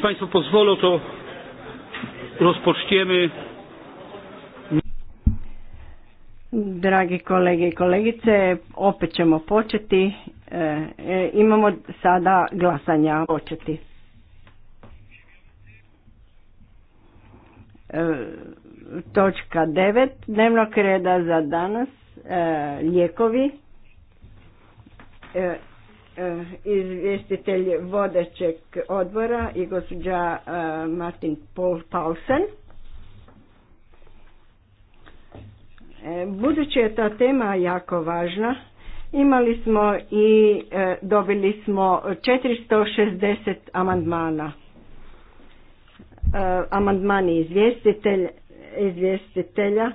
Jeśli Państwo pozwolą, to rozpoczniemy. Dragi kolege i kolegice, opet ćemo početi. E, e imamo sada glasanja početi. E, točka 9 dnevnog reda za danas, e, lijekovi. E, E, izvjestitelj vodećeg odbora i gospođa e, Martin Paul Paulsen. E, budući je ta tema jako važna, imali smo i dobili smo 460 amandmana. Amandmani izvjestitelja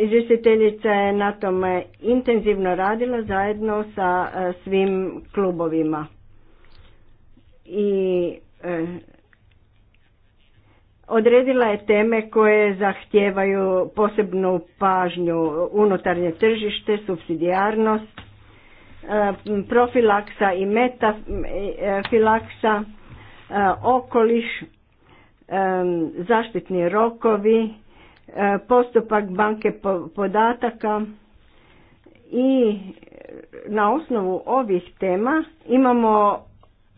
Izvjestiteljica je na tome intenzivno radila zajedno sa e, svim klubovima. I e, odredila je teme koje zahtijevaju posebnu pažnju unutarnje tržište, subsidijarnost, e, profilaksa i metafilaksa, okoliš, zaštitni rokovi, E, postupak banke podataka i na osnovu ovih tema imamo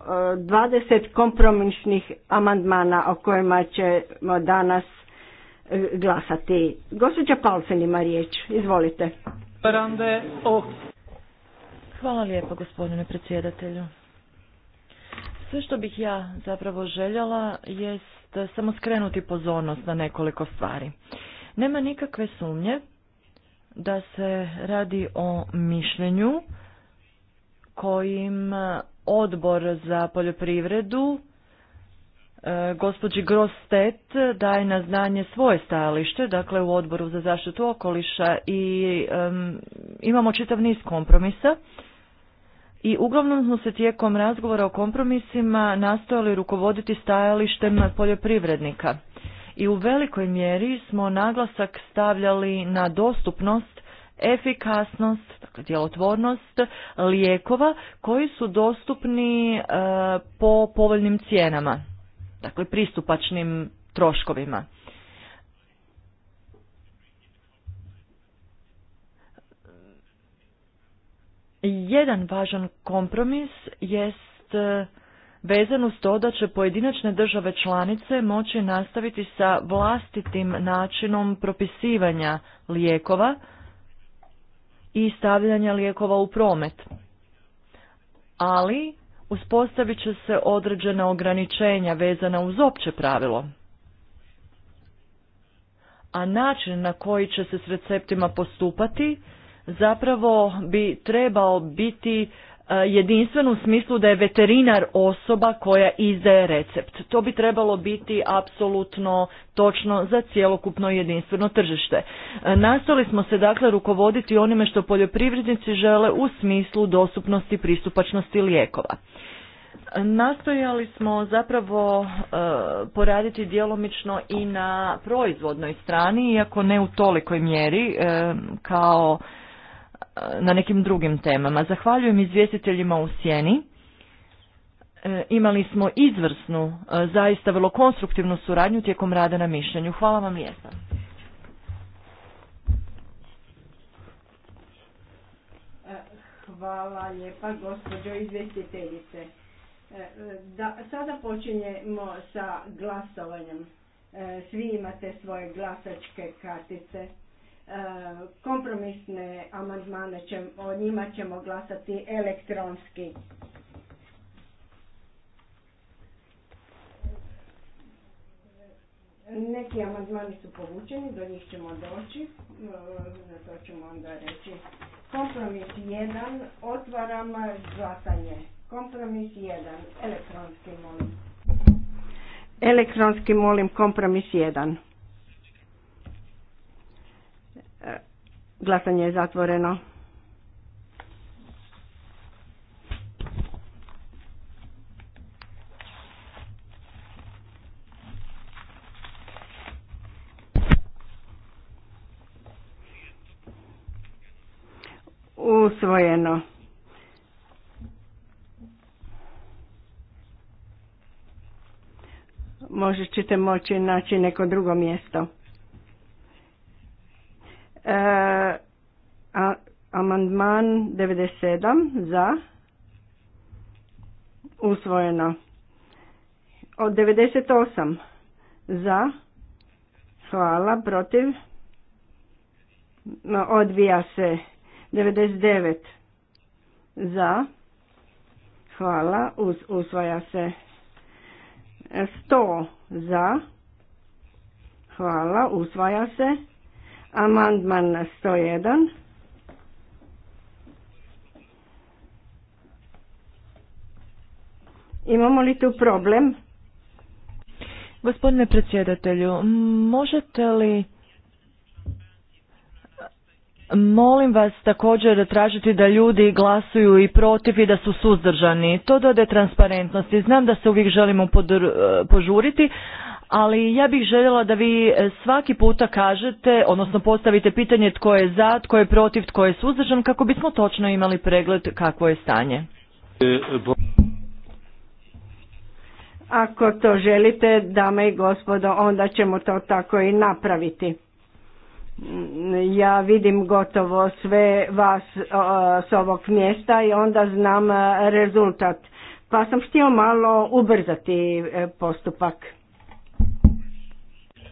20 e, kompromisnih amandmana o kojima ćemo danas e, glasati. Gospođa Palcen ima riječ, izvolite. Hvala lijepo gospodine predsjedatelju. Sve što bih ja zapravo željela jest samo skrenuti pozornost na nekoliko stvari. Nema nikakve sumnje da se radi o mišljenju kojim odbor za poljoprivredu e, gospođi Grostet daje na znanje svoje stajalište, dakle u odboru za zaštitu okoliša i imamo čitav niz kompromisa i uglavnom smo se tijekom razgovora o kompromisima nastojali rukovoditi stajalištem poljoprivrednika. I u velikoj mjeri smo naglasak stavljali na dostupnost, efikasnost, dakle djelotvornost lijekova koji su dostupni e, po povoljnim cijenama, dakle pristupačnim troškovima. Jedan važan kompromis jest e, vezan uz to da će pojedinačne države članice moći nastaviti sa vlastitim načinom propisivanja lijekova i stavljanja lijekova u promet. Ali uspostavit će se određena ograničenja vezana uz opće pravilo. A način na koji će se s receptima postupati zapravo bi trebao biti e, jedinstven u smislu da je veterinar osoba koja izdaje recept. To bi trebalo biti apsolutno točno za cjelokupno jedinstveno tržište. E, nastali smo se dakle rukovoditi onime što poljoprivrednici žele u smislu dostupnosti i pristupačnosti lijekova. Nastojali smo zapravo e, poraditi djelomično i na proizvodnoj strani, iako ne u tolikoj mjeri kao na nekim drugim temama. Zahvaljujem izvjestiteljima u sjeni. E, imali smo izvrsnu, e, zaista vrlo konstruktivnu suradnju tijekom rada na mišljenju. Hvala vam lijepa. E, hvala lijepa gospođo izvjestiteljice. sada počinjemo sa glasovanjem. Svi imate svoje glasačke kartice kompromisne amandmane, o njima ćemo glasati elektronski. Neki amandmani su povučeni, do njih ćemo doći, e, za to ćemo onda reći. Kompromis 1, otvaram glasanje. Kompromis 1, elektronski molim. Elektronski molim kompromis 1. Glasanje je zatvoreno. Usvojeno. Možda ćete moći naći neko drugo mjesto. E, a, amandman 97 za usvojeno. Od 98 za hvala protiv odvija se 99 za hvala us, usvaja se 100 za hvala usvaja se Amandman na 101. Imamo li tu problem? Gospodine predsjedatelju, možete li molim vas također tražiti da ljudi glasuju i protiv i da su suzdržani. To dode transparentnosti. Znam da se uvijek želimo požuriti, ali ja bih željela da vi e, svaki puta kažete, odnosno postavite pitanje tko je za, tko je protiv, tko je suzdržan, kako bismo točno imali pregled kakvo je stanje. E, Ako to želite, dame i gospodo, onda ćemo to tako i napraviti. Mm, ja vidim gotovo sve vas e, s ovog mjesta i onda znam rezultat. Pa sam htio malo ubrzati postupak.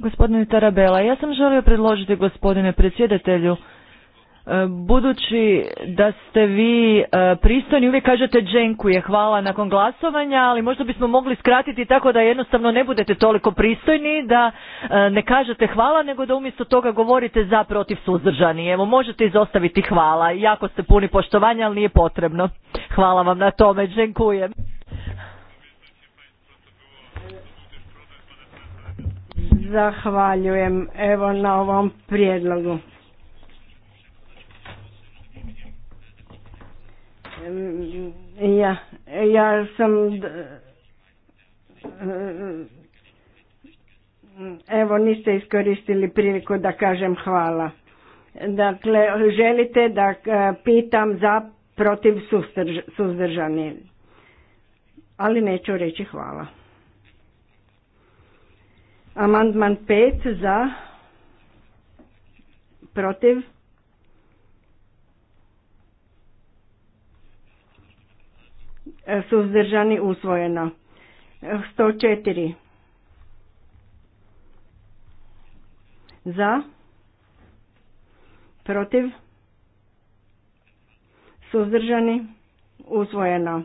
Gospodine Tarabela, ja sam želio predložiti gospodine predsjedatelju, e, budući da ste vi e, pristojni, uvijek kažete je, hvala nakon glasovanja, ali možda bismo mogli skratiti tako da jednostavno ne budete toliko pristojni, da e, ne kažete hvala, nego da umjesto toga govorite za protiv suzdržani. Evo, možete izostaviti hvala, jako ste puni poštovanja, ali nije potrebno. Hvala vam na tome, dženkujem. Zahvaljujem evo na ovom prijedlogu. Ja, ja sam evo niste iskoristili priliku da kažem hvala. Dakle, želite da e, pitam za protiv suzdržani, ali neću reći hvala. Amandman 5 e, za, protiv, suzdržani usvojeno. 104 za, protiv, suzdržani usvojeno.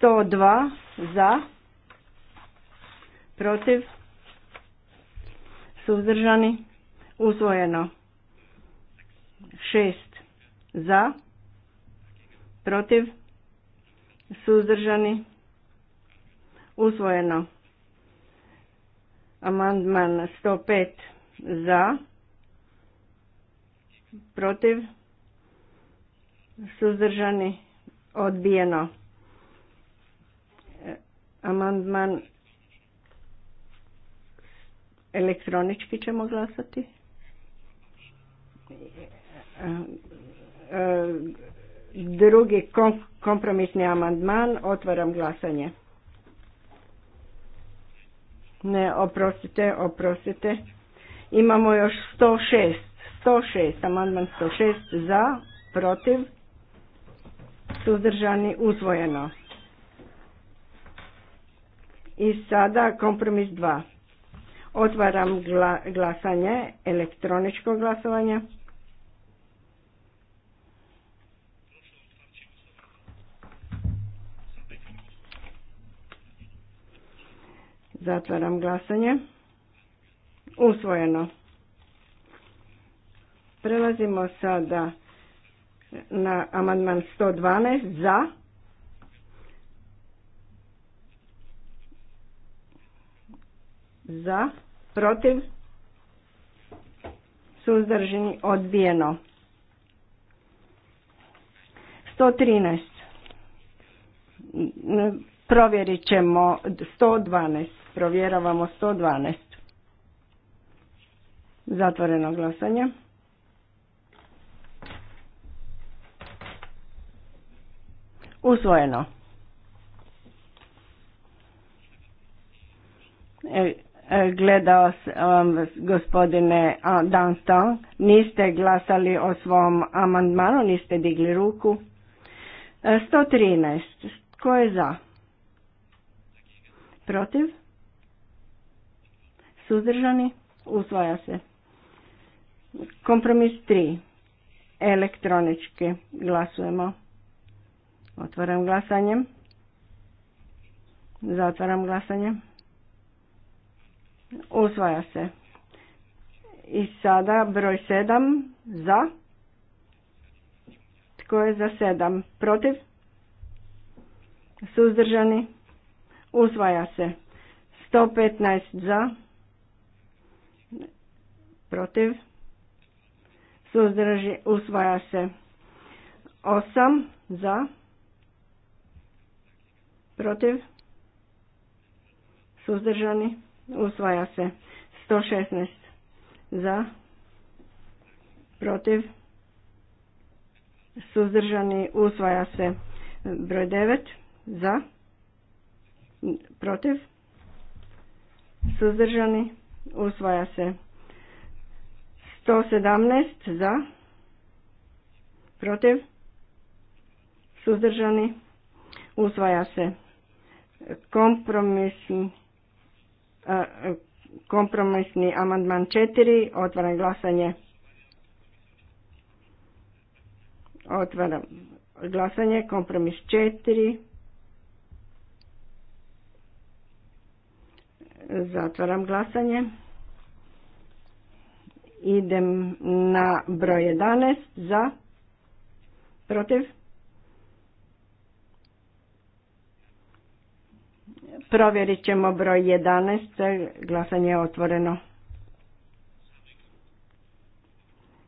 102 za, protiv, suzdržani, usvojeno. 6 za, protiv, suzdržani, usvojeno. Amandman 105 za, protiv, suzdržani, odbijeno. Amandman elektronički ćemo glasati. Drugi kompromisni amandman, otvaram glasanje. Ne, oprostite, oprostite. Imamo još 106, 106, amandman 106 za, protiv, suzdržani, usvojeno. I sada kompromis 2. Otvaram glasanje, elektroničko glasovanje. Zatvaram glasanje. Usvojeno. Prelazimo sada na amandman 112 za za, protiv, suzdržani, odbijeno. 113. Provjerit ćemo 112. Provjeravamo 112. Zatvoreno glasanje. Usvojeno. E, gledao um, gospodine Danstan, niste glasali o svom amandmanu, niste digli ruku. 113. E, Ko je za? Protiv? Suzdržani? Usvaja se. Kompromis 3. Elektronički glasujemo. Otvaram glasanjem. Zatvaram glasanje Usvaja se. I sada broj sedam za. Tko je za sedam? Protiv? Suzdržani? Usvaja se. 115 za. Protiv? Suzdrži, usvaja se. Osam za. Protiv? Suzdržani? usvaja se 116 za protiv suzdržani usvaja se broj 9 za protiv suzdržani usvaja se 117 za protiv suzdržani usvaja se kompromisni E, kompromisni amandman četiri. Otvaram glasanje. Otvaram glasanje. Kompromis četiri. Zatvaram glasanje. Idem na broj 11. Za. Protiv. Provjerit ćemo broj 11. Glasanje je otvoreno.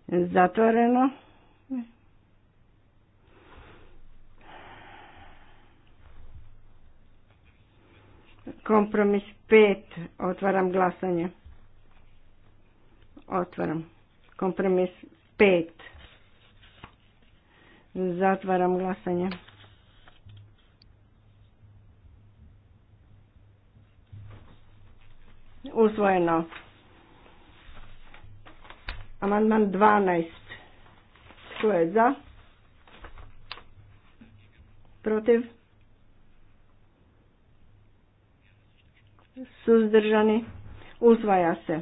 Zatvoreno. Kompromis 5. Otvaram glasanje. Otvaram. Kompromis 5. Zatvaram glasanje. usvojeno. Amandman 12. Tko je za? Protiv? Suzdržani? Usvaja se.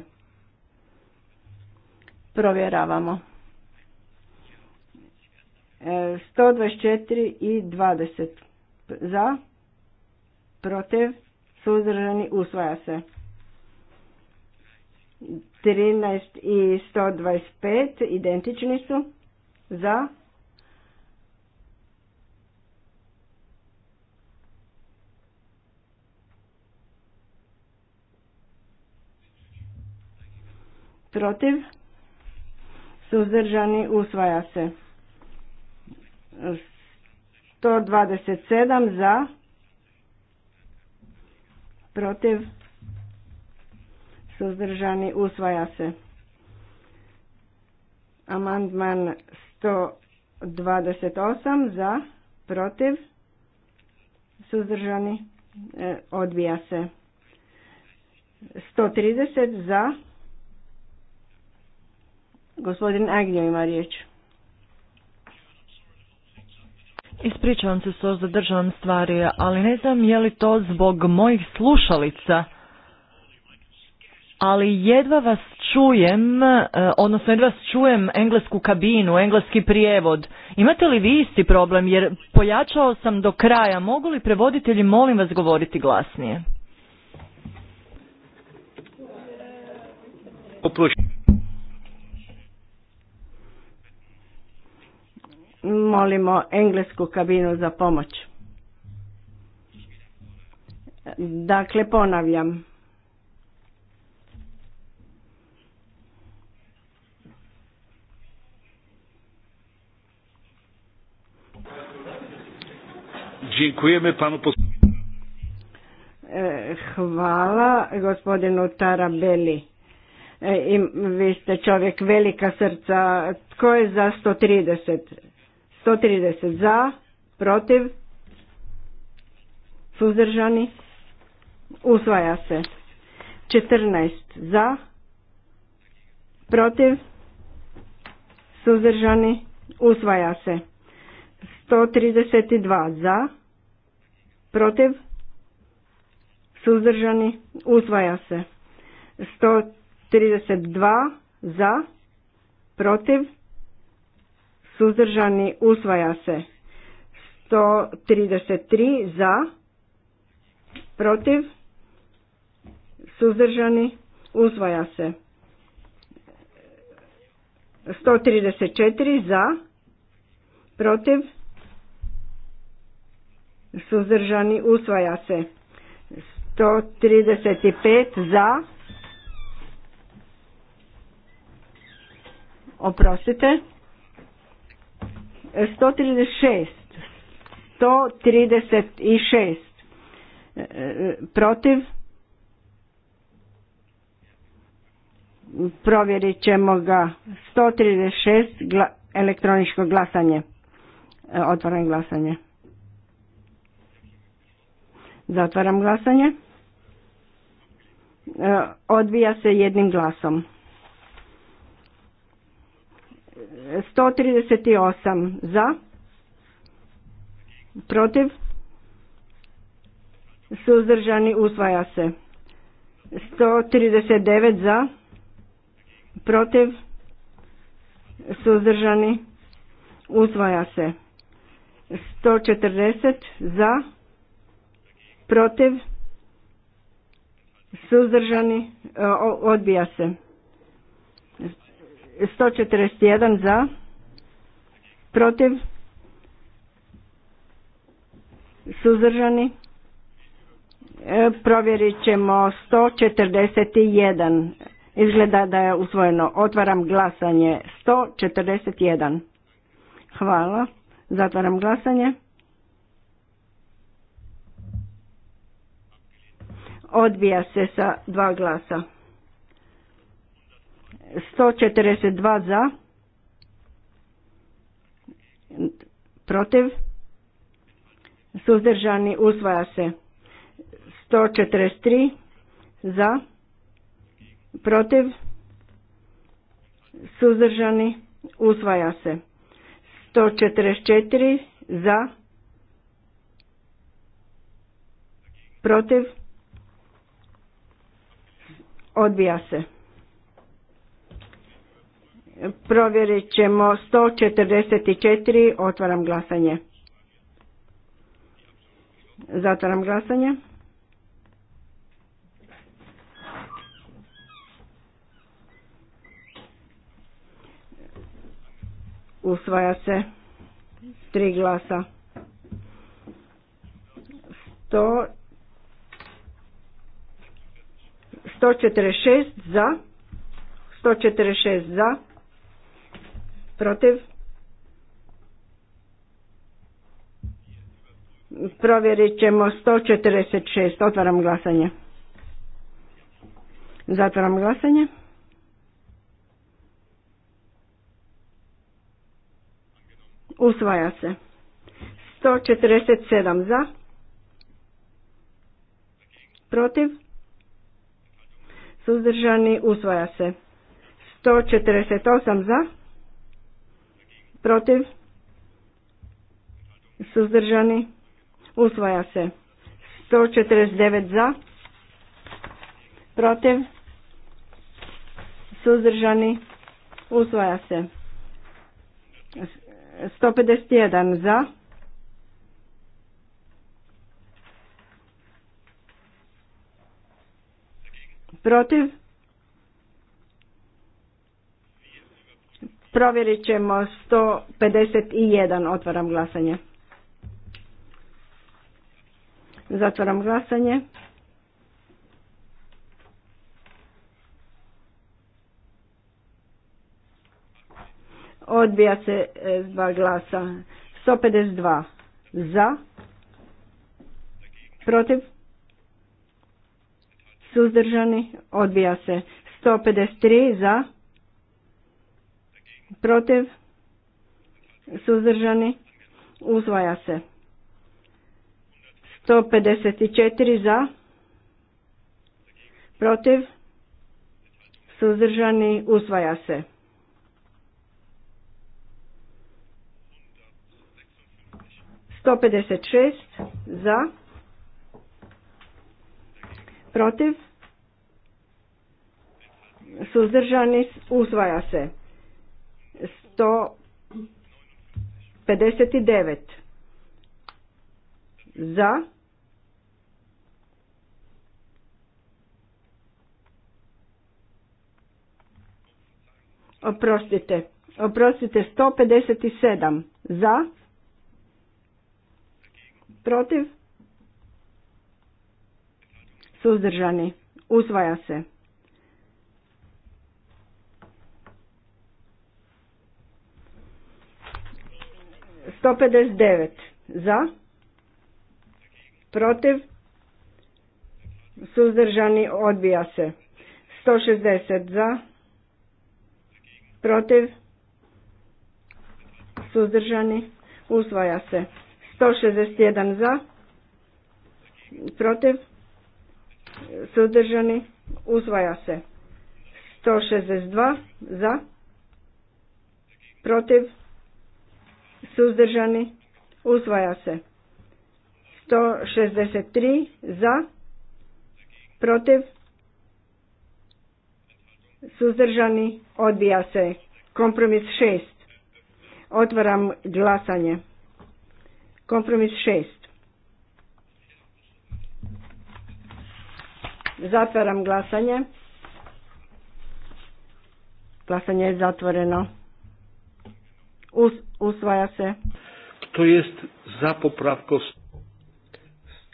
Provjeravamo. 124 e, i 20. Za? Protiv? Suzdržani? Usvaja se. 13 i 125 identični su za protiv suzdržani usvaja se 127 za protiv suzdržani, usvaja se. Amandman 128 za, protiv, suzdržani, e, odbija se. 130 za, gospodin Agnjo ima riječ. Ispričavam se što ozadržavam stvari, ali ne znam je li to zbog mojih slušalica ali jedva vas čujem, e, odnosno jedva čujem englesku kabinu, engleski prijevod. Imate li vi isti problem? Jer pojačao sam do kraja. Mogu li prevoditelji, molim vas, govoriti glasnije? Molimo englesku kabinu za pomoć. Dakle, ponavljam. Dziękujemy panu posłowi. E, hvala gospodinu Tarabeli. E, I, vi ste čovjek velika srca. Tko je za 130? 130 za, protiv, suzdržani, usvaja se. 14 za, protiv, suzdržani, usvaja se. 132 za, protiv, suzdržani, usvaja se. 132 za, protiv, suzdržani, usvaja se. 133 za, protiv, suzdržani, usvaja se. 134 za, protiv, suzdržani usvaja se 135 za oprostite 136 136 protiv provjerit ćemo ga 136 elektroničko glasanje otvoreno glasanje Zatvaram glasanje. E, Odvija se jednim glasom. 138 za, protiv, suzdržani usvaja se. 139 za, protiv, suzdržani usvaja se. 140 za, protiv, suzdržani, e, odbija se. 141 za, protiv, suzdržani, e, provjerit ćemo 141. Izgleda da je usvojeno. Otvaram glasanje 141. Hvala. Zatvaram glasanje. Odbija se sa dva glasa. 142 za. Protiv. Suzdržani usvaja se. 143 za. Protiv. Suzdržani usvaja se. 144 za. Protiv odbija se. Provjerit ćemo 144, otvaram glasanje. Zatvaram glasanje. Usvaja se tri glasa. 100 146 za, 146 za, protiv, provjerit ćemo 146, otvaram glasanje. Zatvaram glasanje. Usvaja se. 147 za. Protiv suzdržani, usvaja se. 148 za, protiv, suzdržani, usvaja se. 149 za, protiv, suzdržani, usvaja se. 151 za, Protiv? Provjerit ćemo 151. Otvaram glasanje. Zatvaram glasanje. Odbija se e, dva glasa. 152 za. Protiv? suzdržani, odbija se. 153 za, protiv, suzdržani, uzvaja se. 154 za, protiv, suzdržani, uzvaja se. 156 za, protiv, suzdržani, uzvaja se. 159 za, oprostite, oprostite, 157 za, protiv, suzdržani, usvaja se. Sto pedeset devet za, protiv, suzdržani, odbija se. Sto šezdeset za, protiv, suzdržani, usvaja se. Sto šezdeset jedan za, protiv, Sudržani. Uzvaja se. 162 za. Protiv. Suzdržani. Uzvaja se. 163 za. Protiv. Suzdržani. Odbija se. Kompromis 6. Otvaram glasanje. Kompromis 6. Zatvaram glasanje. Glasanje je zatvoreno. Us, usvaja se. To jest za popravko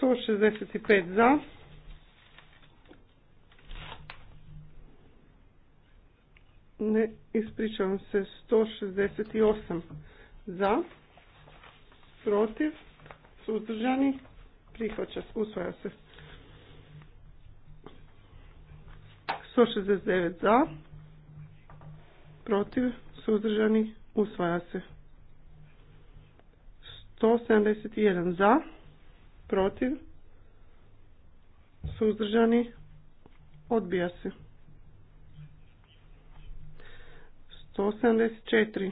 165 za. Ne, ispričavam se, 168 za, protiv, suzdržani, prihvaća, usvaja se 169 za, protiv, suzdržani, usvaja se. 171 za, protiv, suzdržani, odbija se. 174.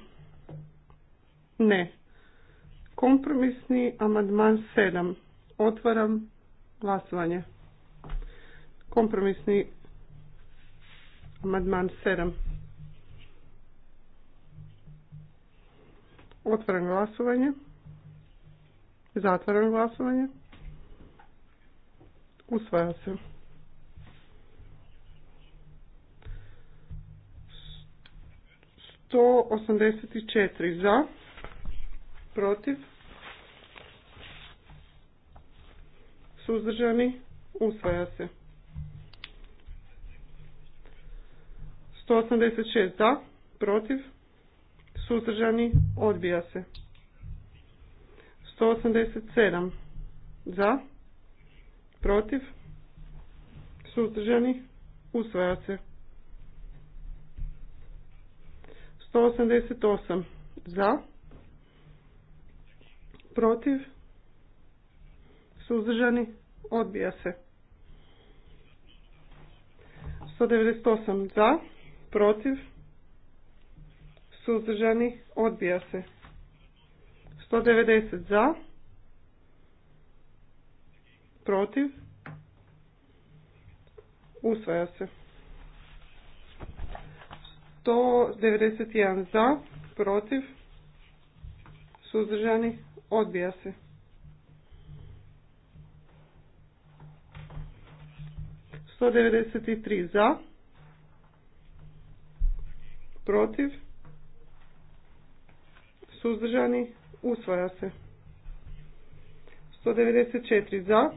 Ne. Kompromisni amandman 7. Otvaram glasovanje. Kompromisni Madman 7. Otvaram glasovanje. Zatvaram glasovanje. Usvaja se. sto četiri za, protiv, suzdržani, usvaja se. 186 da, protiv, suzdržani, odbija se. 187 za, protiv, suzdržani, usvaja se. 188 za, protiv, suzdržani, odbija se. 198 za, protiv, protiv, suzdržani, odbija se. 190 za, protiv, usvaja se. 191 za, protiv, suzdržani, odbija se. 193 za, protiv, suzdržani, usvaja se. 194 za,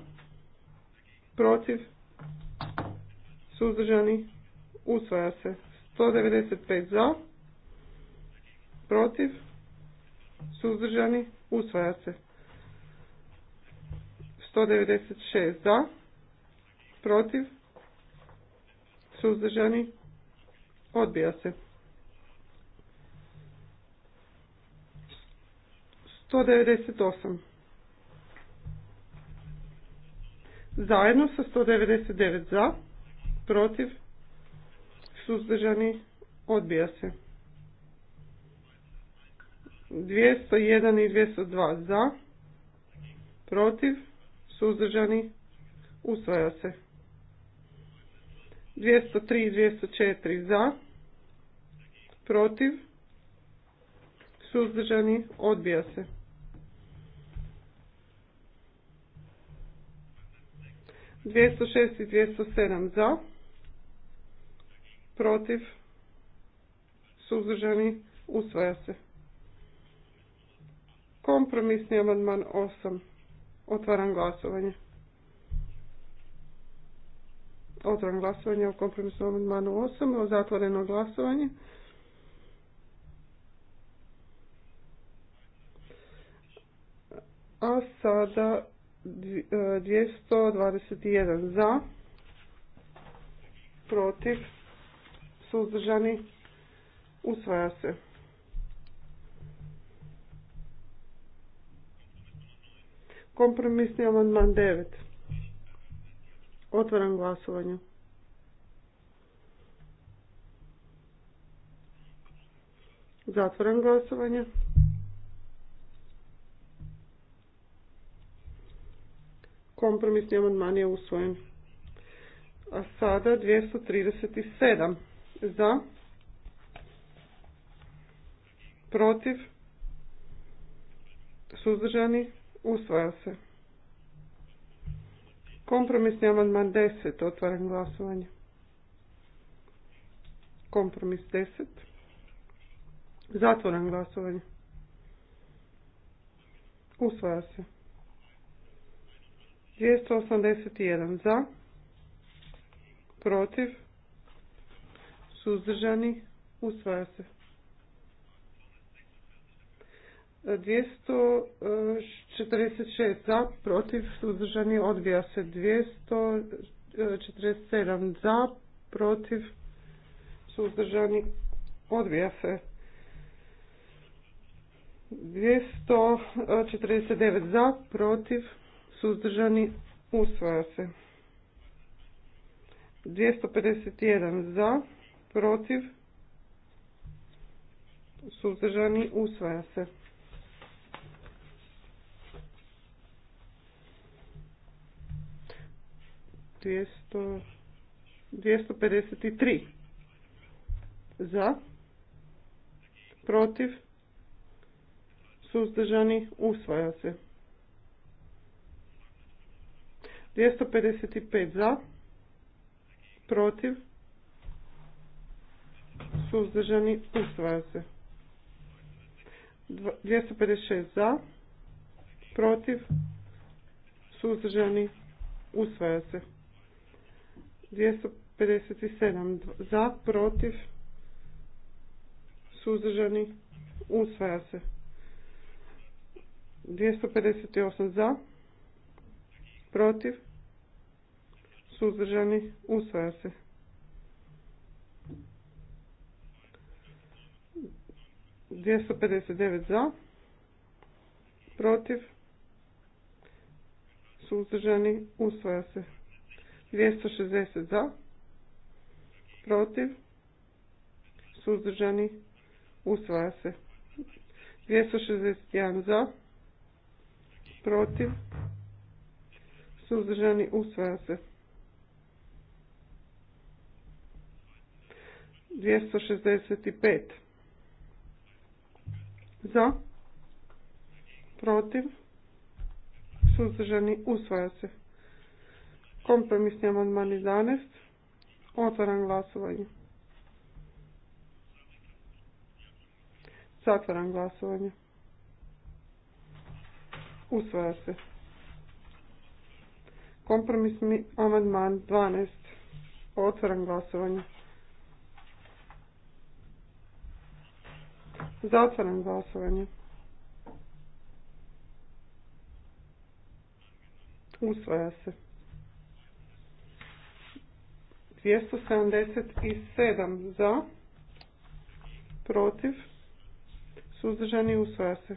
protiv, suzdržani, usvaja se. 195 za, protiv, suzdržani, usvaja se. 196 za, protiv, suzdržani, odbija se. 198. Zajedno sa 199 za, protiv, suzdržani, odbija se. 201 i 202 za, protiv, suzdržani, usvaja se. 203 i 204 za, protiv, suzdržani, odbija se. 206 i 207 za, protiv, suzdržani, usvaja se. Kompromisni amandman 8. Otvaram glasovanje. Otvaram glasovanje o kompromisnom amandmanu 8. O zatvoreno glasovanje. A sada 221 e, za, protiv, suzdržani, usvaja se. Kompromisni amandman 9. Otvaram glasovanje. Zatvaram glasovanje. Kompromisni amandman je usvojen. A sada 237 za, protiv, suzdržani, usvaja se. Kompromisni amandman 10, otvaram glasovanje. Kompromis 10. Zatvoram glasovanje. Usvaja se. 281 za, protiv, suzdržani, usvaja se. 246 za, protiv, suzdržani, odbija se. 247 za, protiv, suzdržani, odbija se. 249 za, protiv, suzdržani, usvaja se. 251 za, protiv, suzdržani, usvaja se. Dvijesto... 253 za, protiv, suzdržani, usvaja se. 255 za, protiv, suzdržani, usvaja se. 256 za, protiv, suzdržani, usvaja se. 257 za, protiv, suzdržani, usvaja se. 258 za, protiv, suzdržani, usvaja se. Dvjesto za, protiv, suzdržani, usvaja se. Dvjesto za, protiv, suzdržani, usvaja se. 261 za, protiv, suzdržani, usvaja se. 265. Za. Protiv. Suzdržani. Usvaja se. Kompromisni amandman 11. Otvaram glasovanje. Zatvaram glasovanje. Usvaja se. Kompromisni amandman 12. Otvaram glasovanje. Zatvaram glasovanje. Usvaja se. 277 za, protiv, suzdržani usvaja se.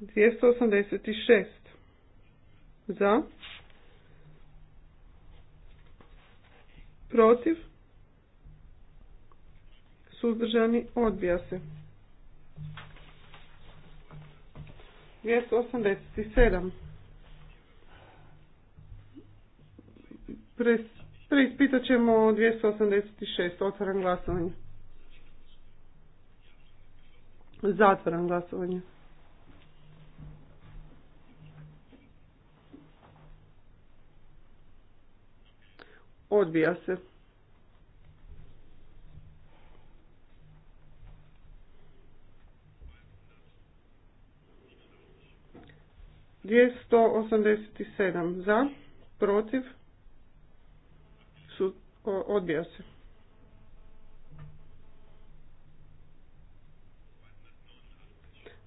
286 za protiv suzdržani odbija se 287 sedam preispitat ćemo 286 otvaram glasovanje zatvaram glasovanje Odbija se. Dvijesto osamdeset sedam za, protiv, su, odbija se.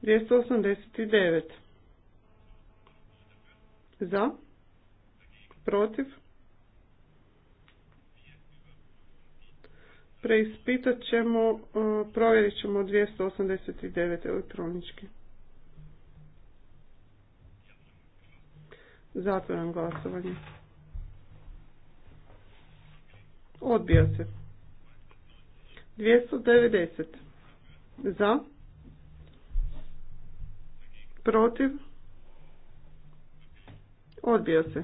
dvjesto osamdeset devet za, protiv, preispitat ćemo, e, provjerit ćemo 289 elektronički. Zatvoram glasovanje. Odbija se. 290. Za. Protiv. Odbija se.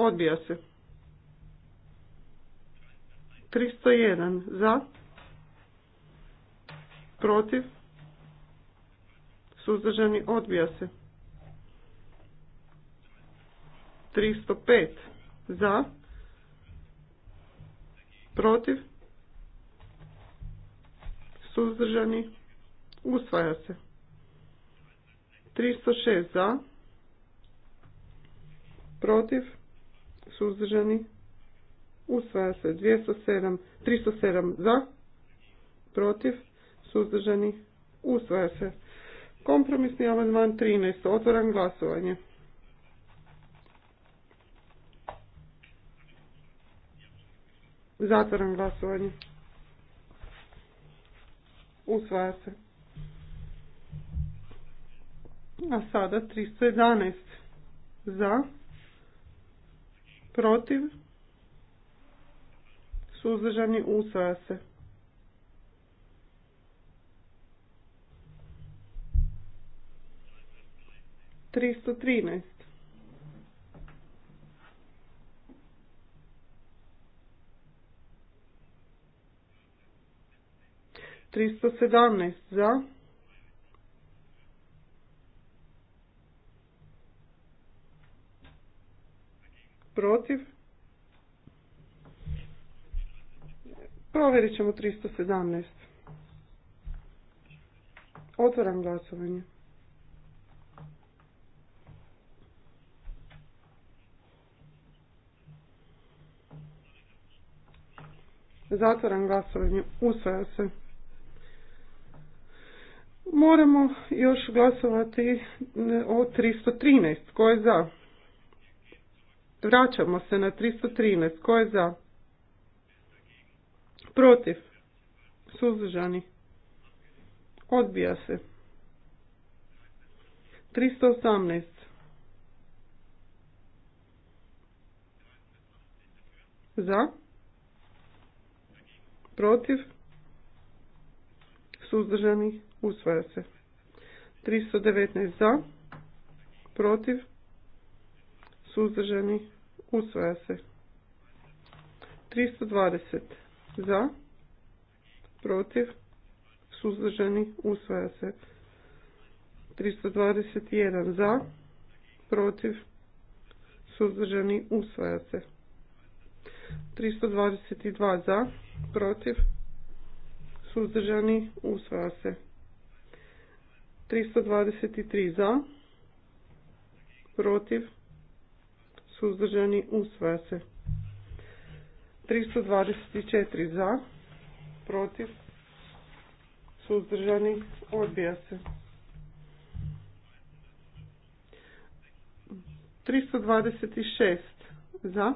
Odbija se. 301 za. Protiv. Suzdržani odbija se. 305 za. Protiv. Suzdržani usvaja se. 306 za. Protiv suzdržani, usvaja se 207, 307 za, protiv, suzdržani, usvaja se. Kompromisni amandman 13, otvoran glasovanje. Zatvoran glasovanje. Usvaja se. A sada 311 za, protiv, suzdržani, usvaja se. Tristo trinaest. Tristo sedamnaest za. protiv. Provjerit ćemo 317. Otvaram glasovanje. Zatvaram glasovanje. Usvaja se. Moramo još glasovati o 313. Ko je za? Vraćamo se na 313. Ko je za? Protiv. Suzdržani. Odbija se. 318. Za. Protiv. Suzdržani. Usvaja se. 319 za. Protiv suzdržani, usvaja se. 320 za, protiv, suzdržani, usvaja se. 321 za, protiv, suzdržani, usvaja se. 322 za, protiv, suzdržani, usvaja se. 323 za, protiv, suzdržani, usvaja se. 324 za, protiv, suzdržani, odbija se. 326 za,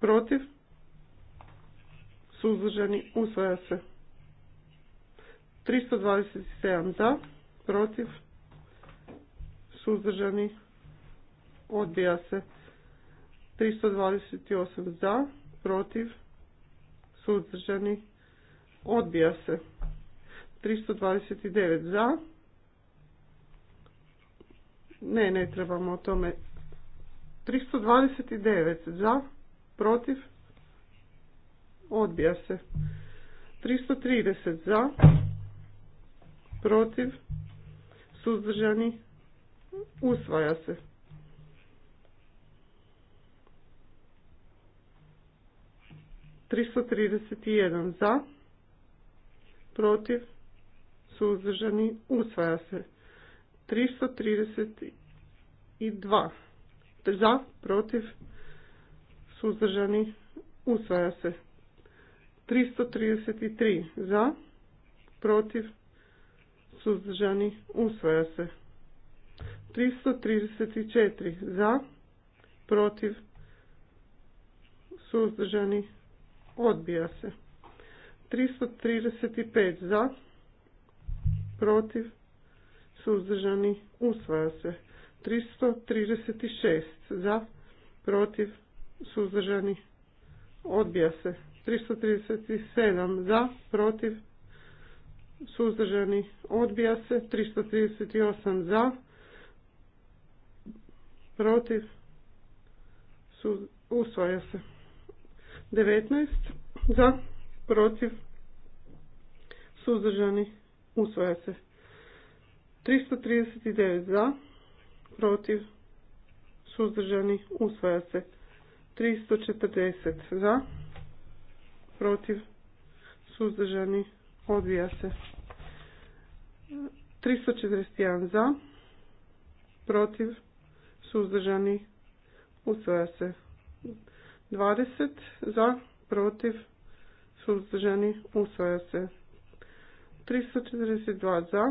protiv, suzdržani, usvaja se. 327 za, protiv, suzdržani, odbija se. 328 za, protiv, suzdržani, odbija se. 329 za. Ne, ne trebamo o tome. 329 za, protiv, odbija se. 330 za, protiv, suzdržani, Odbija se. Usvaja se. Tristo trideset jedan za, protiv, suzdržani, usvaja se. Tristo trideset dva za, protiv, suzdržani, usvaja se. 333 za, protiv, suzdržani, usvaja se. 334 za, protiv, suzdržani, odbija se. 335 za, protiv, suzdržani, usvaja se. 336 za, protiv, suzdržani, odbija se. 337 za, protiv, suzdržani, odbija se. 338 za, protiv, usvaja se. 19 za, protiv, suzdržani, usvaja se. 339 za, protiv, suzdržani, usvaja se. 340 za, protiv, suzdržani, odvija se. 341 za, protiv, suzdržani, usvaja se. 20 za, protiv, suzdržani, usvaja se. 342 za,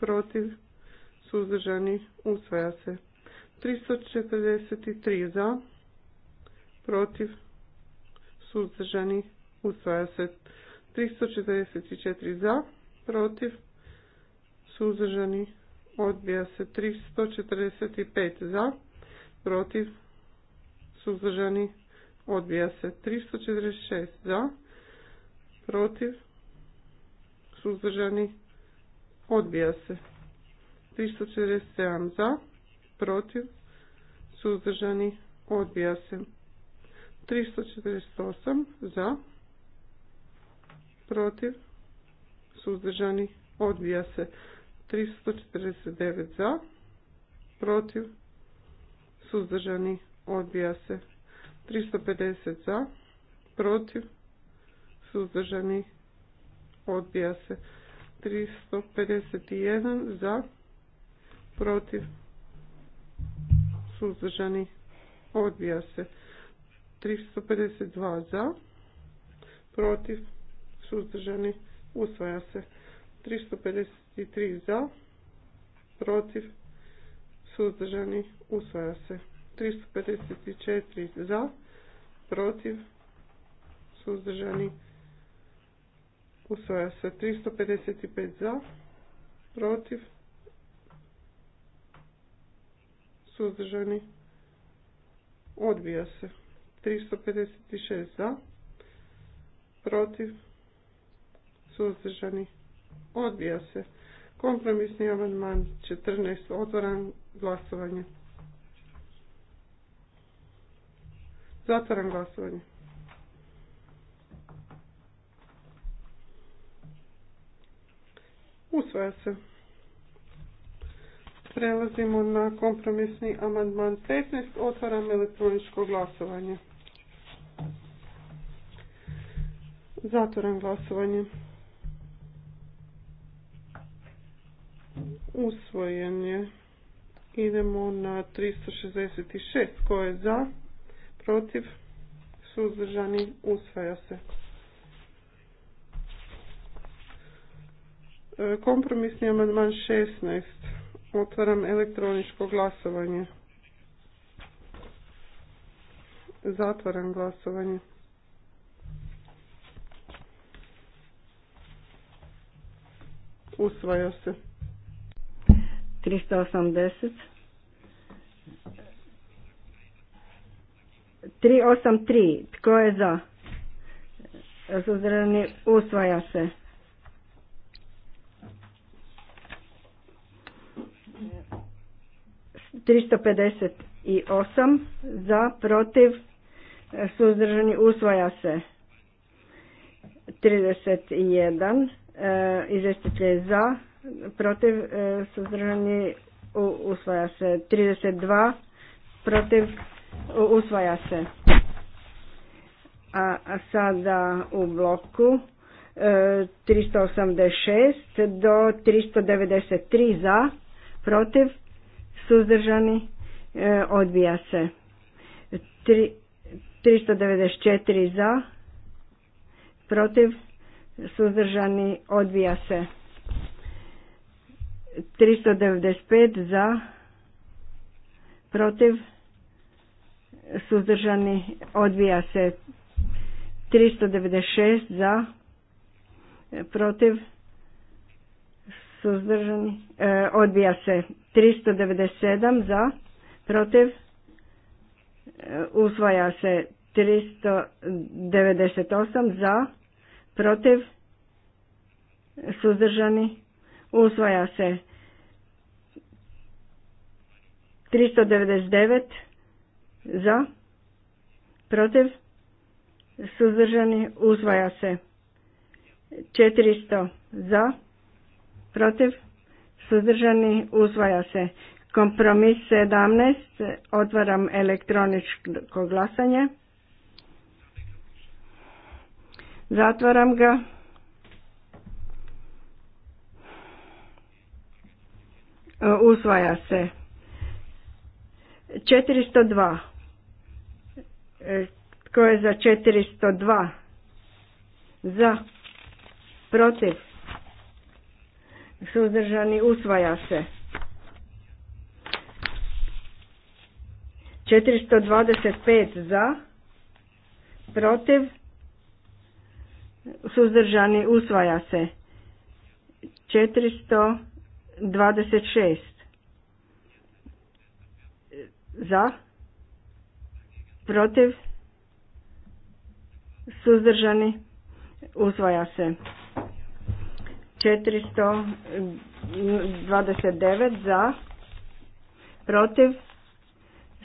protiv, suzdržani, usvaja se. 343 za, protiv, suzdržani, usvaja se. 344 za, protiv, suzdržani, odbija se 345 za, protiv, suzdržani, odbija se 346 za, protiv, suzdržani, odbija se 347 za, protiv, suzdržani, odbija se 348 za, protiv, suzdržani, odbija se 349 za, protiv, suzdržani, odbija se. 350 za, protiv, suzdržani, odbija se. 351 za, protiv, suzdržani, odbija se. 352 za, protiv, suzdržani, usvaja se. 353 3 za, protiv, suzdržani, usvaja se. 354 za, protiv, suzdržani, usvaja se. 355 za, protiv, suzdržani, odbija se. 356 za, protiv, suzdržani, odbija se. Kompromisni amandman 14. Otvaram glasovanje. Zatvaram glasovanje. Usvaja se. Prelazimo na kompromisni amandman 15. Otvaram elektroničko glasovanje. Zatvaram glasovanje. Usvojen je. Idemo na 366. Ko je za? Protiv? Suzdržani? Usvaja se. E, kompromisni amandman 16. Otvaram elektroničko glasovanje. Zatvaram glasovanje. Usvaja se. 380. 383. Tko je za? Suzdržani usvaja se. 358. i 358 za, protiv, suzdržani usvaja se. 31 jedan e, za, protiv e, suzdržani usvaja se 32 protiv usvaja se a, sada u bloku 386 e, do 393 e, za protiv suzdržani odbija se 394 za protiv suzdržani odbija se 395 za, protiv, suzdržani, odbija se 396 za, protiv, suzdržani, odvija e, odbija se 397 za, protiv, e, usvaja se 398 za, protiv, suzdržani, usvaja se 399 za protiv suzdržani usvaja se 400 za protiv suzdržani usvaja se kompromis 17 otvaram elektroničko glasanje zatvaram ga E, usvaja se 402 e, tko je za 402 za protiv suzdržani usvaja se 425 za protiv suzdržani usvaja se 400 26 za protiv suzdržani usvaja se 429 za protiv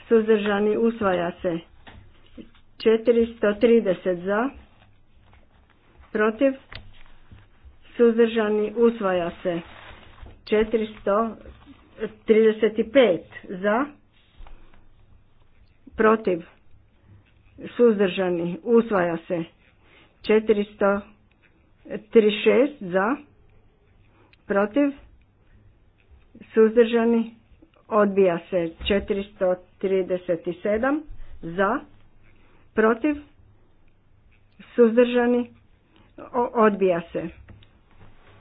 suzdržani usvaja se 430 za protiv suzdržani usvaja se 435 za, protiv, suzdržani, usvaja se. 436 za, protiv, suzdržani, odbija se. 437 za, protiv, suzdržani, odbija se.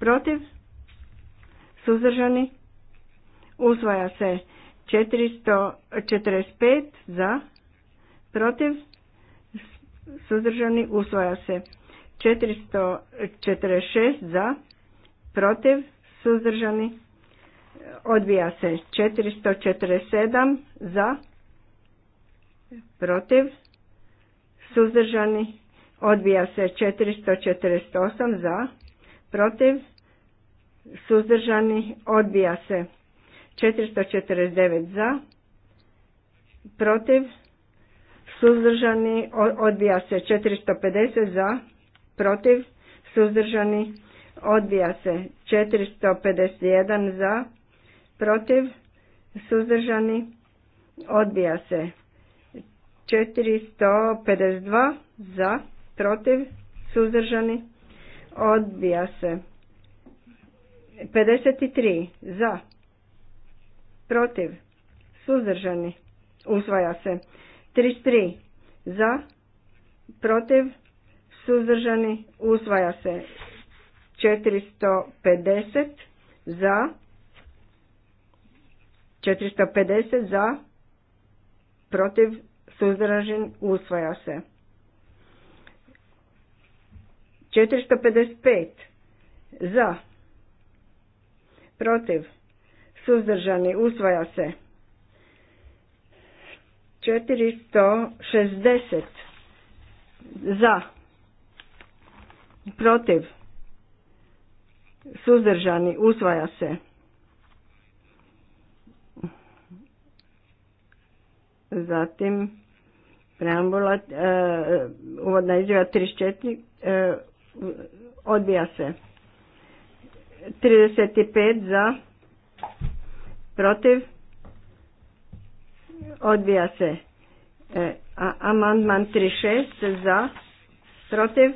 Protiv? Suzdržani? Usvaja se 445 za. Protiv? Suzdržani? Usvaja se 446 za. Protiv? Suzdržani? Odbija se 447 za. Protiv? Suzdržani? Odbija se 448 za protiv, suzdržani, odbija se. 449 za, protiv, suzdržani, odbija se. 450 za, protiv, suzdržani, odbija se. 451 za, protiv, suzdržani, odbija se. 452 za, protiv, suzdržani, Odbija se. 53. Za. Protiv. Suzdržani. Usvaja se. 33. Za. Protiv. Suzdržani. Usvaja se. 450. Za. 450 za, protiv, suzdržan, usvaja se. 455 za protiv suzdržani usvaja se 460 za protiv suzdržani usvaja se zatim preambula e, uvodna izjava 34 odbija se 35 za protiv odbija se e, a, amandman 36 za protiv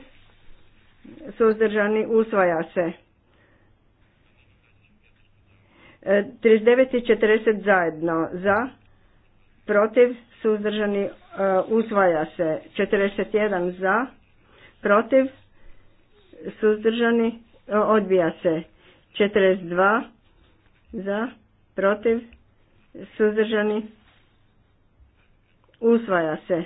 suzdržani usvaja se e, 39 i 40 zajedno za protiv suzdržani e, usvaja se 41 za protiv suzdržani, odbija se. 42 za, protiv, suzdržani, usvaja se. E,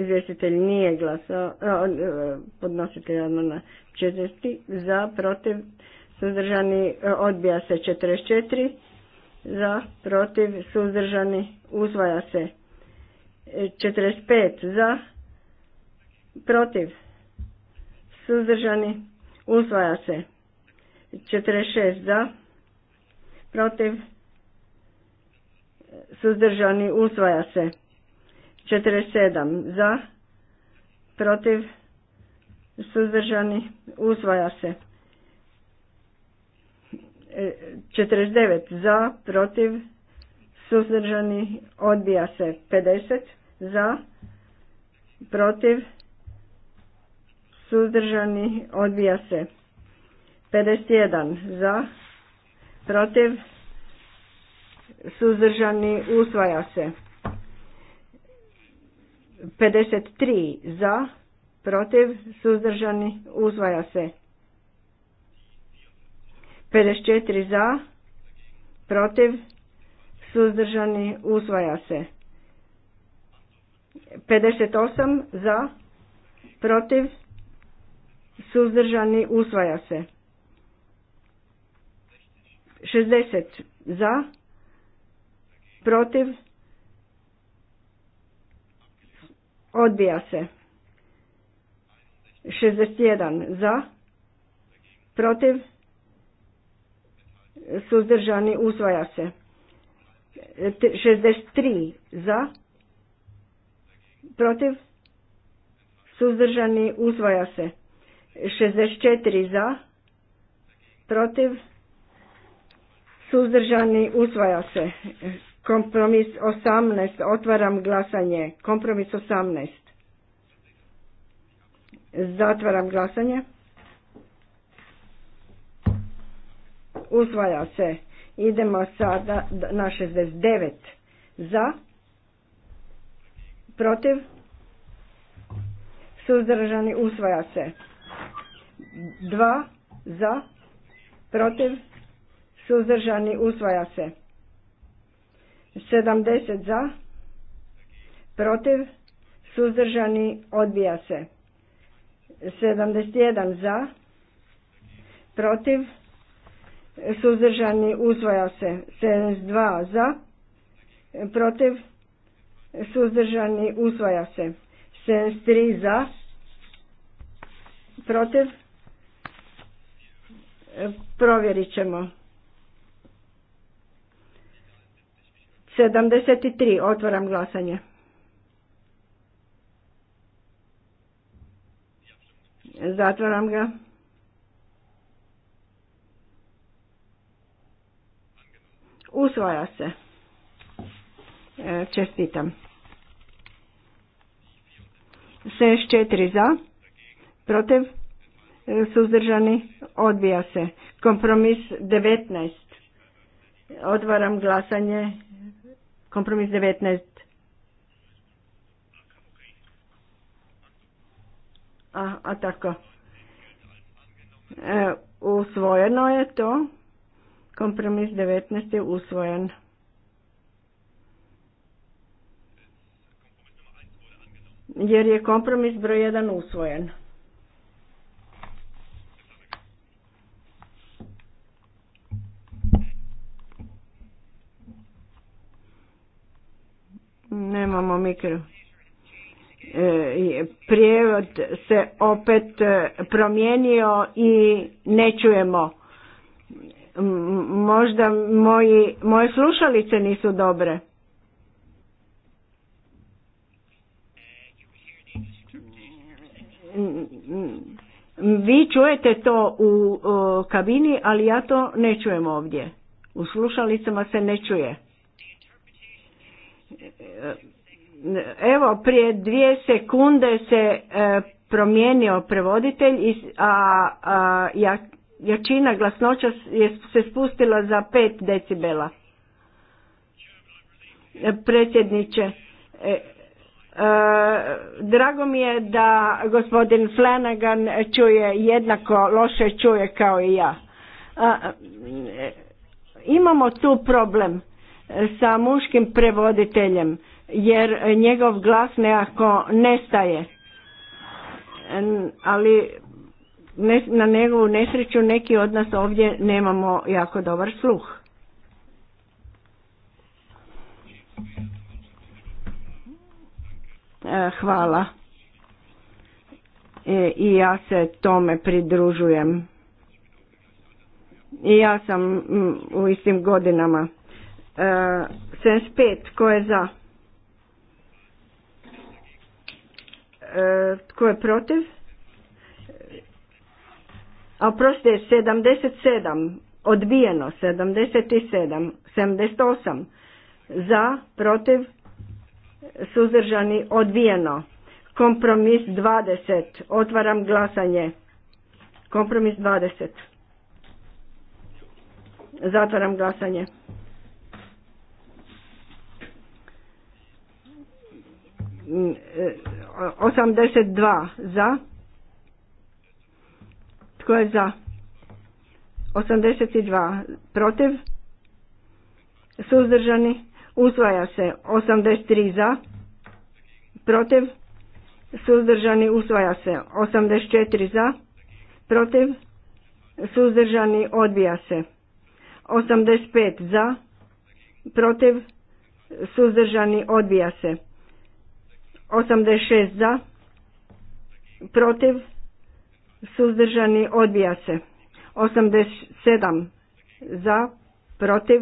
izvjestitelj nije glasao, e, e, podnositelj na 40 za, protiv, suzdržani, odbija se 44 za, protiv, suzdržani, usvaja se 45 za, protiv, suzdržani, usvaja se. 46 za, protiv, suzdržani, usvaja se. 47 za, protiv, suzdržani, usvaja se. 49 za, protiv, suzdržani, odbija se. 50 za, protiv, suzdržani, odbija se. 51 za, protiv, suzdržani, usvaja se. 53 za, protiv, suzdržani, usvaja se. 54 za, protiv, suzdržani, usvaja se. 58 za, protiv, suzdržani, usvaja se. 60 za, protiv, odbija se. 61 za, protiv, suzdržani, usvaja se. 63 za, protiv, suzdržani, usvaja se. 64 za, protiv, suzdržani, usvaja se. Kompromis 18, otvaram glasanje. Kompromis 18. Zatvaram glasanje. Usvaja se. Idemo sada na 69. Za. Protiv. Suzdržani usvaja se. 2 za, protiv, suzdržani, usvaja se. 70 za, protiv, suzdržani, odbija se. 71 za, protiv, suzdržani, usvaja se. 72 za, protiv, suzdržani, usvaja se. 73 za, protiv, Provjerit ćemo. 73. Otvaram glasanje. Zatvaram ga. Usvaja se. E, čestitam. 64 četiri za. Protiv suzdržani, odbija se. Kompromis 19. Otvaram glasanje. Kompromis 19. A, a tako. E, usvojeno je to. Kompromis 19 je usvojen. Jer je kompromis broj 1 usvojen. Nemamo mikro. E, prijevod se opet e, promijenio i ne čujemo. Možda moji, moje slušalice nisu dobre. Vi čujete to u kabini, ali ja to ne čujem ovdje. U slušalicama se ne čuje. Evo, prije dvije sekunde se e, promijenio prevoditelj, a, a jačina glasnoća je se spustila za pet decibela. E, predsjedniče, e, e, drago mi je da gospodin Flanagan čuje jednako loše čuje kao i ja. imamo tu problem sa muškim prevoditeljem jer njegov glas nekako nestaje. Ali na njegovu nesreću neki od nas ovdje nemamo jako dobar sluh. E, hvala. E, I ja se tome pridružujem. I ja sam u istim godinama. 75 Ko je za e, tko je protiv a 77 odbijeno 77 78 za protiv suzdržani odbijeno kompromis 20 otvaram glasanje kompromis 20 zatvaram glasanje 82 za. Tko je za? 82 protiv. Suzdržani. Usvaja se 83 za. Protiv. Suzdržani. Usvaja se 84 za. Protiv. Suzdržani. Odbija se. 85 za. Protiv. Suzdržani. Odbija se. 86 za, protiv, suzdržani, odbija se. 87 za, protiv,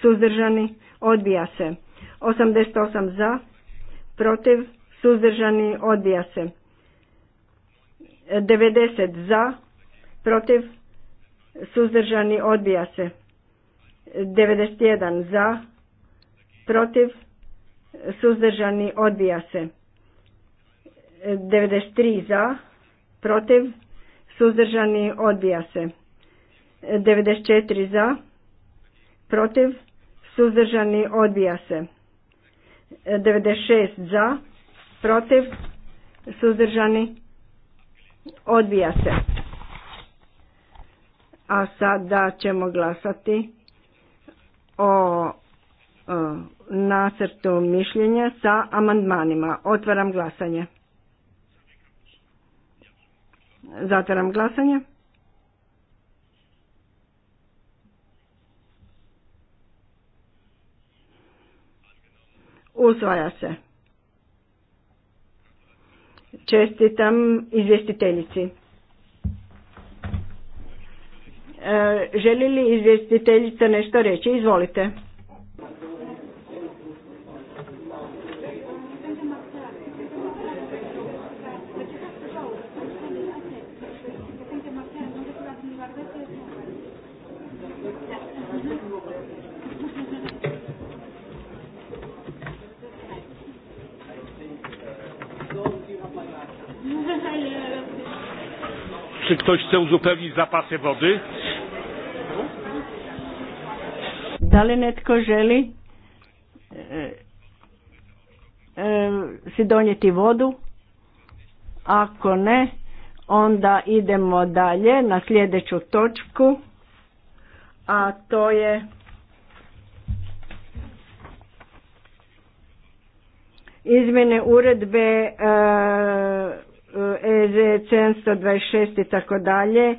suzdržani, odbija se. 88 za, protiv, suzdržani, odbija se. 90 za, protiv, suzdržani, odbija se. 91 za, protiv, suzdržani odbija se 93 za protiv suzdržani odbija se 94 za protiv suzdržani odbija se 96 za protiv suzdržani odbija se a sada ćemo glasati o nacrtu mišljenja sa amandmanima. Otvaram glasanje. Zatvaram glasanje. Usvaja se. Čestitam izvjestiteljici. E, želi li izvjestiteljica nešto reći? Izvolite. Czy ktoś chce uzupełnić zapasy wody? Da li netko želi e, e, si donijeti vodu? Ako ne, onda idemo dalje na sljedeću točku, a to je izmjene uredbe e, EZ 726 i tako dalje e,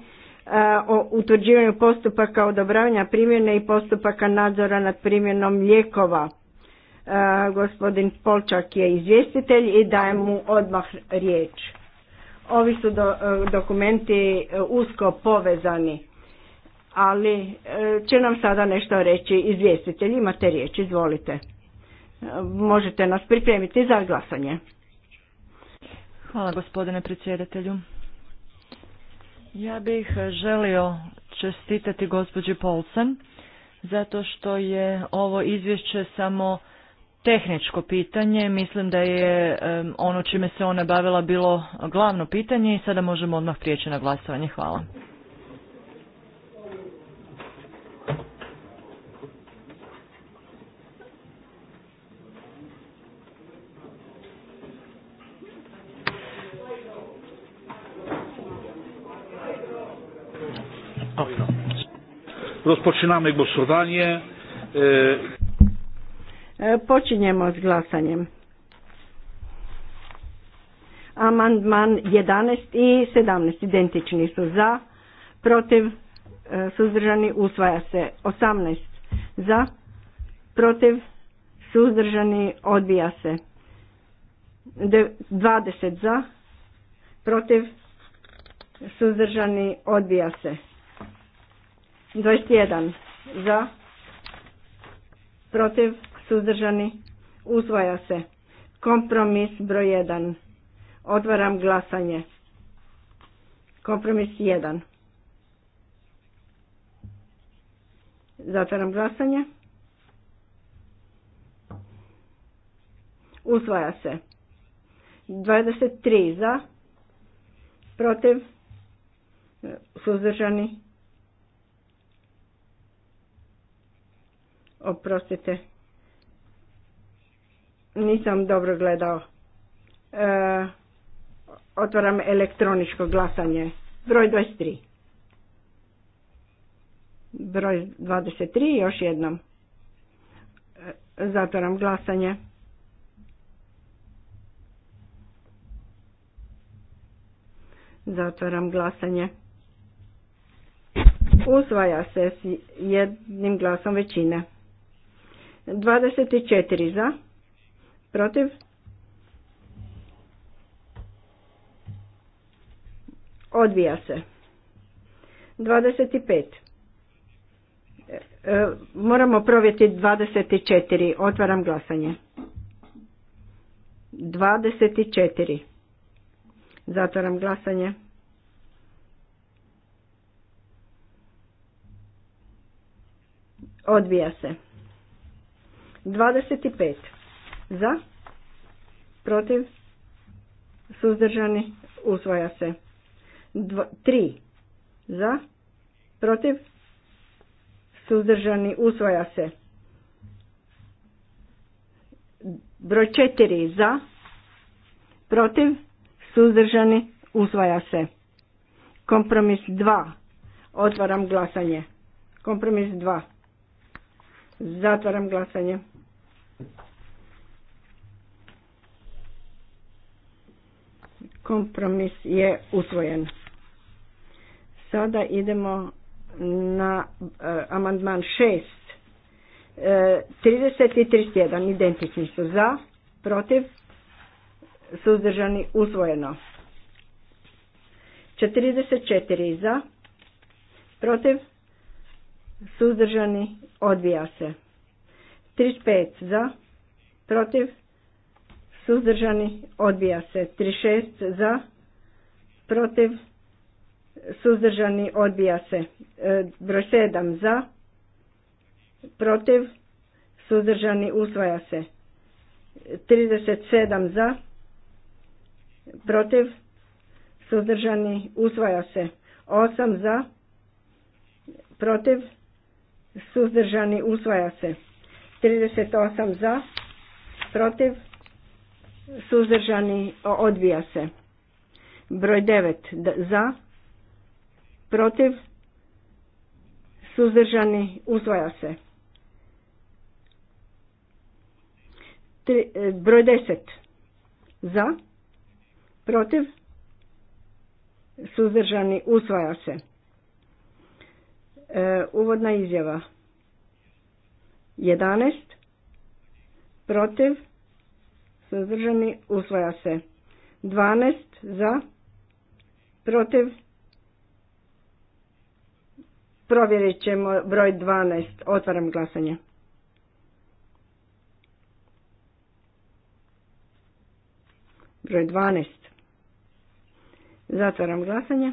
o utvrđivanju postupaka odobravanja primjene i postupaka nadzora nad primjenom lijekova. E, gospodin Polčak je izvjestitelj i daje mu odmah riječ. Ovi su e, dokumenti usko povezani, ali će nam sada nešto reći izvjestitelj. Imate riječ, izvolite. Možete nas pripremiti za glasanje. Hvala gospodine predsjedatelju. Ja bih želio čestitati gospođi Polsen zato što je ovo izvješće samo tehničko pitanje. Mislim da je ono čime se ona bavila bilo glavno pitanje i sada možemo odmah prijeći na glasovanje. Hvala. Rozpoczynamy głosowanie. E, e, Počinjemo s glasanjem. Amandman 11 i 17 identični su za, protiv, e, suzdržani, usvaja se. 18 za, protiv, suzdržani, odbija se. 20 za, protiv, suzdržani, odbija se. 21 za, protiv, suzdržani, usvaja se. Kompromis broj 1. Otvaram glasanje. Kompromis 1. Zatvaram glasanje. Usvaja se. 23 za, protiv, suzdržani, se, oprostite, nisam dobro gledao. E, otvaram elektroničko glasanje. Broj 23. Broj 23, još jednom. E, zatvaram glasanje. Zatvaram glasanje. Usvaja se s jednim glasom većine. 24 za, protiv, odvija se. 25. E, e, moramo provjeti 24. Otvaram glasanje. 24. Zatvaram glasanje. Odvija se. 25 za, protiv, suzdržani, usvaja se. 3 za, protiv, suzdržani, usvaja se. Broj 4 za, protiv, suzdržani, usvaja se. Kompromis 2. Otvaram glasanje. Kompromis 2. Zatvaram glasanje. Kompromis je usvojen. Sada idemo na e, amandman 6. E, 30 i 31 identični su za, protiv, suzdržani, usvojeno. 44 za, protiv, suzdržani, odbija se. 35 za, protiv, suzdržani, odbija se. 36 za, protiv, suzdržani, odbija se. E, broj 7 za, protiv, suzdržani, usvaja se. 37 za, protiv, suzdržani, usvaja se. 8 za, protiv, suzdržani, usvaja se. 38 za, protiv, suzdržani odbija se. Broj devet, za, protiv, suzdržani usvaja se. Tri, e, broj deset, za, protiv, suzdržani usvaja se. E, uvodna izjava 11 protiv suzdržani, usvaja se. 12 za, protiv, provjerit ćemo broj 12, otvaram glasanje. Broj 12. Zatvaram glasanje.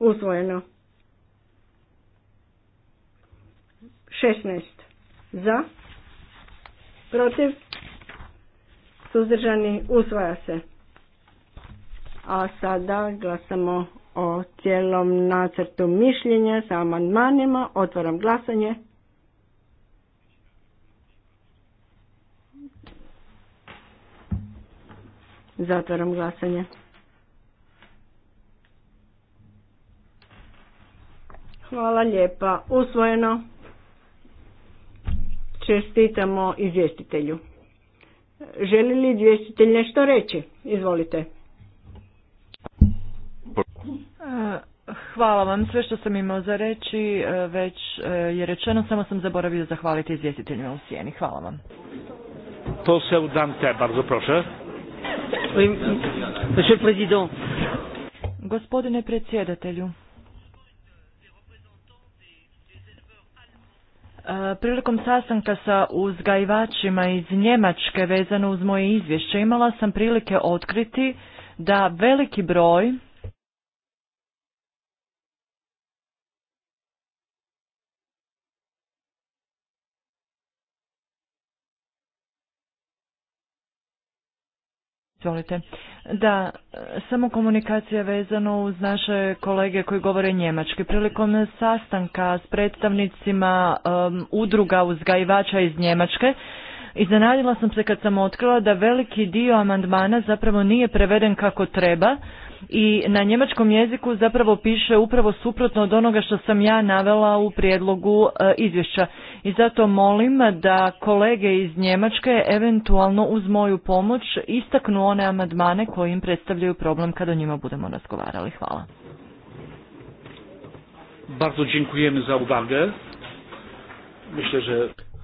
Usvojeno. 16 za, protiv, suzdržani, usvaja se. A sada glasamo o cijelom nacrtu mišljenja sa amandmanima. Otvaram glasanje. Zatvaram glasanje. Hvala lijepa. Usvojeno. Čestitamo izvjestitelju. Želi li izvjestitelj nešto reći? Izvolite. E, hvala vam. Sve što sam imao za reći e, već e, je rečeno, samo sam zaboravio zahvaliti izvjestiteljima u sjeni. Hvala vam. To se udam te, bardzo proszę. Gospodine predsjedatelju. E, prilikom sastanka sa uzgajivačima iz Njemačke vezano uz moje izvješće imala sam prilike otkriti da veliki broj da, samo komunikacija vezano uz naše kolege koji govore njemački. Prilikom sastanka s predstavnicima um, udruga uzgajivača iz Njemačke, iznenadila sam se kad sam otkrila da veliki dio amandmana zapravo nije preveden kako treba, i na njemačkom jeziku zapravo piše upravo suprotno od onoga što sam ja navela u prijedlogu e, izvješća. I zato molim da kolege iz Njemačke eventualno uz moju pomoć istaknu one amandmane koji im predstavljaju problem kada o njima budemo razgovarali. Hvala. dziękujemy za uwagę. Myślę,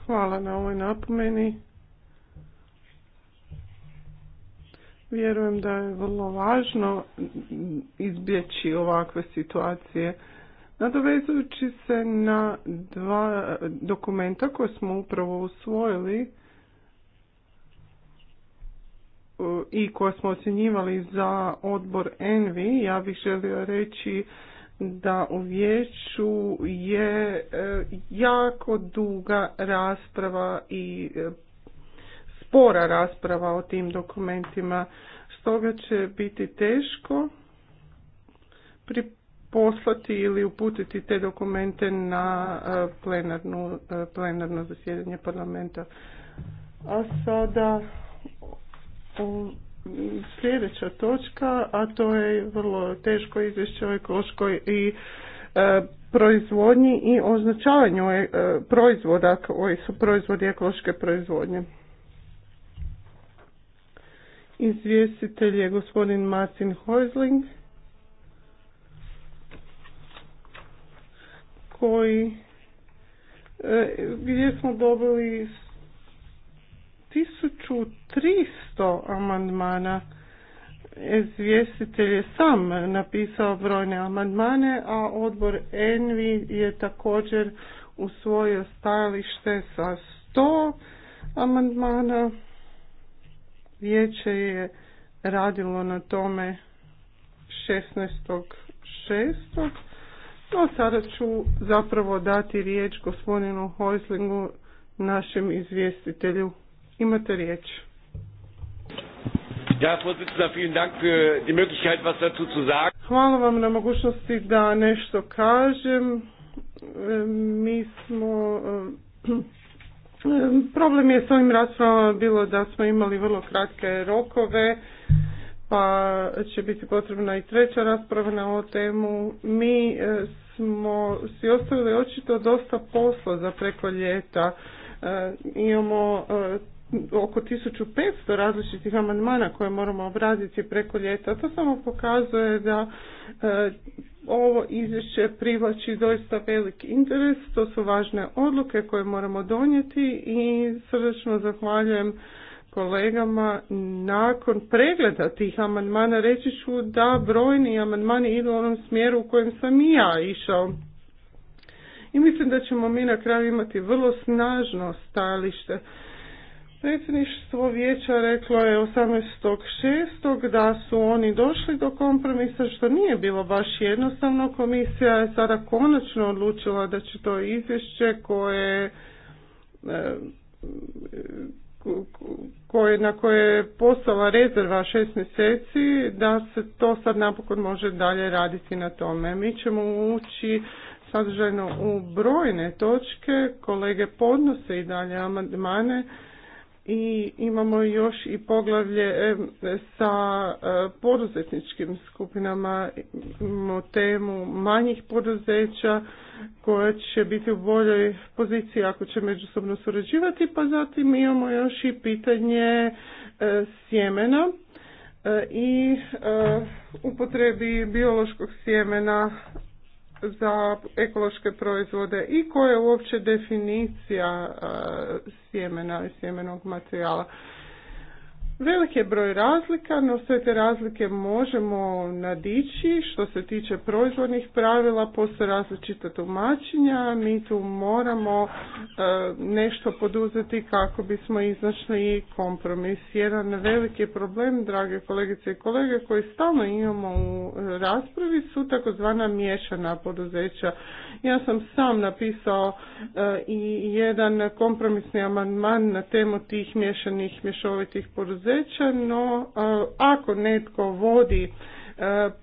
Hvala na ovoj napomeni. Vjerujem da je vrlo važno izbjeći ovakve situacije. Nadovezujući se na dva dokumenta koje smo upravo usvojili i koje smo ocjenjivali za odbor ENVI, ja bih želio reći da u vijeću je e, jako duga rasprava i e, spora rasprava o tim dokumentima, stoga će biti teško poslati ili uputiti te dokumente na e, plenarnu, e, plenarno zasjedanje parlamenta. A sada sljedeća točka, a to je vrlo teško izvješće o ekološkoj i e, proizvodnji i označavanju proizvoda koji su proizvodi ekološke proizvodnje. Izvjestitelj je gospodin Martin Heusling koji e, gdje smo dobili 1300 amandmana. Izvjestitelj je sam napisao brojne amandmane, a odbor Envi je također usvojio stajalište sa 100 amandmana. Vijeće je radilo na tome 16.6. No sada ću zapravo dati riječ gospodinu Hojslingu, našem izvjestitelju. Imate riječ. Hvala vam na mogućnosti da nešto kažem. E, mi smo e, Problem je s ovim raspravama bilo da smo imali vrlo kratke rokove, pa će biti potrebna i treća rasprava na ovu temu. Mi e, smo si ostavili očito dosta posla za preko ljeta. E, imamo e, oko 1500 različitih amandmana koje moramo obraditi preko ljeta. To samo pokazuje da e, ovo izvješće privlači doista velik interes. To su važne odluke koje moramo donijeti i srdečno zahvaljujem kolegama nakon pregleda tih amandmana reći ću da brojni amandmani idu u onom smjeru u kojem sam i ja išao. I mislim da ćemo mi na kraju imati vrlo snažno stajalište. Predsjedništvo vijeća reklo je 18.6. da su oni došli do kompromisa što nije bilo baš jednostavno. Komisija je sada konačno odlučila da će to izvješće koje eh, koje, na koje je postala rezerva šest mjeseci, da se to sad napokon može dalje raditi na tome. Mi ćemo ući sadržajno u brojne točke, kolege podnose i dalje amandmane, i imamo još i poglavlje e, sa e, poduzetničkim skupinama, imamo temu manjih poduzeća koja će biti u boljoj poziciji ako će međusobno surađivati, pa zatim imamo još i pitanje e, sjemena i upotrebi biološkog sjemena za ekološke proizvode i koja je uopće definicija e, sjemena i sjemenog materijala. Velik je broj razlika, no sve te razlike možemo nadići. Što se tiče proizvodnih pravila, postoje različita tumačenja. Mi tu moramo e, nešto poduzeti kako bismo iznašli kompromis. Jedan veliki problem, drage kolegice i kolege, koji stalno imamo u raspravi su takozvana miješana poduzeća. Ja sam sam napisao e, i jedan kompromisni amandman na temu tih miješanih, mješovitih poduzeća poduzeća, no e, ako netko vodi e,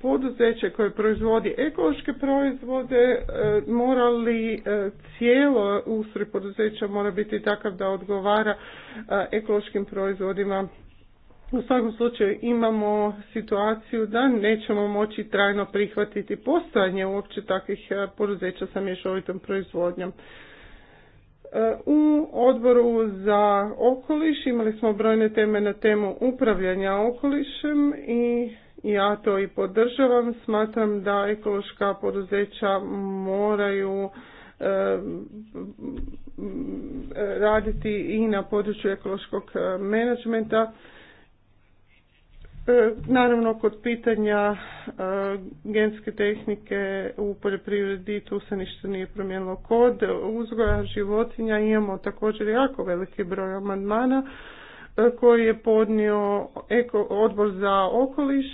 poduzeće koje proizvodi ekološke proizvode, e, mora li cijelo ustroj poduzeća mora biti takav da odgovara ekološkim proizvodima u svakom slučaju imamo situaciju da nećemo moći trajno prihvatiti postojanje uopće takvih poduzeća sa mješovitom proizvodnjom. U odboru za okoliš imali smo brojne teme na temu upravljanja okolišem i ja to i podržavam. Smatram da ekološka poduzeća moraju eh, raditi i na području ekološkog eh, menadžmenta E, naravno, kod pitanja e, genske tehnike u poljoprivredi tu se ništa nije promijenilo. Kod uzgoja životinja imamo također jako veliki broj amandmana e, koji je podnio odbor za okoliš,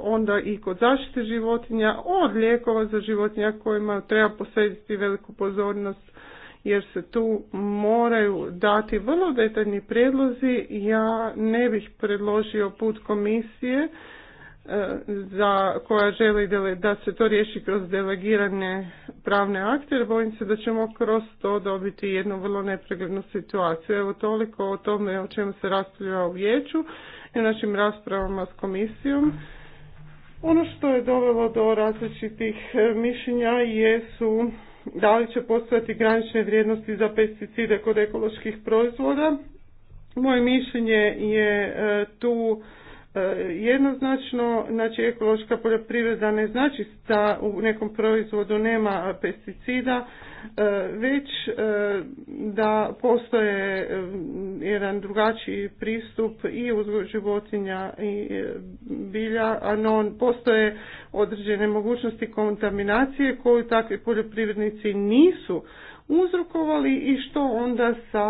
onda i kod zaštite životinja, od lijekova za životinja kojima treba posvetiti veliku pozornost jer se tu moraju dati vrlo detaljni predlozi. Ja ne bih predložio put komisije e, za koja želi da se to riješi kroz delegirane pravne akte, jer bojim se da ćemo kroz to dobiti jednu vrlo nepreglednu situaciju. Evo toliko o tome o čemu se raspravlja u vijeću i u našim raspravama s komisijom. Ono što je dovelo do različitih e, mišljenja jesu da li će postojati granične vrijednosti za pesticide kod ekoloških proizvoda. Moje mišljenje je e, tu E, jednoznačno, znači ekološka poljoprivreda ne znači da u nekom proizvodu nema pesticida, e, već e, da postoje jedan drugačiji pristup i uzgoj životinja i bilja, a postoje određene mogućnosti kontaminacije koju takvi poljoprivrednici nisu uzrokovali i što onda sa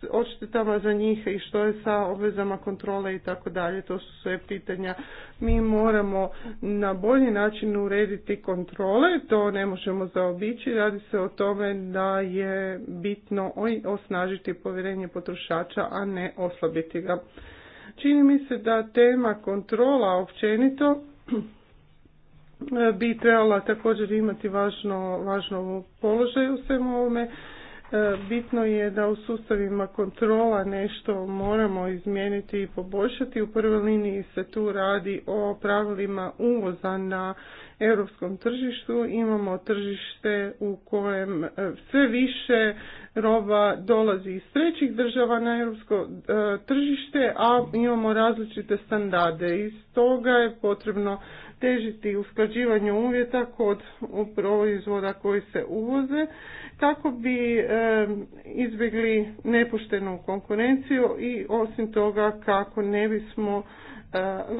eh, odštetama za njih i što je sa obvezama kontrole i tako dalje. To su sve pitanja. Mi moramo na bolji način urediti kontrole, to ne možemo zaobići. Radi se o tome da je bitno osnažiti povjerenje potrošača, a ne oslabiti ga. Čini mi se da tema kontrola općenito bi trebala također imati važno, važno položaj u svemu ovome. E, bitno je da u sustavima kontrola nešto moramo izmijeniti i poboljšati. U prvoj liniji se tu radi o pravilima uvoza na europskom tržištu. Imamo tržište u kojem e, sve više roba dolazi iz trećih država na europsko e, tržište, a imamo različite standarde. Iz toga je potrebno težiti usklađivanju uvjeta kod proizvoda koji se uvoze kako bi izbjegli nepoštenu konkurenciju i osim toga kako ne bismo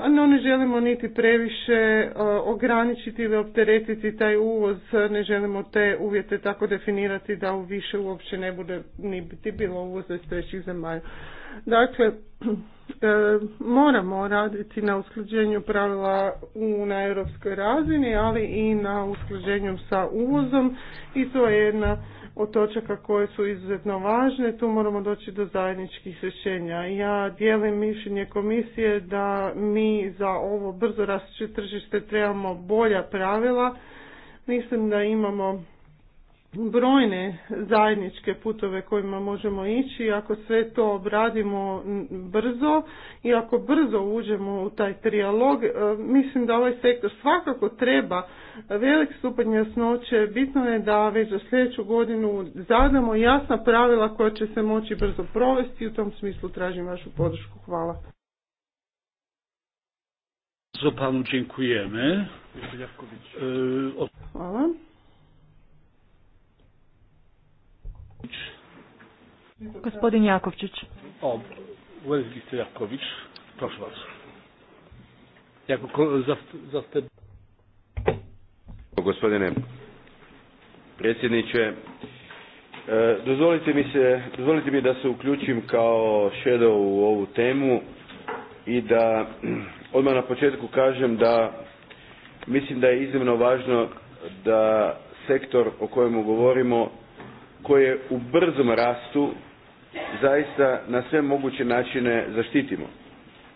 no ne želimo niti previše e, ograničiti ili opteretiti taj uvoz, ne želimo te uvjete tako definirati da u više uopće ne bude ni bilo uvoza iz trećih zemalja. Dakle, e, moramo raditi na usklađenju pravila u, na europskoj razini, ali i na usklađenju sa uvozom i to je jedna od točaka koje su izuzetno važne, tu moramo doći do zajedničkih rješenja. Ja dijelim mišljenje komisije da mi za ovo brzo rastuće tržište trebamo bolja pravila. Mislim da imamo brojne zajedničke putove kojima možemo ići ako sve to obradimo brzo i ako brzo uđemo u taj trijalog, e, mislim da ovaj sektor svakako treba velik stupanj jasnoće. Bitno je da već za sljedeću godinu zadamo jasna pravila koja će se moći brzo provesti i u tom smislu tražim vašu podršku. Hvala. E, Hvala. Gospodin Jakovčić. O, Wezgiste Jakovčić, Prošu vas. Gospodine predsjedniče, e, dozvolite mi, da se uključim kao šedo u ovu temu i da odmah na početku kažem da mislim da je iznimno važno da sektor o kojemu govorimo koje u brzom rastu zaista na sve moguće načine zaštitimo.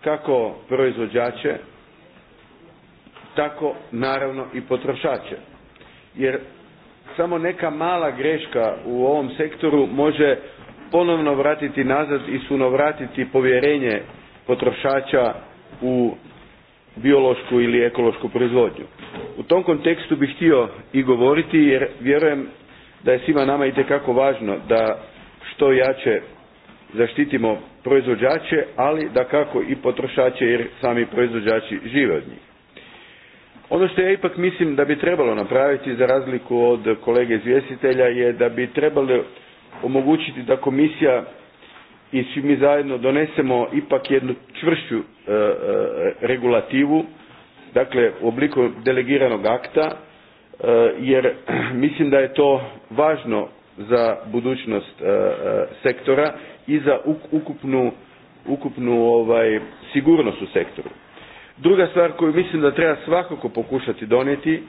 Kako proizvođače, tako naravno i potrošače. Jer samo neka mala greška u ovom sektoru može ponovno vratiti nazad i sunovratiti povjerenje potrošača u biološku ili ekološku proizvodnju. U tom kontekstu bih htio i govoriti jer vjerujem da je svima nama itekako važno da što jače zaštitimo proizvođače, ali da kako i potrošače jer sami proizvođači žive od njih. Ono što ja ipak mislim da bi trebalo napraviti za razliku od kolege izvjestitelja je da bi trebalo omogućiti da komisija i svi mi zajedno donesemo ipak jednu čvršću e, e, regulativu, dakle u obliku delegiranog akta Eh, jer mislim da je to važno za budućnost eh, eh, sektora i za ukupnu, ovaj, sigurnost u sektoru. Druga stvar koju mislim da treba svakako pokušati donijeti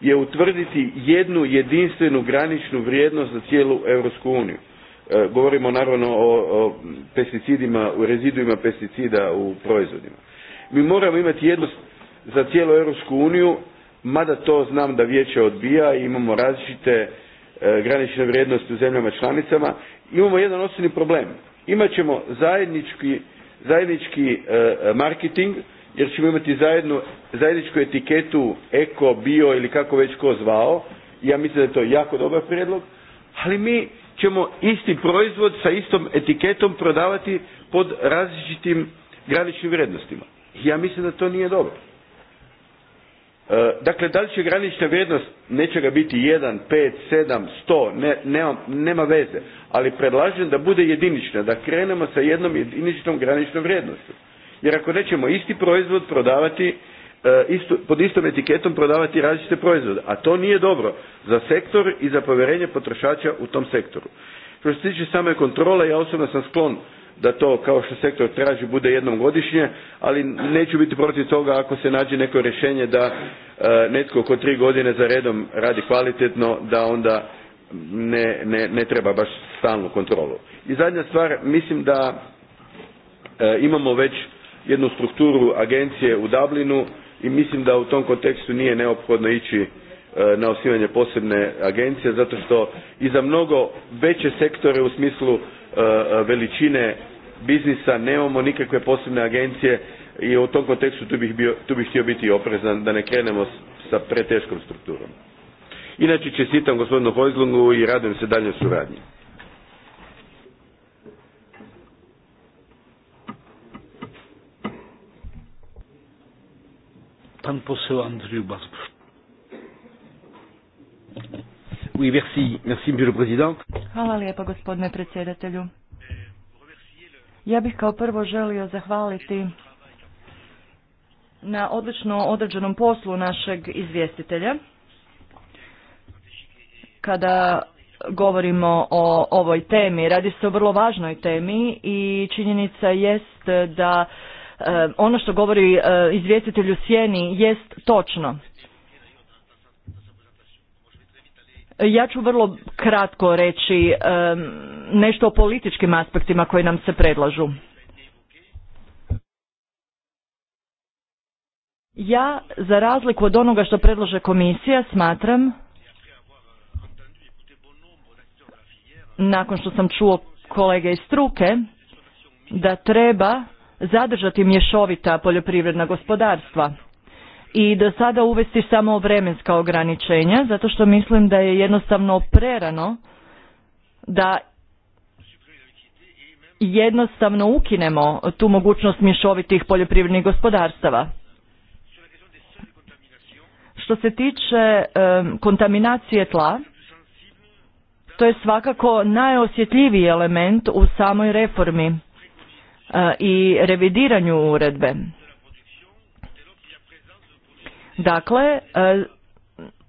je utvrditi jednu jedinstvenu graničnu vrijednost za cijelu Europsku uniju. Govorimo naravno o, pesticidima, u reziduima pesticida u proizvodima. Mi moramo imati jednost za cijelu Europsku uniju mada to znam da vijeće odbija i imamo različite e, granične vrijednosti u zemljama članicama, imamo jedan osnovni problem. Imat ćemo zajednički, zajednički e, marketing, jer ćemo imati zajednu, zajedničku etiketu eko, bio ili kako već ko zvao. Ja mislim da je to jako dobar prijedlog, ali mi ćemo isti proizvod sa istom etiketom prodavati pod različitim graničnim vrijednostima. Ja mislim da to nije dobro. E, dakle, da li će granična vrijednost nečega biti jedan 5, 7, 100, nema, nema veze, ali predlažem da bude jedinična, da krenemo sa jednom jediničnom graničnom vrijednostom. Jer ako nećemo isti proizvod prodavati, e, pod istom etiketom prodavati različite proizvode, a to nije dobro za sektor i za povjerenje potrošača u tom sektoru. Što se tiče same kontrole, ja osobno sam sklon da to kao što sektor traži bude jednom godišnje, ali neću biti protiv toga ako se nađe neko rješenje da e, netko oko tri godine za redom radi kvalitetno da onda ne, ne, ne treba baš stalnu kontrolu. I zadnja stvar, mislim da e, imamo već jednu strukturu agencije u Dublinu i mislim da u tom kontekstu nije neophodno ići e, na osnivanje posebne agencije zato što i za mnogo veće sektore u smislu veličine biznisa, nemamo nikakve posebne agencije i u tom kontekstu tu bih, bio, tu bih htio biti oprezan da ne krenemo sa preteškom strukturom. Inače čestitam gospodinu Hojzlungu i radim se daljnjoj suradnji. Pan poseł Andriju Oui, merci. Merci, monsieur le président. Hvala lijepa, gospodine predsjedatelju. Ja bih kao prvo želio zahvaliti na odlično određenom poslu našeg izvjestitelja. Kada govorimo o ovoj temi, radi se o vrlo važnoj temi i činjenica jest da eh, ono što govori eh, izvjestitelj u sjeni jest točno. Ja ću vrlo kratko reći nešto o političkim aspektima koji nam se predlažu. Ja, za razliku od onoga što predlaže komisija, smatram, nakon što sam čuo kolege iz struke, da treba zadržati mješovita poljoprivredna gospodarstva i do sada uvesti samo vremenska ograničenja, zato što mislim da je jednostavno prerano da jednostavno ukinemo tu mogućnost mješovitih poljoprivrednih gospodarstava. Što se tiče kontaminacije tla, to je svakako najosjetljiviji element u samoj reformi e, i revidiranju uredbe. Dakle, e,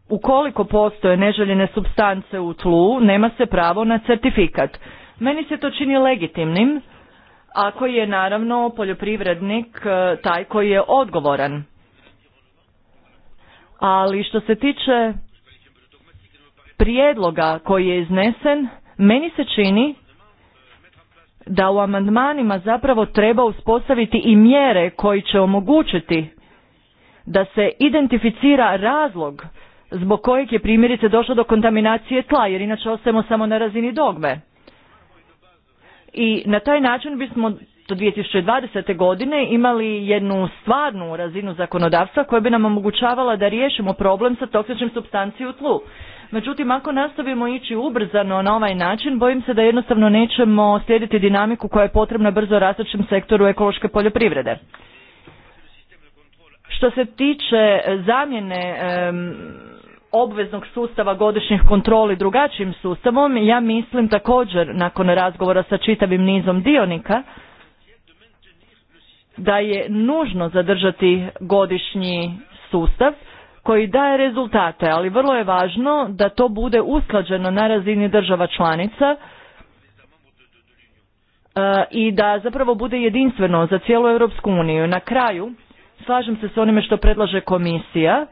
ukoliko postoje neželjene substance u tlu, nema se pravo na certifikat. Meni se to čini legitimnim, ako je naravno poljoprivrednik e, taj koji je odgovoran. Ali što se tiče prijedloga koji je iznesen, meni se čini da u amandmanima zapravo treba uspostaviti i mjere koji će omogućiti da se identificira razlog zbog kojeg je primjerice došlo do kontaminacije tla, jer inače ostajemo samo na razini dogme. I na taj način bismo do 2020. godine imali jednu stvarnu razinu zakonodavstva koja bi nam omogućavala da riješimo problem sa toksičnim substanciju u tlu. Međutim, ako nastavimo ići ubrzano na ovaj način, bojim se da jednostavno nećemo slijediti dinamiku koja je potrebna brzo rastućem sektoru ekološke poljoprivrede. Što se tiče e, zamjene obveznog sustava godišnjih kontroli drugačijim sustavom, ja mislim također nakon razgovora sa čitavim nizom dionika da je nužno zadržati godišnji sustav koji daje rezultate, ali vrlo je važno da to bude usklađeno na razini država članica e, i da zapravo bude jedinstveno za cijelu Europsku uniju. Na kraju, slažem se s onime što predlaže komisija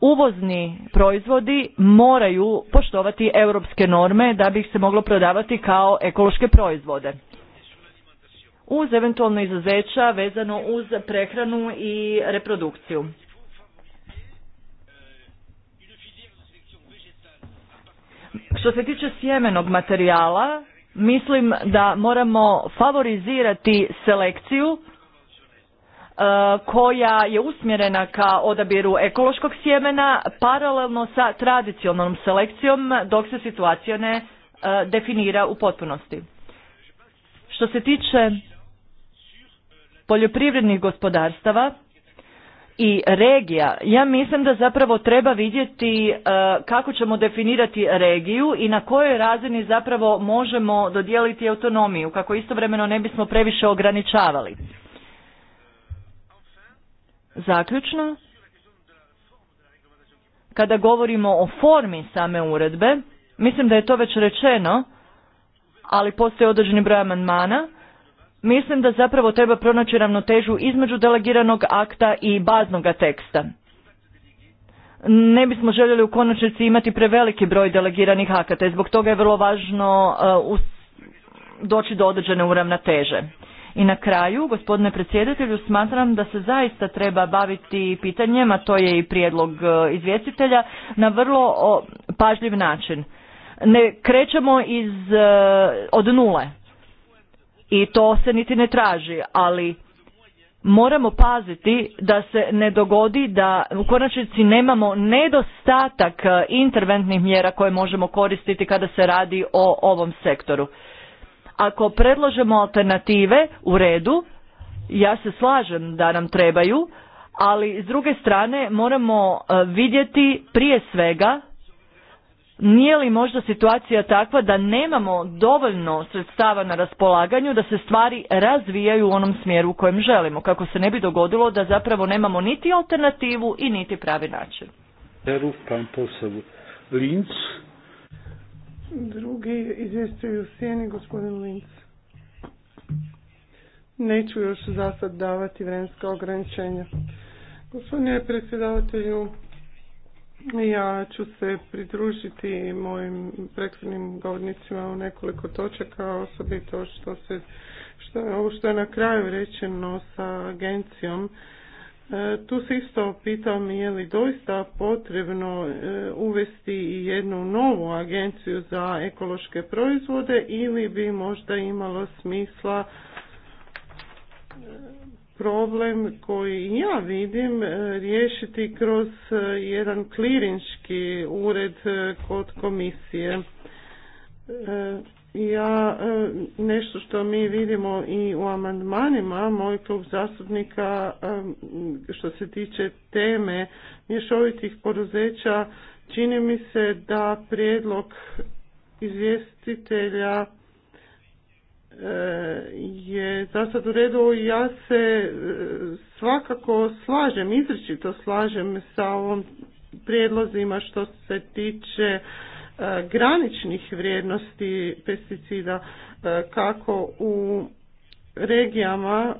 uvozni proizvodi moraju poštovati europske norme da bi ih se moglo prodavati kao ekološke proizvode uz eventualno izuzeća vezano uz prehranu i reprodukciju. Što se tiče sjemenog materijala, mislim da moramo favorizirati selekciju E, koja je usmjerena ka odabiru ekološkog sjemena paralelno sa tradicionalnom selekcijom dok se situacija ne e, definira u potpunosti. Što se tiče poljoprivrednih gospodarstava i regija, ja mislim da zapravo treba vidjeti e, kako ćemo definirati regiju i na kojoj razini zapravo možemo dodijeliti autonomiju kako istovremeno ne bismo previše ograničavali. Zaključno, kada govorimo o formi same uredbe, mislim da je to već rečeno, ali postoji određeni broj amandmana, mislim da zapravo treba pronaći ravnotežu između delegiranog akta i baznog teksta. Ne bismo željeli u konačnici imati preveliki broj delegiranih akata i zbog toga je vrlo važno uh, doći do određene uravnoteže. I na kraju, gospodine predsjedatelju, smatram da se zaista treba baviti pitanjem, a to je i prijedlog e, izvjestitelja, na vrlo pažljiv način. Ne krećemo iz, e, od nule i to se niti ne traži, ali moramo paziti da se ne dogodi da u konačnici nemamo nedostatak e, interventnih mjera koje možemo koristiti kada se radi o ovom sektoru ako predložemo alternative u redu, ja se slažem da nam trebaju, ali s druge strane moramo e, vidjeti prije svega nije li možda situacija takva da nemamo dovoljno sredstava na raspolaganju da se stvari razvijaju u onom smjeru u kojem želimo, kako se ne bi dogodilo da zapravo nemamo niti alternativu i niti pravi način. Linz. Drugi u sjeni gospodin Linc. Neću još za sad davati vremenska ograničenja. Gospodine predsjedavatelju, ja ću se pridružiti mojim prethodnim govornicima u nekoliko točaka, osobito što se što ovo što je na kraju rečeno sa agencijom E, tu se isto pitam je li doista potrebno e, uvesti jednu novu agenciju za ekološke proizvode ili bi možda imalo smisla e, problem koji ja vidim riješiti kroz jedan klirinški ured kod komisije ja e, nešto što mi vidimo i u amandmanima moj klub zastupnika e, što se tiče teme mješovitih poduzeća čini mi se da prijedlog izvjestitelja e, je za sad u redu ja se svakako slažem izričito slažem sa ovom prijedlozima što se tiče E, graničnih vrijednosti pesticida e, kako u regijama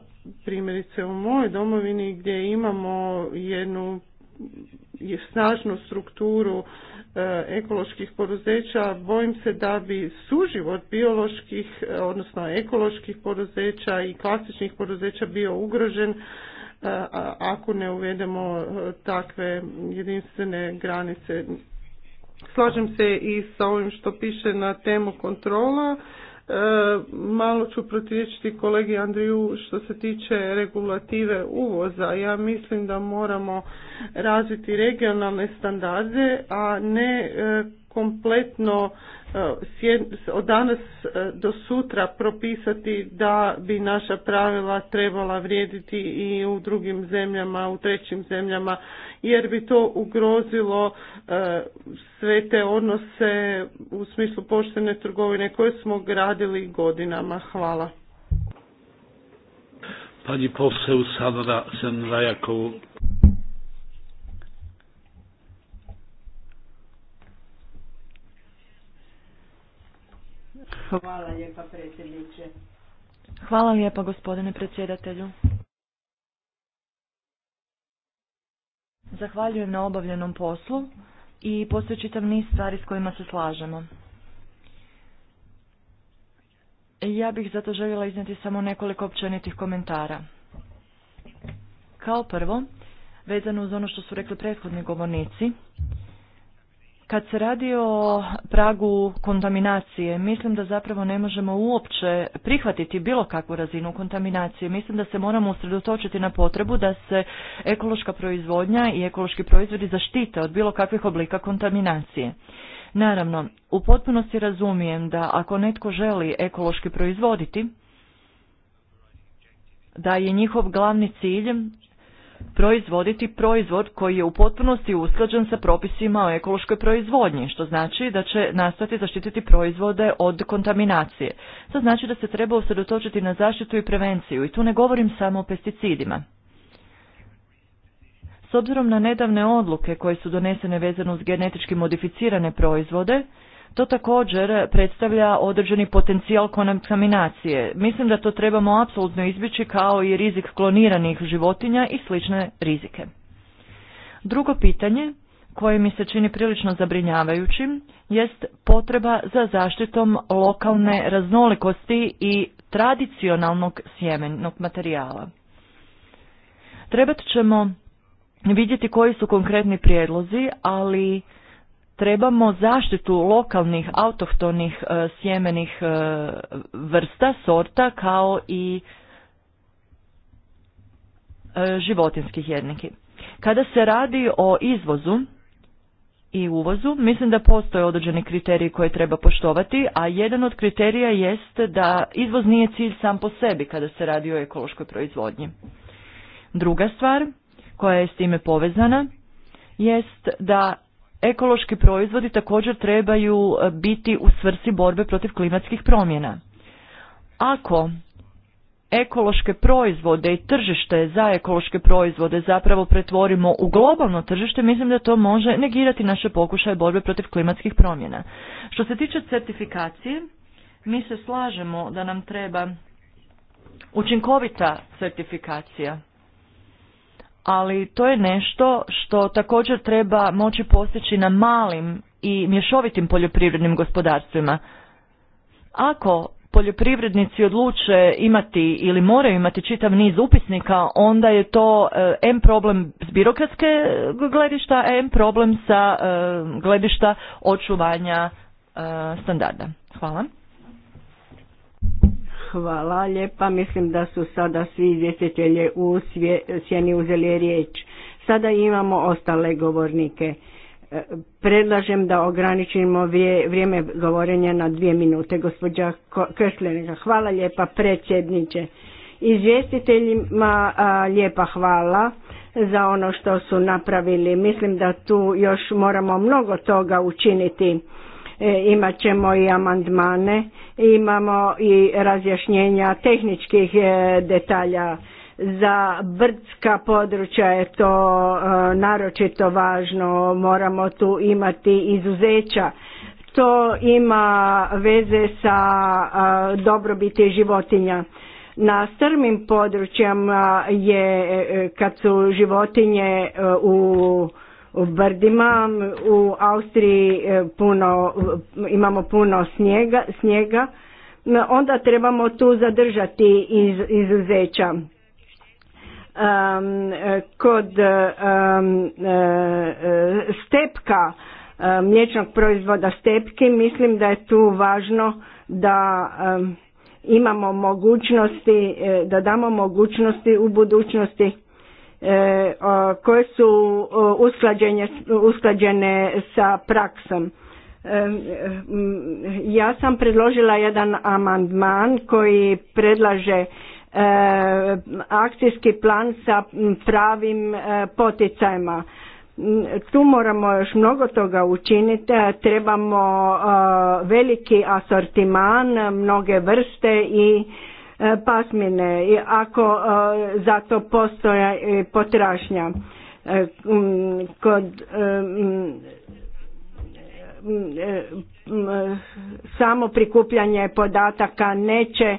primjerice u mojoj domovini gdje imamo jednu snažnu strukturu e, ekoloških poduzeća bojim se da bi suživot bioloških odnosno ekoloških poduzeća i klasičnih poduzeća bio ugrožen ako ne uvedemo takve jedinstvene granice Slažem se i sa ovim što piše na temu kontrola. E, malo ću protivječiti kolegi Andriju što se tiče regulative uvoza. Ja mislim da moramo razviti regionalne standarde, a ne e, kompletno E, od danas e, do sutra propisati da bi naša pravila trebala vrijediti i u drugim zemljama, u trećim zemljama, jer bi to ugrozilo e, sve te odnose u smislu poštene trgovine koje smo gradili godinama. Hvala. Pani poseł Sandra, Hvala lijepa predsjedniče. Hvala lijepa gospodine predsjedatelju. Zahvaljujem na obavljenom poslu i postoji čitav niz stvari s kojima se slažemo. Ja bih zato željela iznijeti samo nekoliko općenitih komentara. Kao prvo, vezano uz ono što su rekli prethodni govornici, kad se radi o pragu kontaminacije, mislim da zapravo ne možemo uopće prihvatiti bilo kakvu razinu kontaminacije. Mislim da se moramo usredotočiti na potrebu da se ekološka proizvodnja i ekološki proizvodi zaštite od bilo kakvih oblika kontaminacije. Naravno, u potpunosti razumijem da ako netko želi ekološki proizvoditi, da je njihov glavni cilj proizvoditi proizvod koji je u potpunosti usklađen sa propisima o ekološkoj proizvodnji, što znači da će nastati zaštititi proizvode od kontaminacije. To znači da se treba usredotočiti na zaštitu i prevenciju i tu ne govorim samo o pesticidima. S obzirom na nedavne odluke koje su donesene vezano uz genetički modificirane proizvode, to također predstavlja određeni potencijal kontaminacije. Mislim da to trebamo apsolutno izbjeći kao i rizik kloniranih životinja i slične rizike. Drugo pitanje koje mi se čini prilično zabrinjavajućim jest potreba za zaštitom lokalne raznolikosti i tradicionalnog sjemenog materijala. Trebat ćemo vidjeti koji su konkretni prijedlozi, ali trebamo zaštitu lokalnih autohtonih e, sjemenih e, vrsta, sorta kao i e, životinskih jedniki. Kada se radi o izvozu i uvozu, mislim da postoje određeni kriteriji koje treba poštovati, a jedan od kriterija jest da izvoz nije cilj sam po sebi kada se radi o ekološkoj proizvodnji. Druga stvar koja je s time povezana jest da ekološki proizvodi također trebaju e, biti u svrsi borbe protiv klimatskih promjena. Ako ekološke proizvode i tržište za ekološke proizvode zapravo pretvorimo u globalno tržište, mislim da to može negirati naše pokušaje borbe protiv klimatskih promjena. Što se tiče certifikacije, mi se slažemo da nam treba učinkovita certifikacija ali to je nešto što također treba moći postići na malim i mješovitim poljoprivrednim gospodarstvima. Ako poljoprivrednici odluče imati ili moraju imati čitav niz upisnika, onda je to e, M problem s birokratske gledišta, M problem sa e, gledišta očuvanja e, standarda. Hvala. Hvala lijepa. Mislim da su sada svi izvjestitelje u sjeni uzeli riječ. Sada imamo ostale govornike. E, predlažem da ograničimo vrijeme govorenja na dvije minute. Gospođa Kršljenica, hvala lijepa predsjedniče. Izvjestiteljima lijepa hvala za ono što su napravili. Mislim da tu još moramo mnogo toga učiniti E, imat ćemo i amandmane, imamo i razjašnjenja tehničkih e, detalja. Za brdska područja je to e, naročito važno, moramo tu imati izuzeća. To ima veze sa dobrobiti životinja. Na strmim područjama je kad su životinje u u brdima, u Austriji e, puno, imamo puno snijega, snijega, onda trebamo tu zadržati iz, izuzeća. E, kod e, stepka, mliječnog proizvoda stepki, mislim da je tu važno da imamo mogućnosti, da damo mogućnosti u budućnosti E, koje su usklađene sa praksom. E, ja sam predložila jedan amandman koji predlaže e, akcijski plan sa pravim poticajima. Tu moramo još mnogo toga učiniti, trebamo veliki asortiman, mnoge vrste i pasmine ako e, za to postoje potražnja e, kod e, samo prikupljanje podataka neće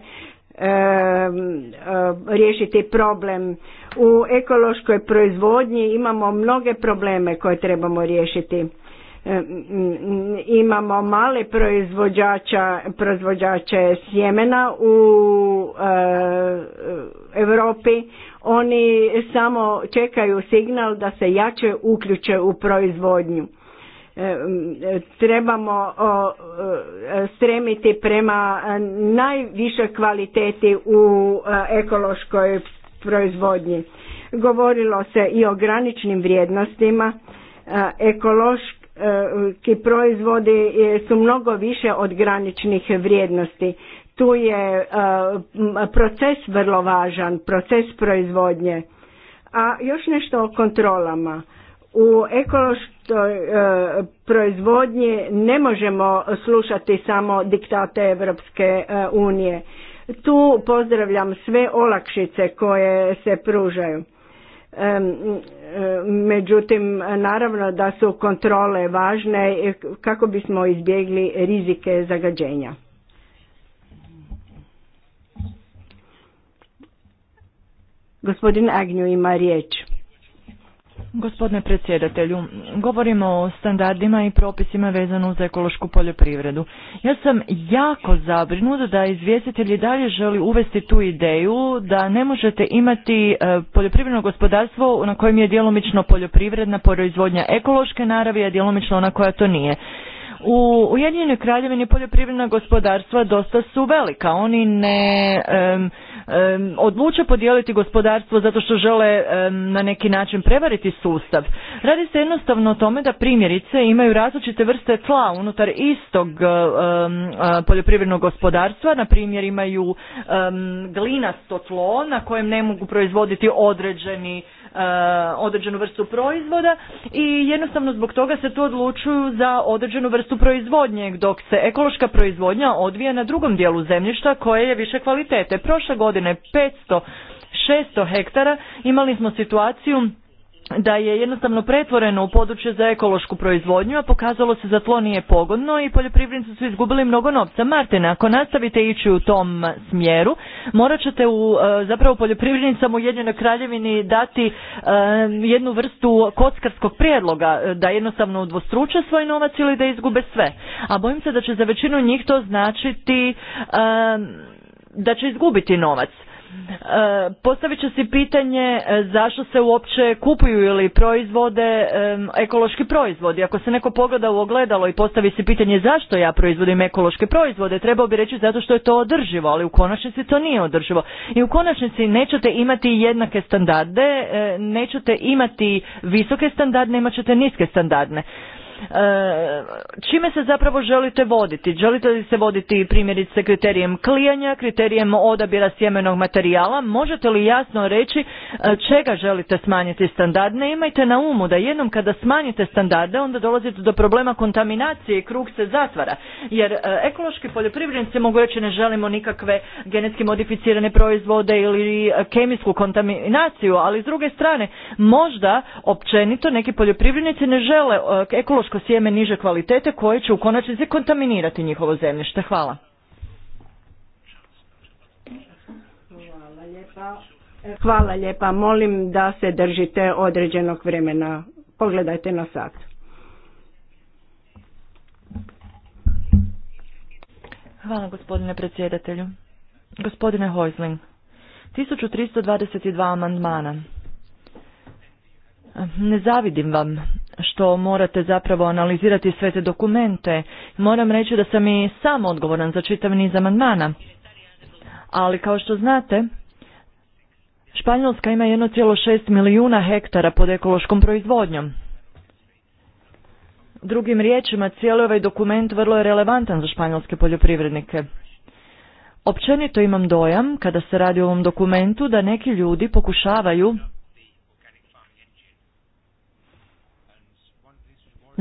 riješiti problem. U ekološkoj proizvodnji imamo mnoge probleme koje trebamo riješiti imamo male proizvođača, proizvođače sjemena u e, Europi. Oni samo čekaju signal da se jače uključe u proizvodnju. Trebamo stremiti prema najviše kvaliteti u e, ekološkoj proizvodnji. Govorilo se i o graničnim vrijednostima e, ekološki ki proizvodi su mnogo više od graničnih vrijednosti. Tu je e, proces vrlo važan, proces proizvodnje. A još nešto o kontrolama. U ekološkoj e, proizvodnji ne možemo slušati samo diktate Europske e, unije. Tu pozdravljam sve olakšice koje se pružaju Međutim, naravno da su kontrole važne kako bismo izbjegli rizike zagađenja. Gospodin Agnju ima riječ. Gospodine predsjedatelju, govorimo o standardima i propisima vezano za ekološku poljoprivredu. Ja sam jako zabrinuta da izvjestitelji dalje želi uvesti tu ideju da ne možete imati e, poljoprivredno gospodarstvo na kojem je djelomično poljoprivredna proizvodnja ekološke naravi, a djelomično ona koja to nije. U Ujedinjenoj kraljevini poljoprivredna gospodarstva dosta su velika. Oni ne um, odluče podijeliti gospodarstvo zato što žele na neki način prevariti sustav. Radi se jednostavno o tome da primjerice imaju različite vrste tla unutar istog poljoprivrednog gospodarstva. Na primjer imaju glinasto tlo na kojem ne mogu proizvoditi određeni E, određenu vrstu proizvoda i jednostavno zbog toga se tu odlučuju za određenu vrstu proizvodnje, dok se ekološka proizvodnja odvija na drugom dijelu zemljišta koje je više kvalitete. Prošle godine 500 600 hektara imali smo situaciju da je jednostavno pretvoreno u područje za ekološku proizvodnju, a pokazalo se za tlo nije pogodno i poljoprivrednici su izgubili mnogo novca. Martin, ako nastavite ići u tom smjeru, morat ćete u, e, zapravo poljoprivrednicama u Jedinoj kraljevini dati e, jednu vrstu kockarskog prijedloga, e, da jednostavno udvostruče svoj novac ili da izgube sve. A bojim se da će za većinu njih to značiti da će izgubiti novac. E, postavit ću si pitanje e, zašto se uopće kupuju ili proizvode ekološki proizvodi. Ako se neko pogleda u ogledalo i postavi si pitanje zašto ja proizvodim ekološke proizvode, trebao bi reći zato što je to održivo, ali u konačnici to nije održivo. I u konačnici nećete imati jednake standarde, e, nećete imati visoke standarde, imat ćete niske standardne. E, čime se zapravo želite voditi? Želite li se voditi primjerice kriterijem klijanja, kriterijem odabira sjemenog materijala? Možete li jasno reći e, čega želite smanjiti standard? Ne imajte na umu da jednom kada smanjite standarde onda dolazite do problema kontaminacije i krug se zatvara. Jer e, ekološki poljoprivrednici mogu reći ne želimo nikakve genetski modificirane proizvode ili kemijsku kontaminaciju, ali s druge strane možda općenito neki poljoprivrednici ne žele ekološki ekološko sjeme niže kvalitete koje će u konačnici kontaminirati njihovo zemljište. Hvala. Hvala lijepa. Molim da se držite određenog vremena. Pogledajte na sat. Hvala gospodine predsjedatelju. Gospodine Hojzling, 1322 amandmana. Ne zavidim vam što morate zapravo analizirati sve te dokumente. Moram reći da sam i sam odgovoran za čitav niz amandmana. Ali kao što znate, Španjolska ima 1,6 milijuna hektara pod ekološkom proizvodnjom. Drugim riječima, cijeli ovaj dokument vrlo je relevantan za španjolske poljoprivrednike. Općenito imam dojam, kada se radi o ovom dokumentu, da neki ljudi pokušavaju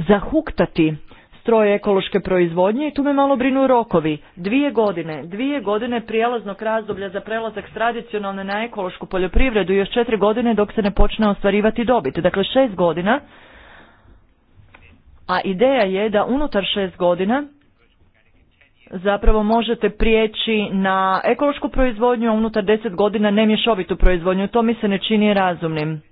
zahuktati stroje ekološke proizvodnje i tu me malo brinu rokovi. Dvije godine, dvije godine prijelaznog razdoblja za prelazak s tradicionalne na ekološku poljoprivredu i još četiri godine dok se ne počne ostvarivati dobit. Dakle, šest godina, a ideja je da unutar šest godina zapravo možete prijeći na ekološku proizvodnju, a unutar deset godina nemješovitu proizvodnju. To mi se ne čini razumnim.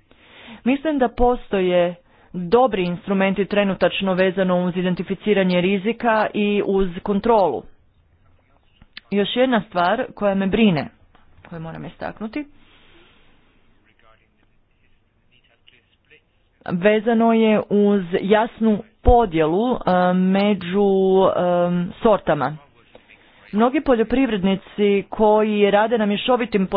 Mislim da postoje dobri instrumenti trenutačno vezano uz identificiranje rizika i uz kontrolu. Još jedna stvar koja me brine, koju moram istaknuti, vezano je uz jasnu podjelu eh, među eh, sortama. Mnogi poljoprivrednici koji rade na mješovitim e,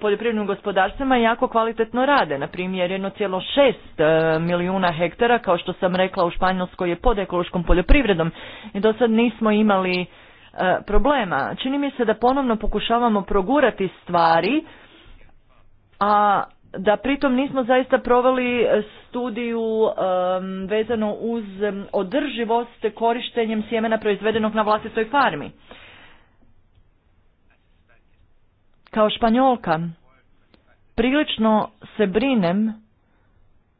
poljoprivrednim gospodarstvima jako kvalitetno rade. Na primjer, 1,6 e, milijuna hektara, kao što sam rekla, u Španjolskoj je pod ekološkom poljoprivredom i do sad nismo imali e, problema. Čini mi se da ponovno pokušavamo progurati stvari, a da pritom nismo zaista proveli e, studiju um, vezano uz održivost korištenjem sjemena proizvedenog na vlastitoj farmi. Kao španjolka prilično se brinem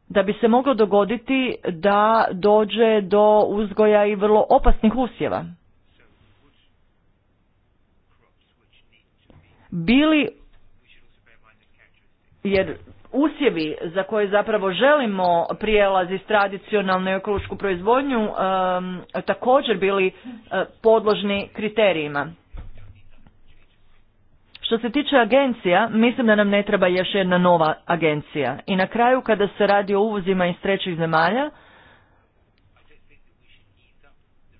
da bi se moglo dogoditi da dođe do uzgoja i vrlo opasnih usjeva. Bili jer usjevi za koje zapravo želimo prijelaz iz tradicionalnu ekološku proizvodnju također bili e, podložni kriterijima. Što se tiče agencija, mislim da nam ne treba još jedna nova agencija. I na kraju, kada se radi o uvozima iz trećih zemalja,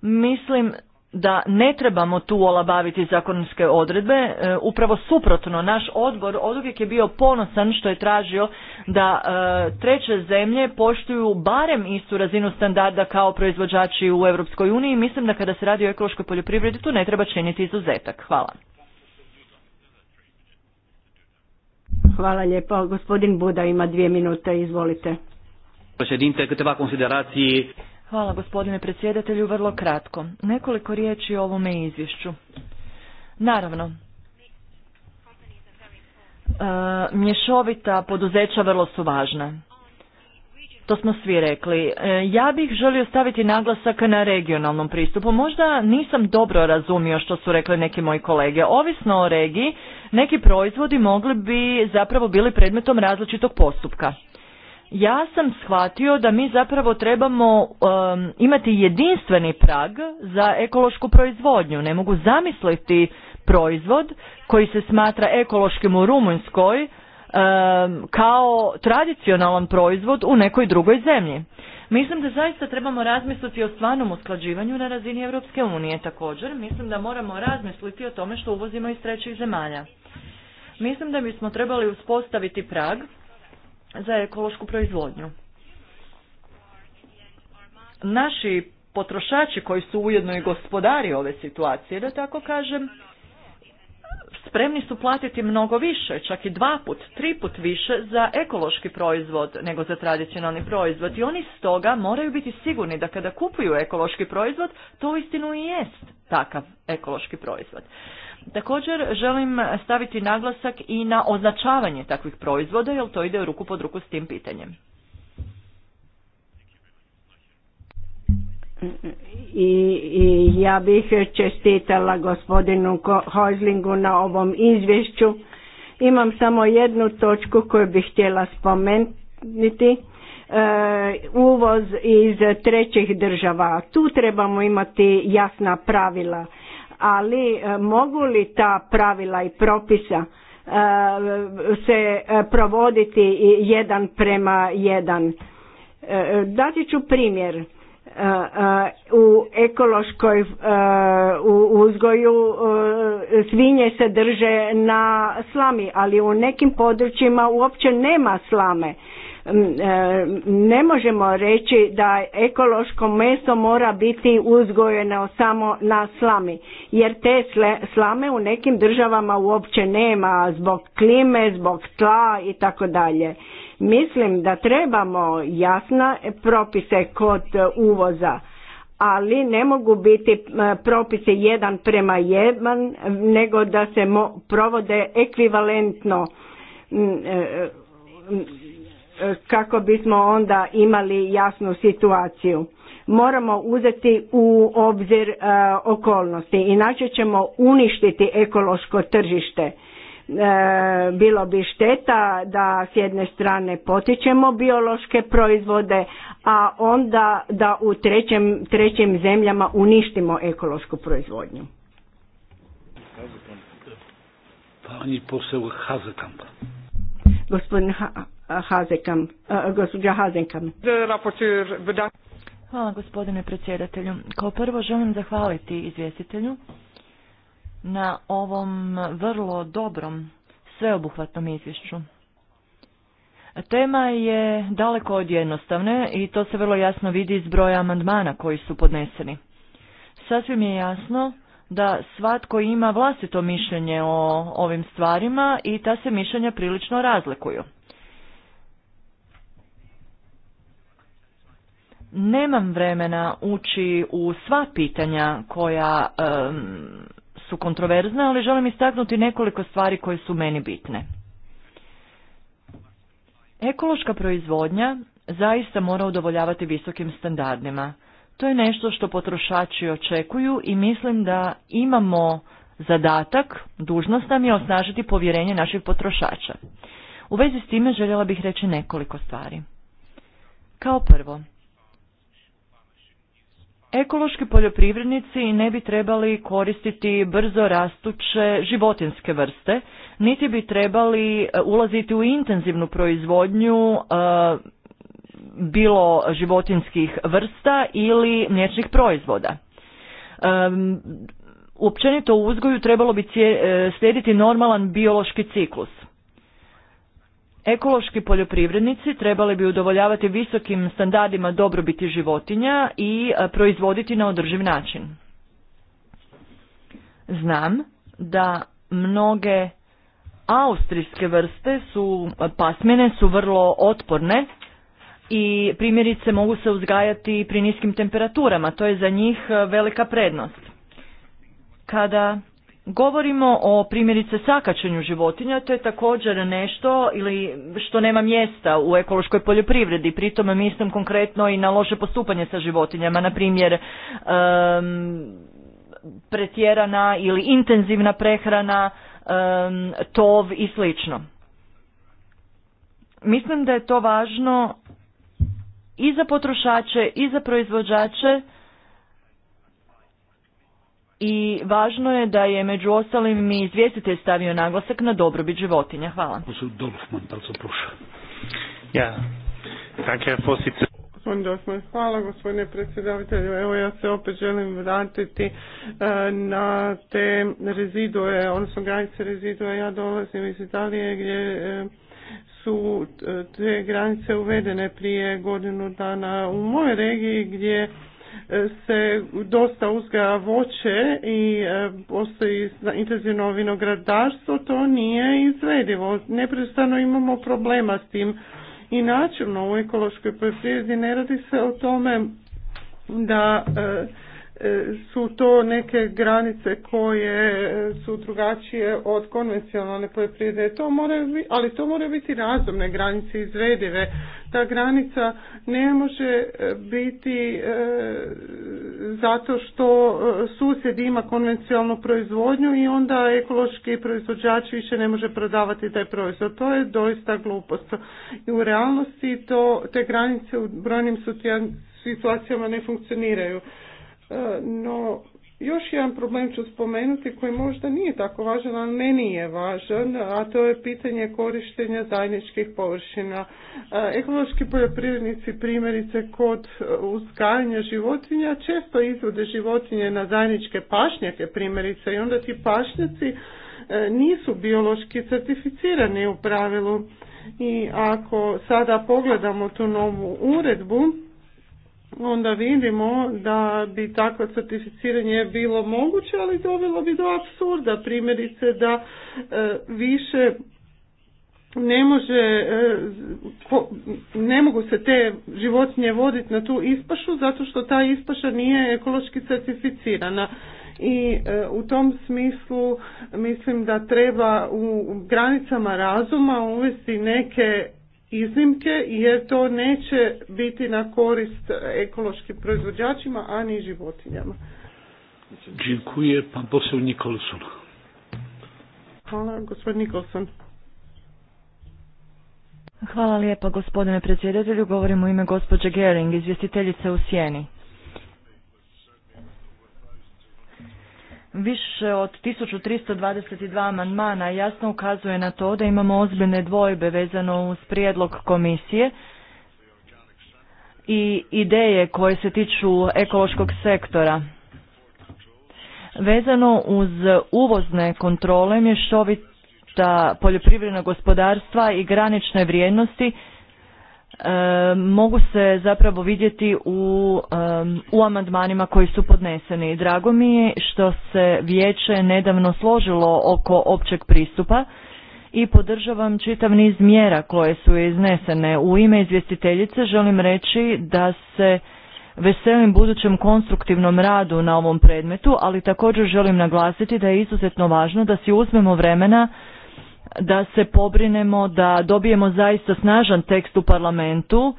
mislim da ne trebamo tu olabaviti zakonske odredbe, e, upravo suprotno, naš odbor oduvijek je bio ponosan što je tražio da e, treće zemlje poštuju barem istu razinu standarda kao proizvođači u Europskoj uniji. Mislim da kada se radi o ekološkoj poljoprivredi tu ne treba činiti izuzetak. Hvala. Hvala lijepo. Gospodin Buda ima dvije minute, izvolite. Președinte, câteva considerații Hvala gospodine predsjedatelju, vrlo kratko. Nekoliko riječi o ovome izvješću. Naravno, e, mješovita poduzeća vrlo su važna. To smo svi rekli. E, ja bih želio staviti naglasak na regionalnom pristupu. Možda nisam dobro razumio što su rekli neki moji kolege. Ovisno o regiji, neki proizvodi mogli bi zapravo bili predmetom različitog postupka ja sam shvatio da mi zapravo trebamo um, imati jedinstveni prag za ekološku proizvodnju. Ne mogu zamisliti proizvod koji se smatra ekološkim u Rumunjskoj um, kao tradicionalan proizvod u nekoj drugoj zemlji. Mislim da zaista trebamo razmisliti o stvarnom usklađivanju na razini Europske unije također. Mislim da moramo razmisliti o tome što uvozimo iz trećih zemalja. Mislim da bismo trebali uspostaviti prag za ekološku proizvodnju. Naši potrošači koji su ujedno i gospodari ove situacije, da tako kažem, spremni su platiti mnogo više, čak i dva put, tri put više za ekološki proizvod nego za tradicionalni proizvod i oni stoga moraju biti sigurni da kada kupuju ekološki proizvod, to istinu i jest takav ekološki proizvod. Također želim staviti naglasak i na označavanje takvih proizvoda, jer to ide ruku pod ruku s tim pitanjem. I, i ja bih čestitala gospodinu Hojzlingu na ovom izvješću. Imam samo jednu točku koju bih htjela spomenuti. E, uvoz iz trećih država. Tu trebamo imati jasna pravila ali e, mogu li ta pravila i propisa e, se e, provoditi jedan prema jedan. Dati ću primjer. U ekološkoj uzgoju svinje se drže na slami, ali u nekim područjima uopće nema slame. E, ne možemo reći da ekološko meso mora biti uzgojeno samo na slami, jer te slame u nekim državama uopće nema zbog klime, zbog tla i tako dalje. Mislim da trebamo jasna propise kod uvoza ali ne mogu biti propise jedan prema jedan, nego da se provode ekvivalentno e, E, kako bismo onda imali jasnu situaciju. Moramo uzeti u obzir e, okolnosti, inače ćemo uništiti ekološko tržište. E, bilo bi šteta da s jedne strane potičemo biološke proizvode, a onda da u trećem, trećim zemljama uništimo ekološku proizvodnju. ha Hazekam, gospođa Hvala gospodine predsjedatelju. Kao prvo želim zahvaliti izvjestitelju na ovom vrlo dobrom sveobuhvatnom izvješću. Tema je daleko od jednostavne i to se vrlo jasno vidi iz broja amandmana koji su podneseni. Sasvim je jasno da svatko ima vlastito mišljenje o ovim stvarima i ta se mišljenja prilično razlikuju. Nemam vremena ući u sva pitanja koja su kontroverzna, ali želim istaknuti nekoliko stvari koje su meni bitne. Ekološka proizvodnja zaista mora udovoljavati visokim standardima. To je nešto što potrošači očekuju i mislim da imamo zadatak, dužnost nam je osnažiti povjerenje naših potrošača. U vezi s time željela bih reći nekoliko stvari. Kao prvo, Ekološki poljoprivrednici ne bi trebali koristiti brzo rastuće životinske vrste, niti bi trebali e, ulaziti u intenzivnu proizvodnju e, bilo životinskih vrsta ili mliječnih proizvoda. Općenito u uzgoju trebalo bi e, slijediti normalan biološki ciklus. Ekološki poljoprivrednici trebali bi udovoljavati visokim standardima dobrobiti životinja i e, proizvoditi na održiv način. Znam da mnoge austrijske vrste su e, pasmine su vrlo otporne i primjerice mogu se uzgajati pri niskim temperaturama, to je za njih e, velika prednost. Kada Govorimo o primjerice sakačenju životinja, to je također nešto ili što nema mjesta u ekološkoj poljoprivredi, pritom mislim konkretno i na loše postupanje sa životinjama, na primjer um, pretjerana ili intenzivna prehrana, tov i slično. Mislim da je to važno i za potrošače i za proizvođače i važno je da je među ostalim i izvjestitelj stavio naglasak na dobrobit životinja. Hvala. Ja, hvala gospodine predsjedavitelju. Evo ja se opet želim vratiti e, na te rezidue, odnosno granice rezidue. Ja dolazim iz Italije gdje e, su te granice uvedene prije godinu dana u mojoj regiji gdje se dosta uzgaja voće i e, postoji intenzivno vinogradarstvo, to nije izvedivo. Neprestano imamo problema s tim. I načelno u ekološkoj poljoprivredi ne radi se o tome da e, E, su to neke granice koje su drugačije od konvencionalne poljoprivrede, to ali to moraju biti razumne granice izvedive. Ta granica ne može e, biti e, zato što susjed ima konvencionalnu proizvodnju i onda ekološki proizvođač više ne može prodavati taj proizvod. To je doista glupost. I u realnosti to, te granice u brojnim situacijama ne funkcioniraju. E, no, još jedan problem ću spomenuti koji možda nije tako važan, ali meni je važan, a to je pitanje korištenja zajedničkih površina. E, ekološki poljoprivrednici primjerice kod uzgajanja životinja često izvode životinje na zajedničke pašnjake primjerice i onda ti pašnjaci e, nisu biološki certificirani u pravilu. I ako sada pogledamo tu novu uredbu, onda vidimo da bi takvo certificiranje bilo moguće, ali dovelo bi do apsurda. Primjerice da e, više ne može, e, ne mogu se te životinje voditi na tu ispašu zato što ta ispaša nije ekološki certificirana i e, u tom smislu mislim da treba u granicama razuma uvesti neke iznimke jer to neće biti na korist ekološkim proizvođačima, a ni životinjama. Dziękuję. Pan poseł Nikolson. Hvala, gospodin Nikolson. Hvala lijepa, gospodine predsjedatelju. Govorim u ime gospođe Gering, izvjestiteljice u Sjeni. Više od 1322 amandmana jasno ukazuje na to da imamo ozbiljne dvojbe vezano uz prijedlog komisije i ideje koje se tiču ekološkog sektora. Vezano uz uvozne kontrole mješovita poljoprivredna gospodarstva i granične vrijednosti mogu se zapravo vidjeti u, u amandmanima koji su podneseni. Drago mi je što se vijeće nedavno složilo oko općeg pristupa i podržavam čitav niz mjera koje su iznesene. U ime izvjestiteljice želim reći da se veselim budućem konstruktivnom radu na ovom predmetu, ali također želim naglasiti da je izuzetno važno da si uzmemo vremena da se pobrinemo da dobijemo zaista snažan tekst u parlamentu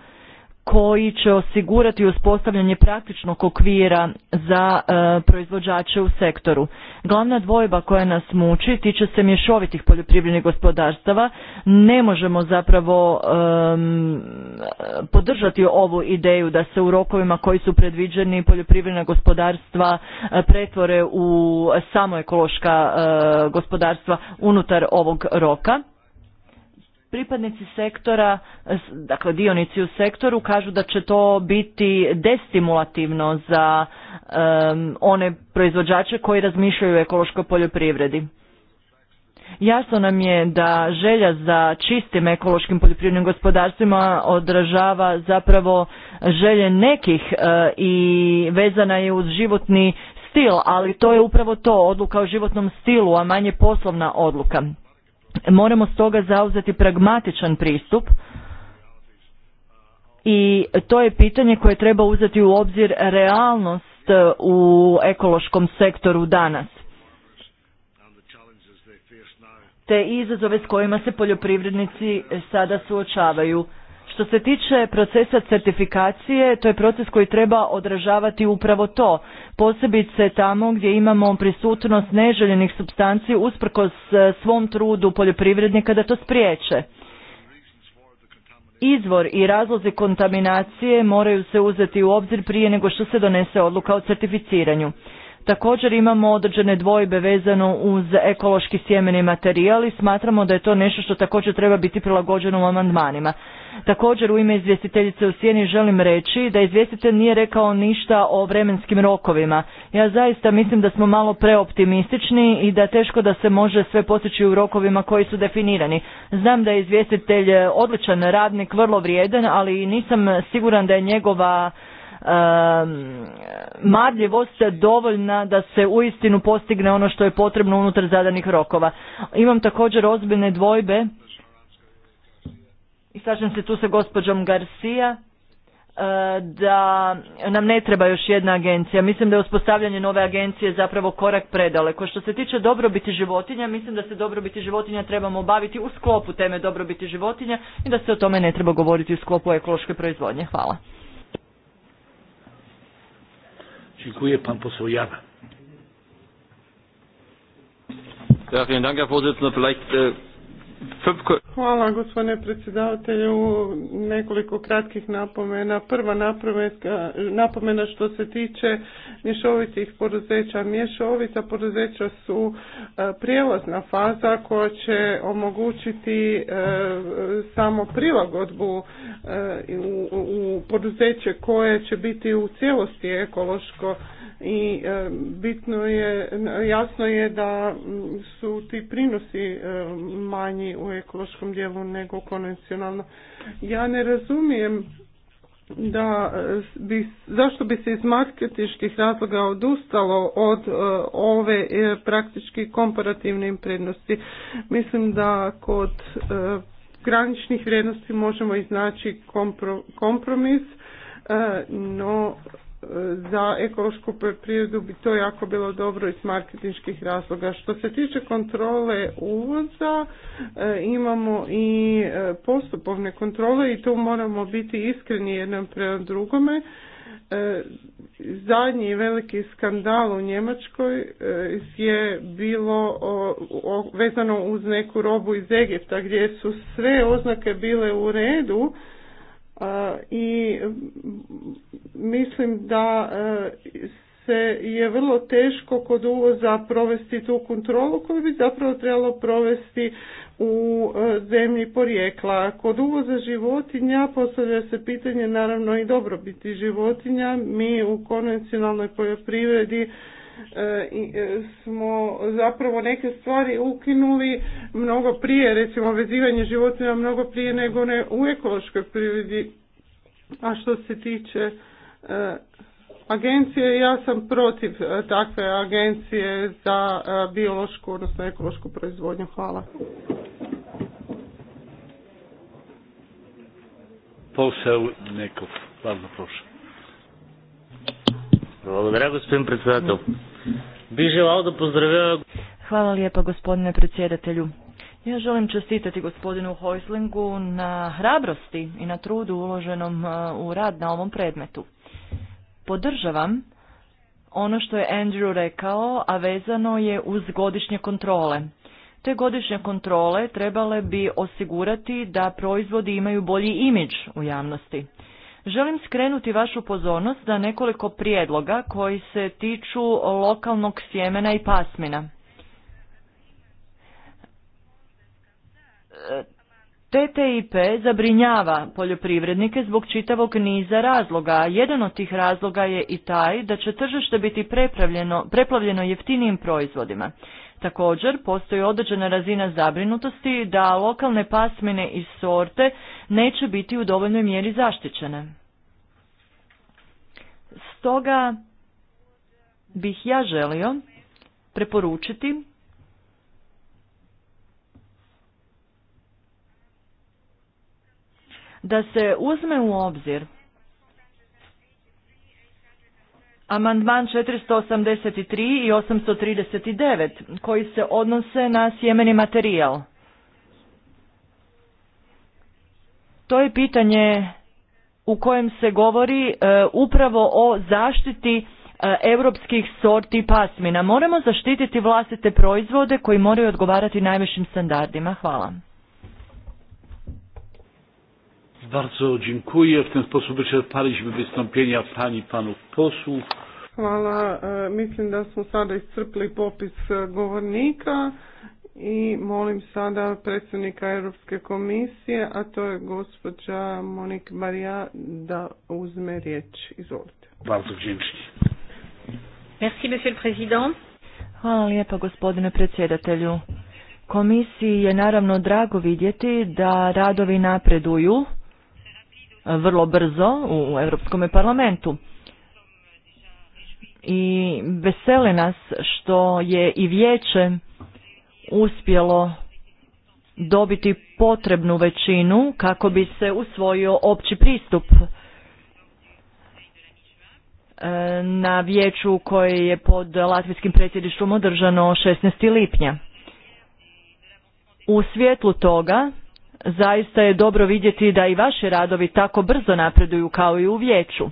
koji će osigurati uspostavljanje praktičnog okvira za e, proizvođače u sektoru. Glavna dvojba koja nas muči tiče se mješovitih poljoprivrednih gospodarstava. Ne možemo zapravo podržati ovu ideju da se u rokovima koji su predviđeni poljoprivredna gospodarstva e, pretvore u samo ekološka e, gospodarstva unutar ovog roka pripadnici sektora, dakle dionici u sektoru kažu da će to biti destimulativno za one proizvođače koji razmišljaju o ekološkoj poljoprivredi. Jasno nam je da želja za čistim ekološkim poljoprivrednim gospodarstvima odražava zapravo želje nekih e, i vezana je uz životni stil, ali to je upravo to, odluka o životnom stilu, a manje poslovna odluka. Moramo stoga zauzeti pragmatičan pristup i to je pitanje koje treba uzeti u obzir realnost e, u ekološkom sektoru danas te izazove s kojima se poljoprivrednici sada suočavaju. Što se tiče procesa certifikacije, to je proces koji treba odražavati upravo to, posebice tamo gdje imamo prisutnost neželjenih substanci usprkos e, svom trudu poljoprivrednika da to spriječe. Izvor i razlozi kontaminacije moraju se uzeti u obzir prije nego što se donese odluka o certificiranju. Također imamo određene dvojbe vezano uz ekološki sjemeni materijal i smatramo da je to nešto što također treba biti prilagođeno u amandmanima. Također u ime izvjestiteljice u sjeni želim reći da izvjestitelj nije rekao ništa o vremenskim rokovima. Ja zaista mislim da smo malo preoptimistični i da teško da se može sve postići u rokovima koji su definirani. Znam da je izvjestitelj odličan radnik, vrlo vrijedan, ali nisam siguran da je njegova marljivost dovoljna da se uistinu postigne ono što je potrebno unutar zadanih rokova. Imam također ozbiljne dvojbe i slažem se tu sa gospođom Garcia e, da nam ne treba još jedna agencija. Mislim da je uspostavljanje nove agencije zapravo korak predaleko. Što se tiče dobrobiti životinja, mislim da se dobrobiti životinja trebamo baviti u sklopu teme dobrobiti životinja i da se o tome ne treba govoriti u sklopu ekološke proizvodnje. Hvala. Dziękuję, pan poseł Jana. Ja, vielen Dank, Herr Vorsitzender. Vielleicht äh, Hvala gospodine predsjedavatelju. Nekoliko kratkih napomena. Prva napomena, napomena što se tiče mješovitih poduzeća. Mješovita poduzeća su e, prijelazna faza koja će omogućiti e, samo prilagodbu e, u poduzeće koje će biti u cijelosti ekološko i e, bitno je, jasno je da su ti prinosi e, manji u ekološkom dijelu nego konvencionalno. Ja ne razumijem da bi, zašto bi se iz marketiških razloga odustalo od e, ove praktički komparativne prednosti. Mislim da kod graničnih vrijednosti možemo iznaći kompromis, no za ekološku poljoprivredu bi to jako bilo dobro iz marketinških razloga. Što se tiče kontrole uvoza, e, imamo i e, postupovne kontrole i tu moramo biti iskreni jednom prema drugome. E, zadnji veliki skandal u Njemačkoj je bilo vezano uz neku robu iz Egipta gdje su sve oznake bile u redu, i mislim da e, se je vrlo teško kod uvoza provesti tu kontrolu koju bi zapravo trebalo provesti u e, zemlji porijekla. Kod uvoza životinja postavlja se pitanje naravno i dobrobiti životinja. Mi u konvencionalnoj poljoprivredi E, e, smo zapravo neke stvari ukinuli mnogo prije, recimo vezivanje životinja mnogo prije nego ne u ekološkoj prirodi. A što se tiče e, agencije, ja sam protiv takve agencije za biološku, odnosno ekološku proizvodnju. Hvala. posao nekog hvala prošao Благодаря, господин председател. Би желал да поздравя... Hvala lijepa gospodine predsjedatelju. Ja želim čestitati gospodinu Hojslingu na hrabrosti i na trudu uloženom u rad na ovom predmetu. Podržavam ono što je Andrew rekao, a vezano je uz godišnje kontrole. Te godišnje kontrole trebale bi osigurati da proizvodi imaju bolji imidž u javnosti. Želim skrenuti vašu pozornost na nekoliko prijedloga koji se tiču lokalnog sjemena i pasmina. E, TTIP zabrinjava poljoprivrednike zbog čitavog niza razloga, a jedan od tih razloga je i taj da će tržište biti preplavljeno jeftinijim proizvodima. Također, postoji određena razina zabrinutosti da lokalne pasmine i sorte neće biti u dovoljnoj mjeri zaštićene. Stoga bih ja želio preporučiti da se uzme u obzir Amandman 483 i 839 koji se odnose na sjemeni materijal. To je pitanje u kojem se govori e, upravo o zaštiti e, europskih sorti pasmina. Moramo zaštititi vlastite proizvode koji moraju odgovarati najvišim standardima. Hvala. Bardzo dziękuję. W ten sposób wyczerpaliśmy wystąpienia pani panów posłów. Hvala. E, mislim da smo sada iscrpli popis e, govornika i molim sada predsjednika Europske komisije, a to je gospođa Monik Marija, da uzme riječ. Izvolite. Bardzo dziękuję. Merci, monsieur le président. Hvala lijepa gospodine predsjedatelju. Komisiji je naravno drago vidjeti da radovi napreduju vrlo brzo u Europskom parlamentu. I veseli nas što je i vijeće uspjelo dobiti potrebnu većinu kako bi se usvojio opći pristup e, na vijeću koje je pod latvijskim predsjedništvom održano 16. lipnja. U svjetlu toga zaista je dobro vidjeti da i vaši radovi tako brzo napreduju kao i u vijeću. E,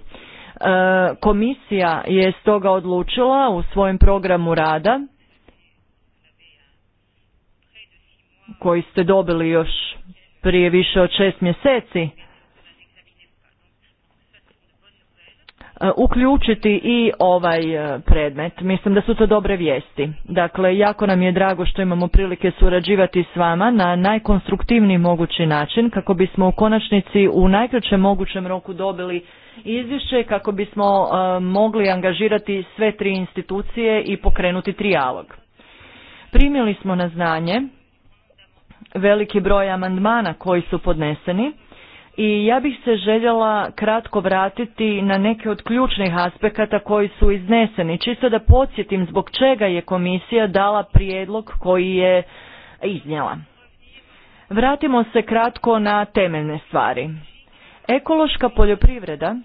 komisija je stoga odlučila u svojem programu rada koji ste dobili još prije više od šest mjeseci E, uključiti i ovaj e, predmet. Mislim da su to dobre vijesti. Dakle, jako nam je drago što imamo prilike surađivati s vama na najkonstruktivniji mogući način kako bismo u konačnici u najkraćem mogućem roku dobili izvješće kako bismo e, mogli angažirati sve tri institucije i pokrenuti trijalog. Primili smo na znanje veliki broj amandmana koji su podneseni i ja bih se željela kratko vratiti na neke od ključnih aspekata koji su izneseni. Čisto da podsjetim zbog čega je komisija dala prijedlog koji je iznijela. Vratimo se kratko na temeljne stvari. Ekološka poljoprivreda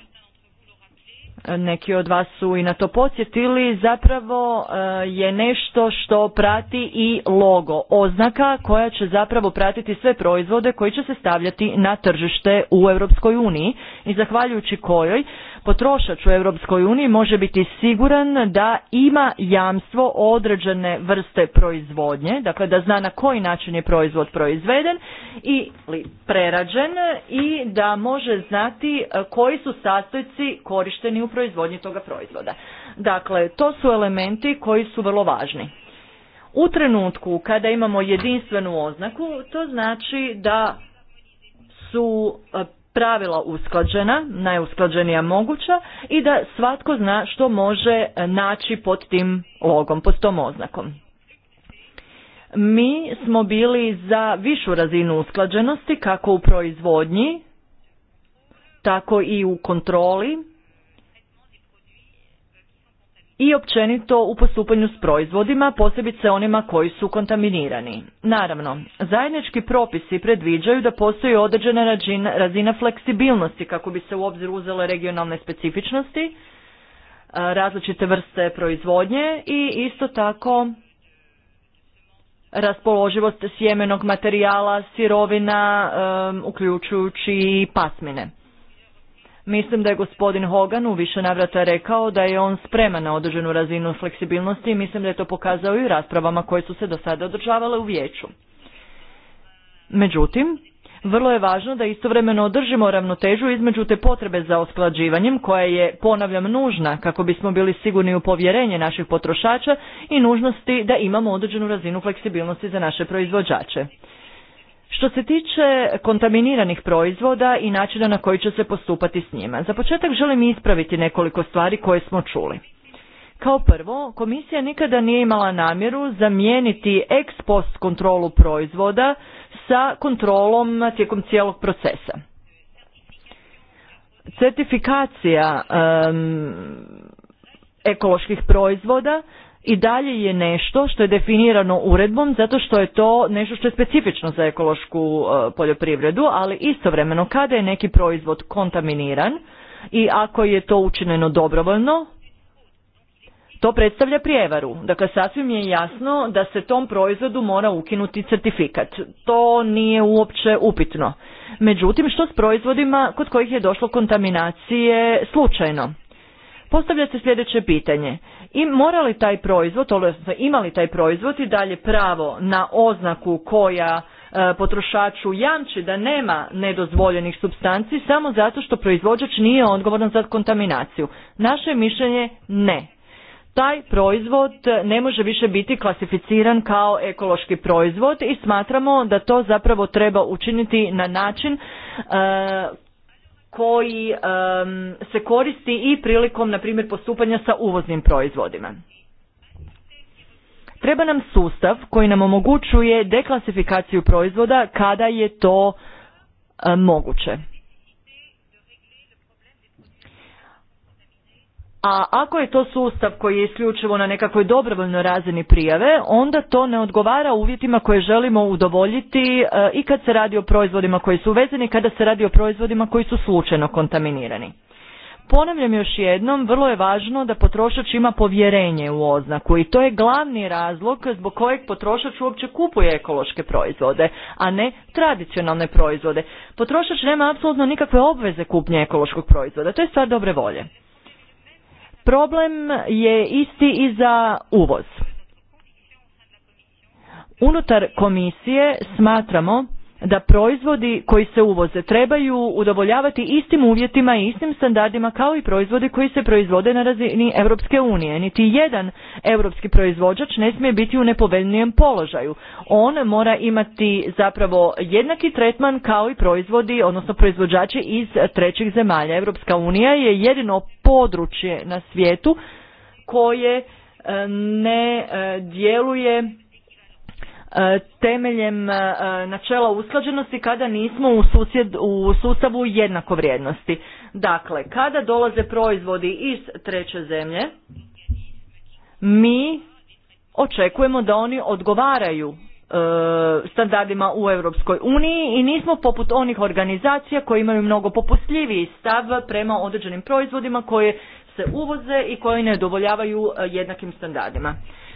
neki od vas su i na to podsjetili, zapravo e, je nešto što prati i logo, oznaka koja će zapravo pratiti sve proizvode koji će se stavljati na tržište u Europskoj uniji i zahvaljujući kojoj potrošač u Europskoj uniji može biti siguran da ima jamstvo određene vrste proizvodnje, dakle da zna na koji način je proizvod proizveden ili prerađen i da može znati e, koji su sastojci korišteni u proizvodnji toga proizvoda. Dakle, to su elementi koji su vrlo važni. U trenutku kada imamo jedinstvenu oznaku, to znači da su e, pravila usklađena, najusklađenija moguća i da svatko zna što može e, naći pod tim logom, pod tom oznakom. Mi smo bili za višu razinu usklađenosti kako u proizvodnji, tako i u kontroli i općenito u postupanju s proizvodima, posebice onima koji su kontaminirani. Naravno, zajednički propisi predviđaju da postoji određena razina, fleksibilnosti kako bi se u obzir uzele regionalne specifičnosti, različite vrste proizvodnje i isto tako raspoloživost sjemenog materijala, sirovina, uključujući pasmine. Mislim da je gospodin Hogan u više navrata rekao da je on spreman na određenu razinu fleksibilnosti i mislim da je to pokazao i u raspravama koje su se do sada održavale u vijeću. Međutim, vrlo je važno da istovremeno održimo ravnotežu između te potrebe za osklađivanjem koja je, ponavljam, nužna kako bismo bili sigurni u povjerenje naših potrošača i nužnosti da imamo određenu razinu fleksibilnosti za naše proizvođače. Što se tiče kontaminiranih proizvoda i načina na koji će se postupati s njima, za početak želim ispraviti nekoliko stvari koje smo čuli. Kao prvo, komisija nikada nije imala namjeru zamijeniti ex post kontrolu proizvoda sa kontrolom tijekom cijelog procesa. Certifikacija ekoloških proizvoda i dalje je nešto što je definirano uredbom zato što je to nešto što je specifično za ekološku e, poljoprivredu, ali istovremeno kada je neki proizvod kontaminiran i ako je to učinjeno dobrovoljno, to predstavlja prijevaru. Dakle, sasvim je jasno da se tom proizvodu mora ukinuti certifikat. To nije uopće upitno. Međutim, što s proizvodima kod kojih je došlo kontaminacije slučajno? Postavlja se sljedeće pitanje. I mora li taj proizvod, odnosno ima li taj proizvod i dalje pravo na oznaku koja e, potrošaču jamči da nema nedozvoljenih substanci samo zato što proizvođač nije odgovoran za kontaminaciju? Naše mišljenje ne. Taj proizvod ne može više biti klasificiran kao ekološki proizvod i smatramo da to zapravo treba učiniti na način e, koji um, se koristi i prilikom, na primjer, postupanja sa uvoznim proizvodima. Treba nam sustav koji nam omogućuje deklasifikaciju proizvoda kada je to moguće. a ako je to sustav koji je isključivo na nekakvoj dobrovoljnoj razini prijave, onda to ne odgovara uvjetima koje želimo udovoljiti e, i kad se radi o proizvodima koji su uvezeni i kada se radi o proizvodima koji su slučajno kontaminirani. Ponavljam još jednom, vrlo je važno da potrošač ima povjerenje u oznaku i to je glavni razlog zbog kojeg potrošač uopće kupuje ekološke proizvode, a ne tradicionalne proizvode. Potrošač nema apsolutno nikakve obveze kupnje ekološkog proizvoda, to je stvar dobre volje. Problem je isti i za uvoz. Unutar komisije smatramo da proizvodi koji se uvoze trebaju udovoljavati istim uvjetima i istim standardima kao i proizvodi koji se proizvode na razini Europske unije. Niti jedan europski proizvođač ne smije biti u nepovoljnijem položaju. On mora imati zapravo jednaki tretman kao i proizvodi, odnosno proizvođači iz trećih zemalja. Europska unija je jedino područje na svijetu koje e, ne e, djeluje E, temeljem e, načela usklađenosti kada nismo u, susjed, u sustavu jednako vrijednosti. Dakle, kada dolaze proizvodi iz treće zemlje, mi očekujemo da oni odgovaraju e, standardima u Europskoj uniji i nismo poput onih organizacija koje imaju mnogo popustljiviji stav prema određenim proizvodima koje se uvoze i koji ne dovoljavaju e, jednakim standardima.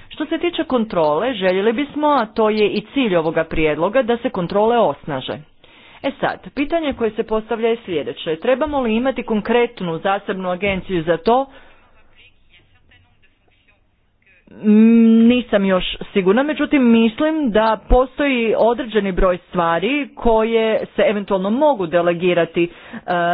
Što se tiče kontrole, željeli bismo, a to je i cilj ovoga prijedloga, da se kontrole osnaže. E sad, pitanje koje se postavlja je sljedeće. Trebamo li imati konkretnu zasebnu agenciju za to Mm, nisam još sigurna, međutim mislim da postoji određeni broj stvari koje se eventualno mogu delegirati, e,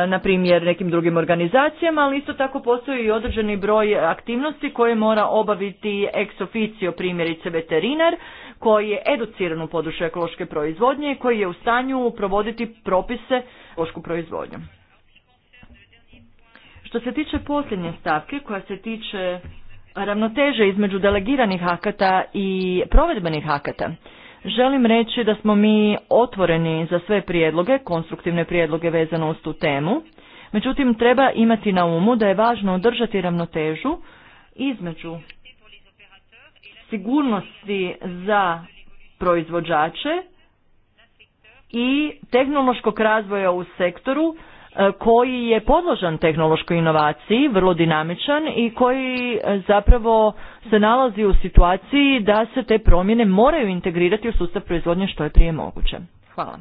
na primjer nekim drugim organizacijama, ali isto tako postoji i određeni broj aktivnosti koje mora obaviti ex officio primjerice veterinar koji je educiran u području ekološke proizvodnje i koji je u stanju provoditi propise ekološku proizvodnju. Što se tiče posljednje stavke koja se tiče ravnoteže između delegiranih hakata i provedbenih hakata. Želim reći da smo mi otvoreni za sve prijedloge, konstruktivne prijedloge vezano uz tu temu, međutim treba imati na umu da je važno održati ravnotežu između sigurnosti za proizvođače i tehnološkog razvoja u sektoru E, koji je podložan tehnološkoj inovaciji, vrlo dinamičan i koji e, zapravo se nalazi u situaciji da se te promjene moraju integrirati u sustav proizvodnje što je prije moguće. Hvala.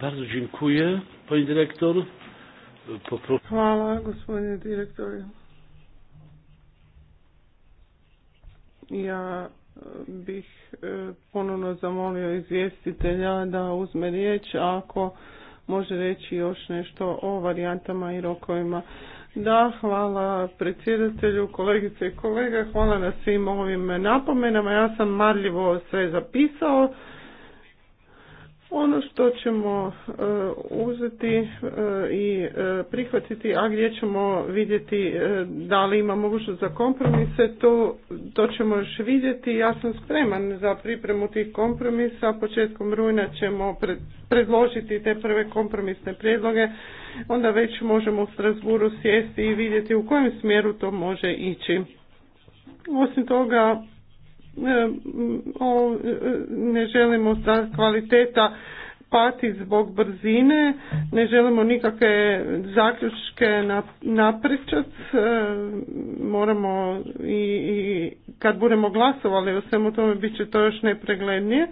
Bardzo dziękuję, pani dyrektor. Hvala, gospodine direktore. Ja e, bih ponovno zamolio izvjestitelja da uzme riječ ako može reći još nešto o varijantama i rokovima. Da, hvala predsjedatelju, kolegice i kolega, hvala na svim ovim napomenama. Ja sam marljivo sve zapisao ono što ćemo e, uzeti e, i e, prihvatiti, a gdje ćemo vidjeti da li ima mogućnost za kompromise, to, to ćemo još vidjeti. Ja sam spreman za pripremu tih kompromisa. Početkom rujna ćemo predložiti te prve kompromisne prijedloge. Onda već možemo u Strasburu sjesti i vidjeti u kojem smjeru to može ići. Osim toga, ne želimo da kvaliteta pati zbog brzine, ne želimo nikakve zaključke naprečac, moramo i, i kad budemo glasovali o svemu tome bit će to još nepreglednije.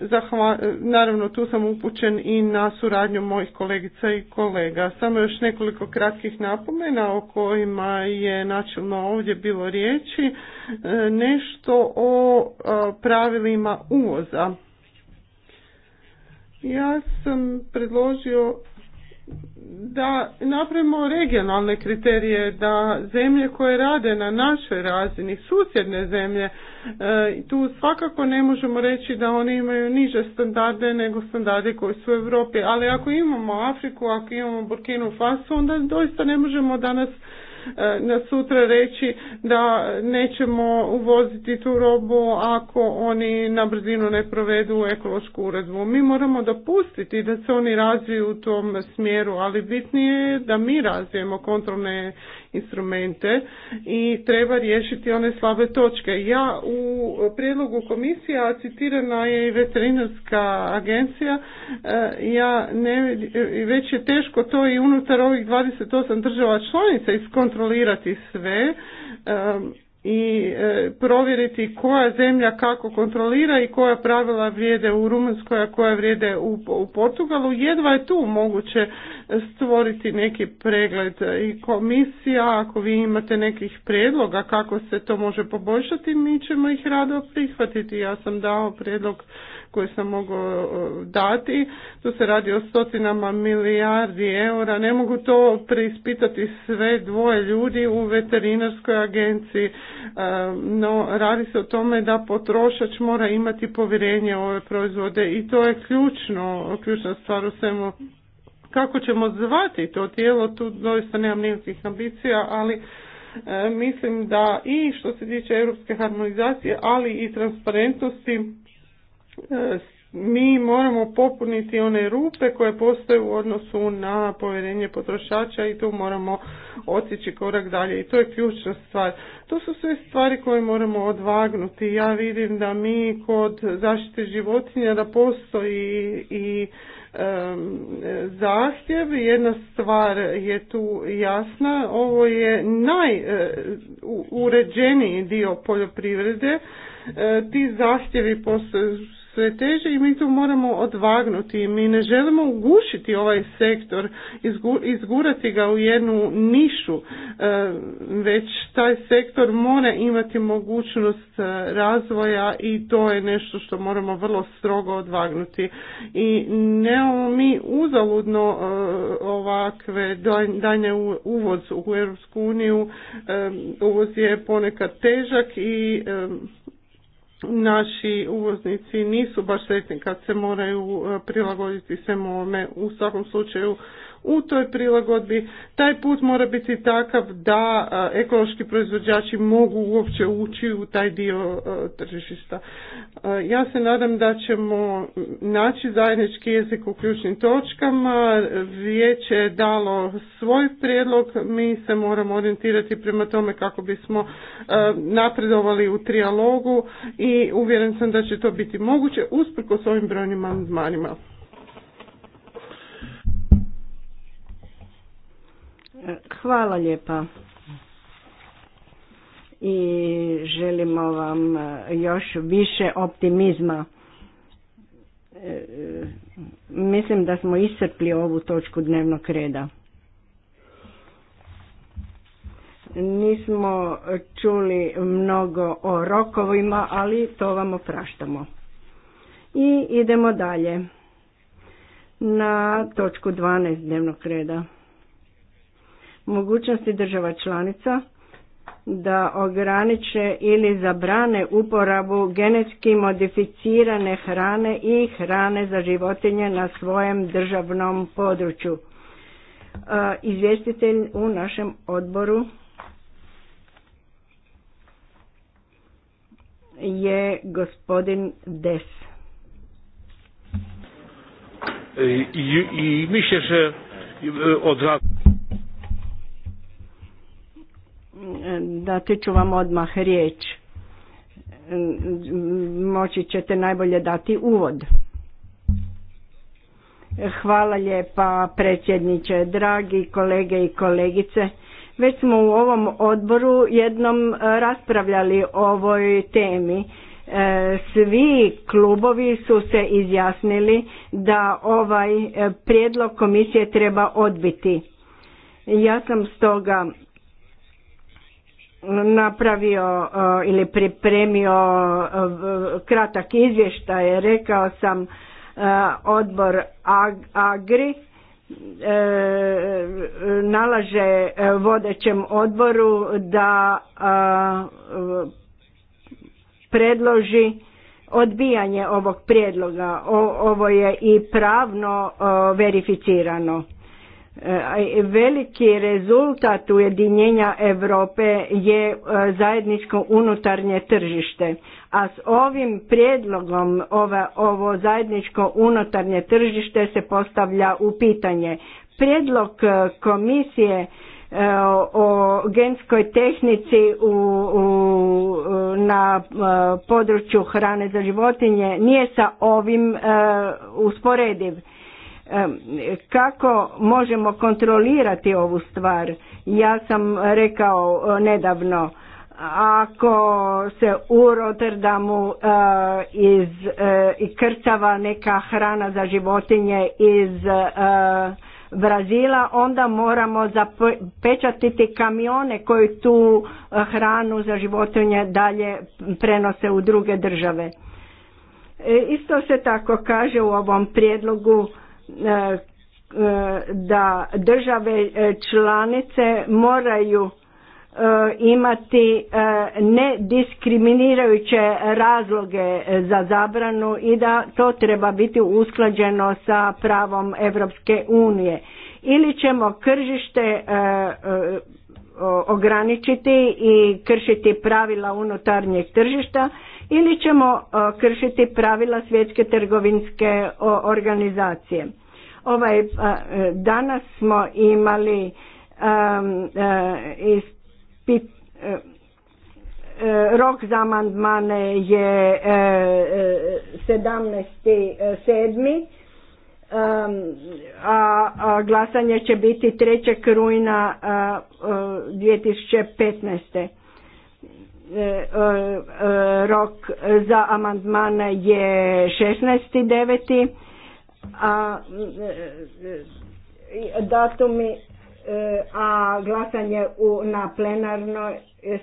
Zahva, naravno tu sam upućen i na suradnju mojih kolegica i kolega. Samo još nekoliko kratkih napomena o kojima je načelno ovdje bilo riječi. E, nešto o e, pravilima uvoza. Ja sam predložio da napravimo regionalne kriterije da zemlje koje rade na našoj razini, susjedne zemlje, E, tu svakako ne možemo reći da oni imaju niže standarde nego standarde koji su u Europi, ali ako imamo Afriku, ako imamo Burkinu Faso, onda doista ne možemo danas E, na sutra reći da nećemo uvoziti tu robu ako oni na brzinu ne provedu ekološku uredbu. Mi moramo dopustiti da se oni razviju u tom smjeru, ali bitnije je da mi razvijemo kontrolne instrumente i treba riješiti one slabe točke. Ja u prijedlogu komisija citirana je i veterinarska agencija, e, ja ne, već je teško to i unutar ovih 28 država članica iskontrolirati kontrolirati sve i e, provjeriti koja zemlja kako kontrolira i koja pravila vrijede u Rumunskoj, a koja vrijede u Portugalu. Jedva je tu moguće stvoriti neki pregled i komisija, ako vi imate nekih prijedloga kako se to može poboljšati, mi ćemo ih rado prihvatiti. Ja sam dao prijedlog koje sam mogao dati. Tu se radi o stotinama milijardi eura. Ne mogu to preispitati sve dvoje ljudi u veterinarskoj agenciji. E, no, radi se o tome da potrošač mora imati povjerenje u ove proizvode i to je ključno, ključna stvar u svemu kako ćemo zvati to tijelo, tu doista nemam nikakvih ambicija, ali e, mislim da i što se tiče europske harmonizacije, ali i transparentnosti E, mi moramo popuniti one rupe koje postoje u odnosu na povjerenje potrošača i tu moramo otići korak dalje i to je ključna stvar. To su sve stvari koje moramo odvagnuti. Ja vidim da mi kod zaštite životinja da postoji i zahtjev. Jedna stvar je tu jasna. Ovo je najuređeniji e, dio poljoprivrede. E, ti zahtjevi postoje sve teže i mi to moramo odvagnuti. Mi ne želimo ugušiti ovaj sektor, izgurati ga u jednu nišu, e, već taj sektor mora imati mogućnost e, razvoja i to je nešto što moramo vrlo strogo odvagnuti. I nemamo mi uzaludno e, ovakve danje uvoz u Europsku uniju. Uvoz je ponekad težak i naši uvoznici nisu baš sretni kad se moraju e, prilagoditi svemu ovome. U svakom slučaju u toj prilagodbi. Taj put mora biti takav da ekološki proizvođači mogu uopće ući u taj dio tržišta. Ja se nadam da ćemo naći zajednički jezik u ključnim točkama. Vijeće je dalo svoj prijedlog, mi se moramo orijentirati prema tome kako bismo napredovali u trijalogu i uvjeren sam da će to biti moguće usprkos ovim brojnim amandmanima. Hvala lijepa. I želimo vam e, još više optimizma. E, mislim da smo iscrpli ovu točku dnevnog reda. Nismo čuli mnogo o rokovima, ali to vam opraštamo. I idemo dalje na točku 12 dnevnog reda mogućnosti država članica da ograniče ili zabrane uporabu genetski modificirane hrane i hrane za životinje na svojem državnom području. E, izvjestitelj u našem odboru je gospodin Des. I, i, e, od dati ću vam odmah riječ. Moći ćete najbolje dati uvod. Hvala lijepa predsjedniče, dragi kolege i kolegice. Već smo u ovom odboru jednom raspravljali o ovoj temi. E, svi klubovi su se izjasnili da ovaj prijedlog komisije treba odbiti. Ja sam stoga napravio e, ili pripremio e, kratak izvještaj, rekao sam e, odbor Agri nalaže vodećem odboru da predloži odbijanje ovog prijedloga. Ovo je i pravno verificirano. E, veliki rezultat ujedinjenja Europe je e, zajedničko unutarnje tržište, a s ovim prijedlogom ovo zajedničko unutarnje tržište se postavlja u pitanje. Prijedlog e, komisije o genskoj tehnici u, na području hrane za životinje nije sa ovim usporediv. Kako možemo kontrolirati ovu stvar? Ja sam rekao e, nedavno, ako se u Rotterdamu e, iz, e, krcava neka hrana za životinje iz Brazila, onda moramo zapečatiti kamione koji tu hranu za životinje dalje prenose u druge države. Isto se tako kaže u ovom prijedlogu da države e, članice moraju e, imati e, nediskriminirajuće razloge za zabranu i da to treba biti usklađeno sa pravom Europske unije. Ili ćemo kržište ograničiti i kršiti pravila unutarnjeg tržišta ili ćemo e, kršiti pravila svjetske trgovinske organizacije. Ovaj, e, danas smo imali e, rok za amandmane je 17.7. A glasanje će biti 3. rujna 2015. E, e, e, rok za amandmane je 16.9. a datumi a glasanje u, na plenarnoj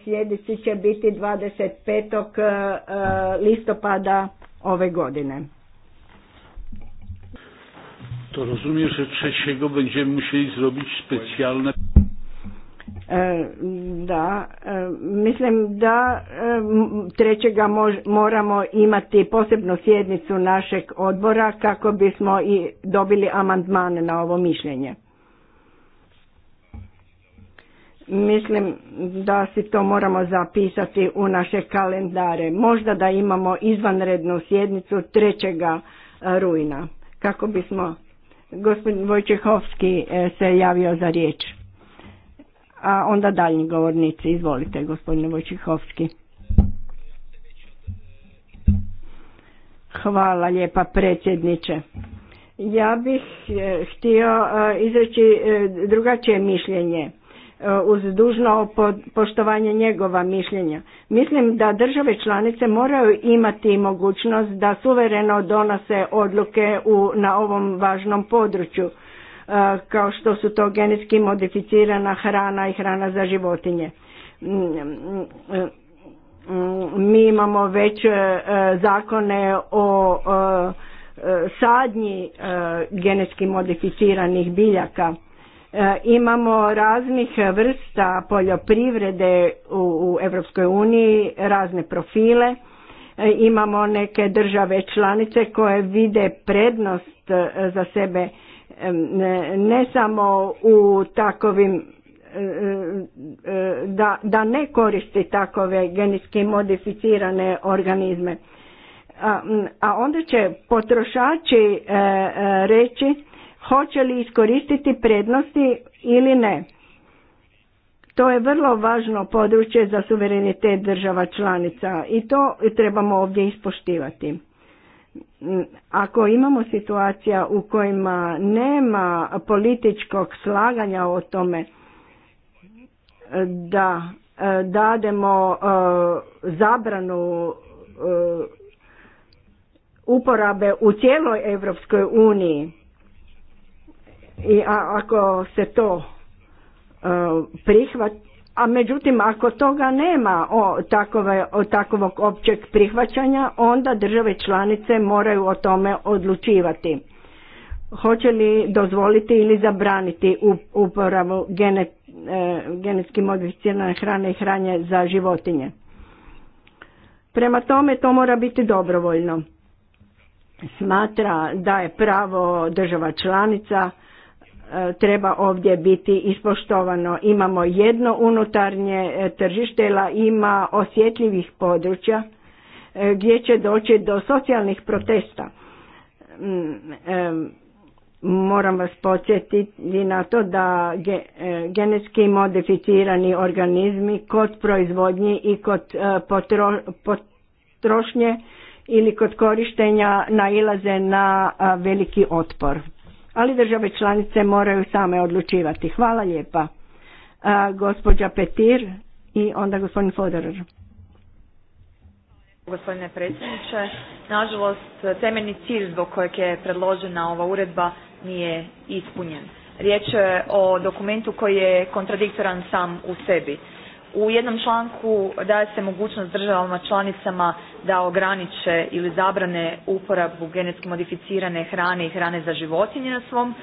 sjednici će biti 25. listopada ove godine. To rozumiješ, że 3 będziemy musieli zrobić specjalne da, e, mislim da e, trećega moramo imati posebnu sjednicu našeg odbora kako bismo i dobili amandmane na ovo mišljenje. Mislim da si to moramo zapisati u naše kalendare. Možda da imamo izvanrednu sjednicu trećega e, rujna kako bismo gospodin Vojčehovski se javio za riječ a onda daljnji govornici. Izvolite, gospodine Vojčihovski. Hvala lijepa predsjedniče. Ja bih e, htio e, izreći e, drugačije mišljenje uz dužno poštovanje njegova mišljenja. Mislim da države članice moraju imati mogućnost da suvereno donose odluke u, na ovom važnom području kao što su to genetski modificirana hrana i hrana za životinje. Mi imamo već e, zakone o e, sadnji e, genetski modificiranih biljaka. Imamo raznih vrsta poljoprivrede u Europskoj uniji, razne profile. Imamo neke države članice koje vide prednost za sebe ne samo u takovim e, e, da, da ne koristi takove genetski modificirane organizme. A, a onda će potrošači e, reći hoće li iskoristiti prednosti ili ne. To je vrlo važno područje za suverenitet država članica i to trebamo ovdje ispoštivati. Ako imamo situacija u kojima nema političkog slaganja o tome e, da e, dademo e, zabranu uporabe u cijeloj Europskoj uniji i ako se to prihvati, a međutim ako toga nema o, takove, takovog općeg prihvaćanja onda države članice moraju o tome odlučivati hoće li dozvoliti ili zabraniti uporabu e, genetski modificirane hrane i hranje za životinje prema tome to mora biti dobrovoljno smatra da je pravo država članica treba ovdje biti ispoštovano. Imamo jedno unutarnje e, tržište, ima osjetljivih područja e, gdje će doći do socijalnih protesta. Mm, e, moram vas podsjetiti na to da genetski modificirani organizmi kod proizvodnje i kod potrošnje ili kod korištenja nailaze na veliki otpor ali države članice moraju same odlučivati. Hvala lijepa. A, gospođa Petir i onda gospodin Foderer. Gospodine predsjedniče, nažalost temeljni cilj zbog kojeg je predložena ova uredba nije ispunjen. Riječ je o dokumentu koji je kontradiktoran sam u sebi. U jednom članku daje se mogućnost državama članicama da ograniče ili zabrane uporabu genetski modificirane hrane i hrane za životinje na svom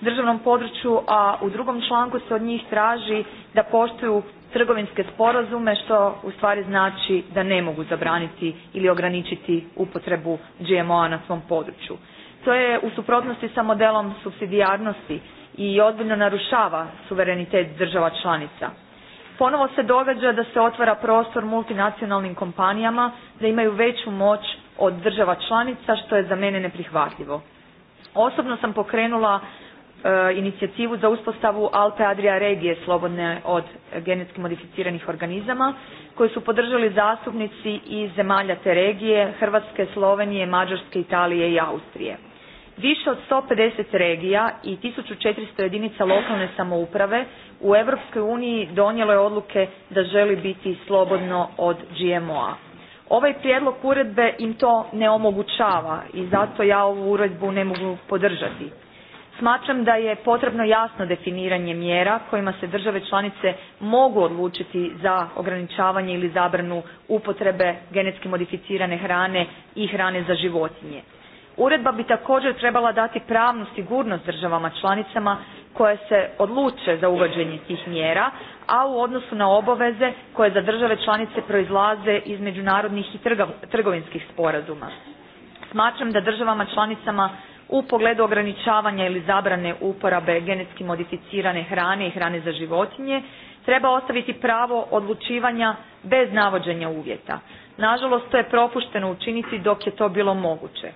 državnom području, a u drugom članku se od njih traži da poštuju trgovinske sporazume što u stvari znači da ne mogu zabraniti ili ograničiti upotrebu GMO-a na svom području. To je u suprotnosti sa modelom supsidijarnosti i ozbiljno narušava suverenitet država članica. Ponovo se događa da se otvara prostor multinacionalnim kompanijama da imaju veću moć od država članica što je za mene neprihvatljivo. Osobno sam pokrenula e, inicijativu za uspostavu Alpe Adria regije slobodne od genetski modificiranih organizama koju su podržali zastupnici iz zemalja te regije Hrvatske, Slovenije, Mađarske, Italije i Austrije. Više od 150 regija i 1400 jedinica lokalne samouprave u Europskoj uniji donijelo je odluke da želi biti slobodno od GMO-a. Ovaj prijedlog uredbe im to ne omogućava i zato ja ovu uredbu ne mogu podržati. Smatram da je potrebno jasno definiranje mjera kojima se države članice mogu odlučiti za ograničavanje ili zabranu upotrebe genetski modificirane hrane i hrane za životinje. Uredba bi također trebala dati pravnu sigurnost državama članicama koje se odluče za uvođenje tih mjera, a u odnosu na obaveze koje za države članice proizlaze iz međunarodnih i trgovinskih sporazuma. Smatram da državama članicama u pogledu ograničavanja ili zabrane uporabe genetski modificirane hrane i hrane za životinje treba ostaviti pravo odlučivanja bez navođenja uvjeta. Nažalost, to je propušteno učiniti dok je to bilo moguće.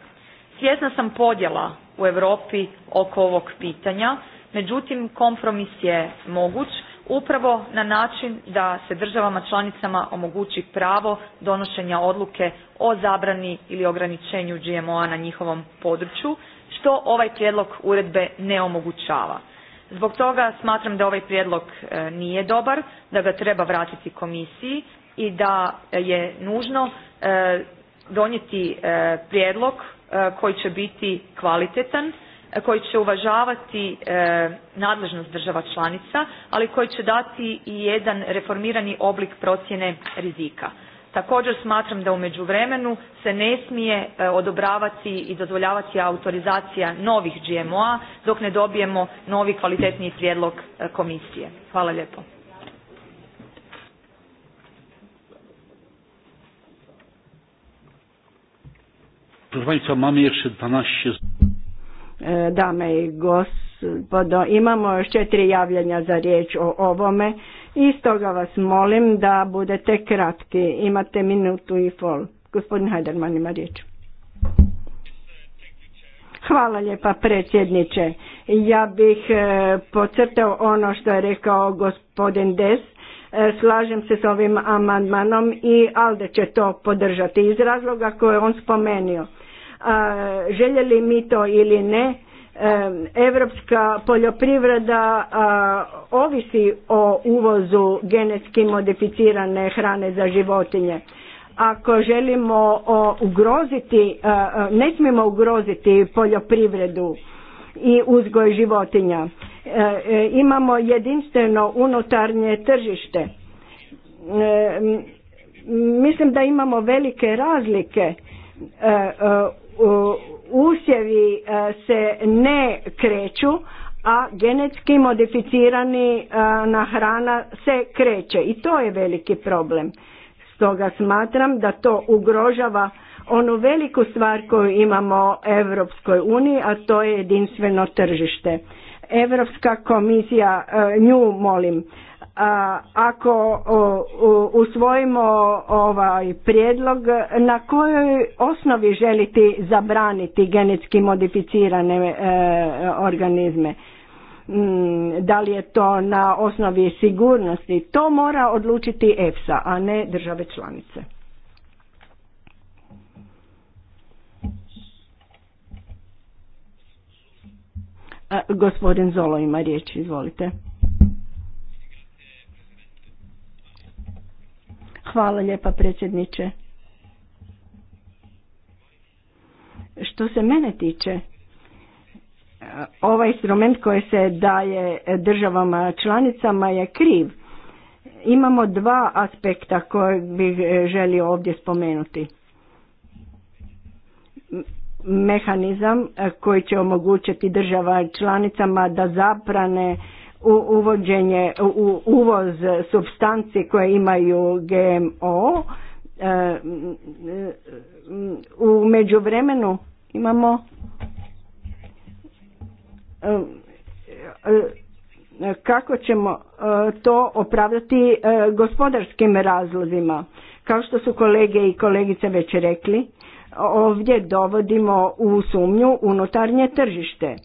Svjesna sam podjela u Europi oko ovog pitanja, međutim kompromis je moguć upravo na način da se državama članicama omogući pravo donošenja odluke o zabrani ili ograničenju GMO-a na njihovom području, što ovaj prijedlog uredbe ne omogućava. Zbog toga smatram da ovaj prijedlog e, nije dobar, da ga treba vratiti komisiji i da je nužno e, donijeti e, prijedlog E, koji će biti kvalitetan, e, koji će uvažavati e, nadležnost država članica, ali koji će dati i jedan reformirani oblik procjene rizika. Također smatram da u međuvremenu se ne smije odobravati i dozvoljavati autorizacija novih GMO-a dok ne dobijemo novi kvalitetniji prijedlog komisije. Hvala lijepo. Proszę Państwa, 12... E, dame i gospodo, imamo još četiri javljanja za riječ o ovome i stoga vas molim da budete kratki. Imate minutu i pol. Gospodin Hajderman ima riječ. Hvala lijepa predsjedniče. Ja bih e, podcrtao ono što je rekao gospodin Des. E, slažem se s ovim amandmanom i Alde će to podržati iz razloga koje je on spomenio željeli mi to ili ne, europska poljoprivreda ovisi o uvozu genetski modificirane hrane za životinje. Ako želimo ugroziti, ne smijemo ugroziti poljoprivredu i uzgoj životinja. E, e, imamo jedinstveno unutarnje tržište. Mislim da imamo velike razlike e, usjevi e, se ne kreću, a genetski modificirani e, na hrana se kreće i to je veliki problem. Stoga smatram da to ugrožava onu veliku stvar koju imamo Europskoj uniji, a to je jedinstveno tržište. Europska komisija, e, nju molim, ako usvojimo ovaj prijedlog, na kojoj osnovi želiti zabraniti genetski modificirane e, organizme? Mm, da li je to na osnovi sigurnosti? To mora odlučiti EFSA, a ne države članice. E, gospodin Zolo ima riječ, izvolite. Hvala lijepa predsjedniče. Što se mene tiče, ovaj instrument koji se daje državama članicama je kriv. Imamo dva aspekta koje bih želio ovdje spomenuti. Mehanizam koji će omogućiti država članicama da zabrane u uvođenje, u uvoz substanci koje imaju GMO. E, mm, mm, u međuvremenu imamo e, e, kako ćemo to opravdati gospodarskim razlozima. Kao što su kolege i kolegice već rekli, ovdje dovodimo u sumnju unutarnje tržište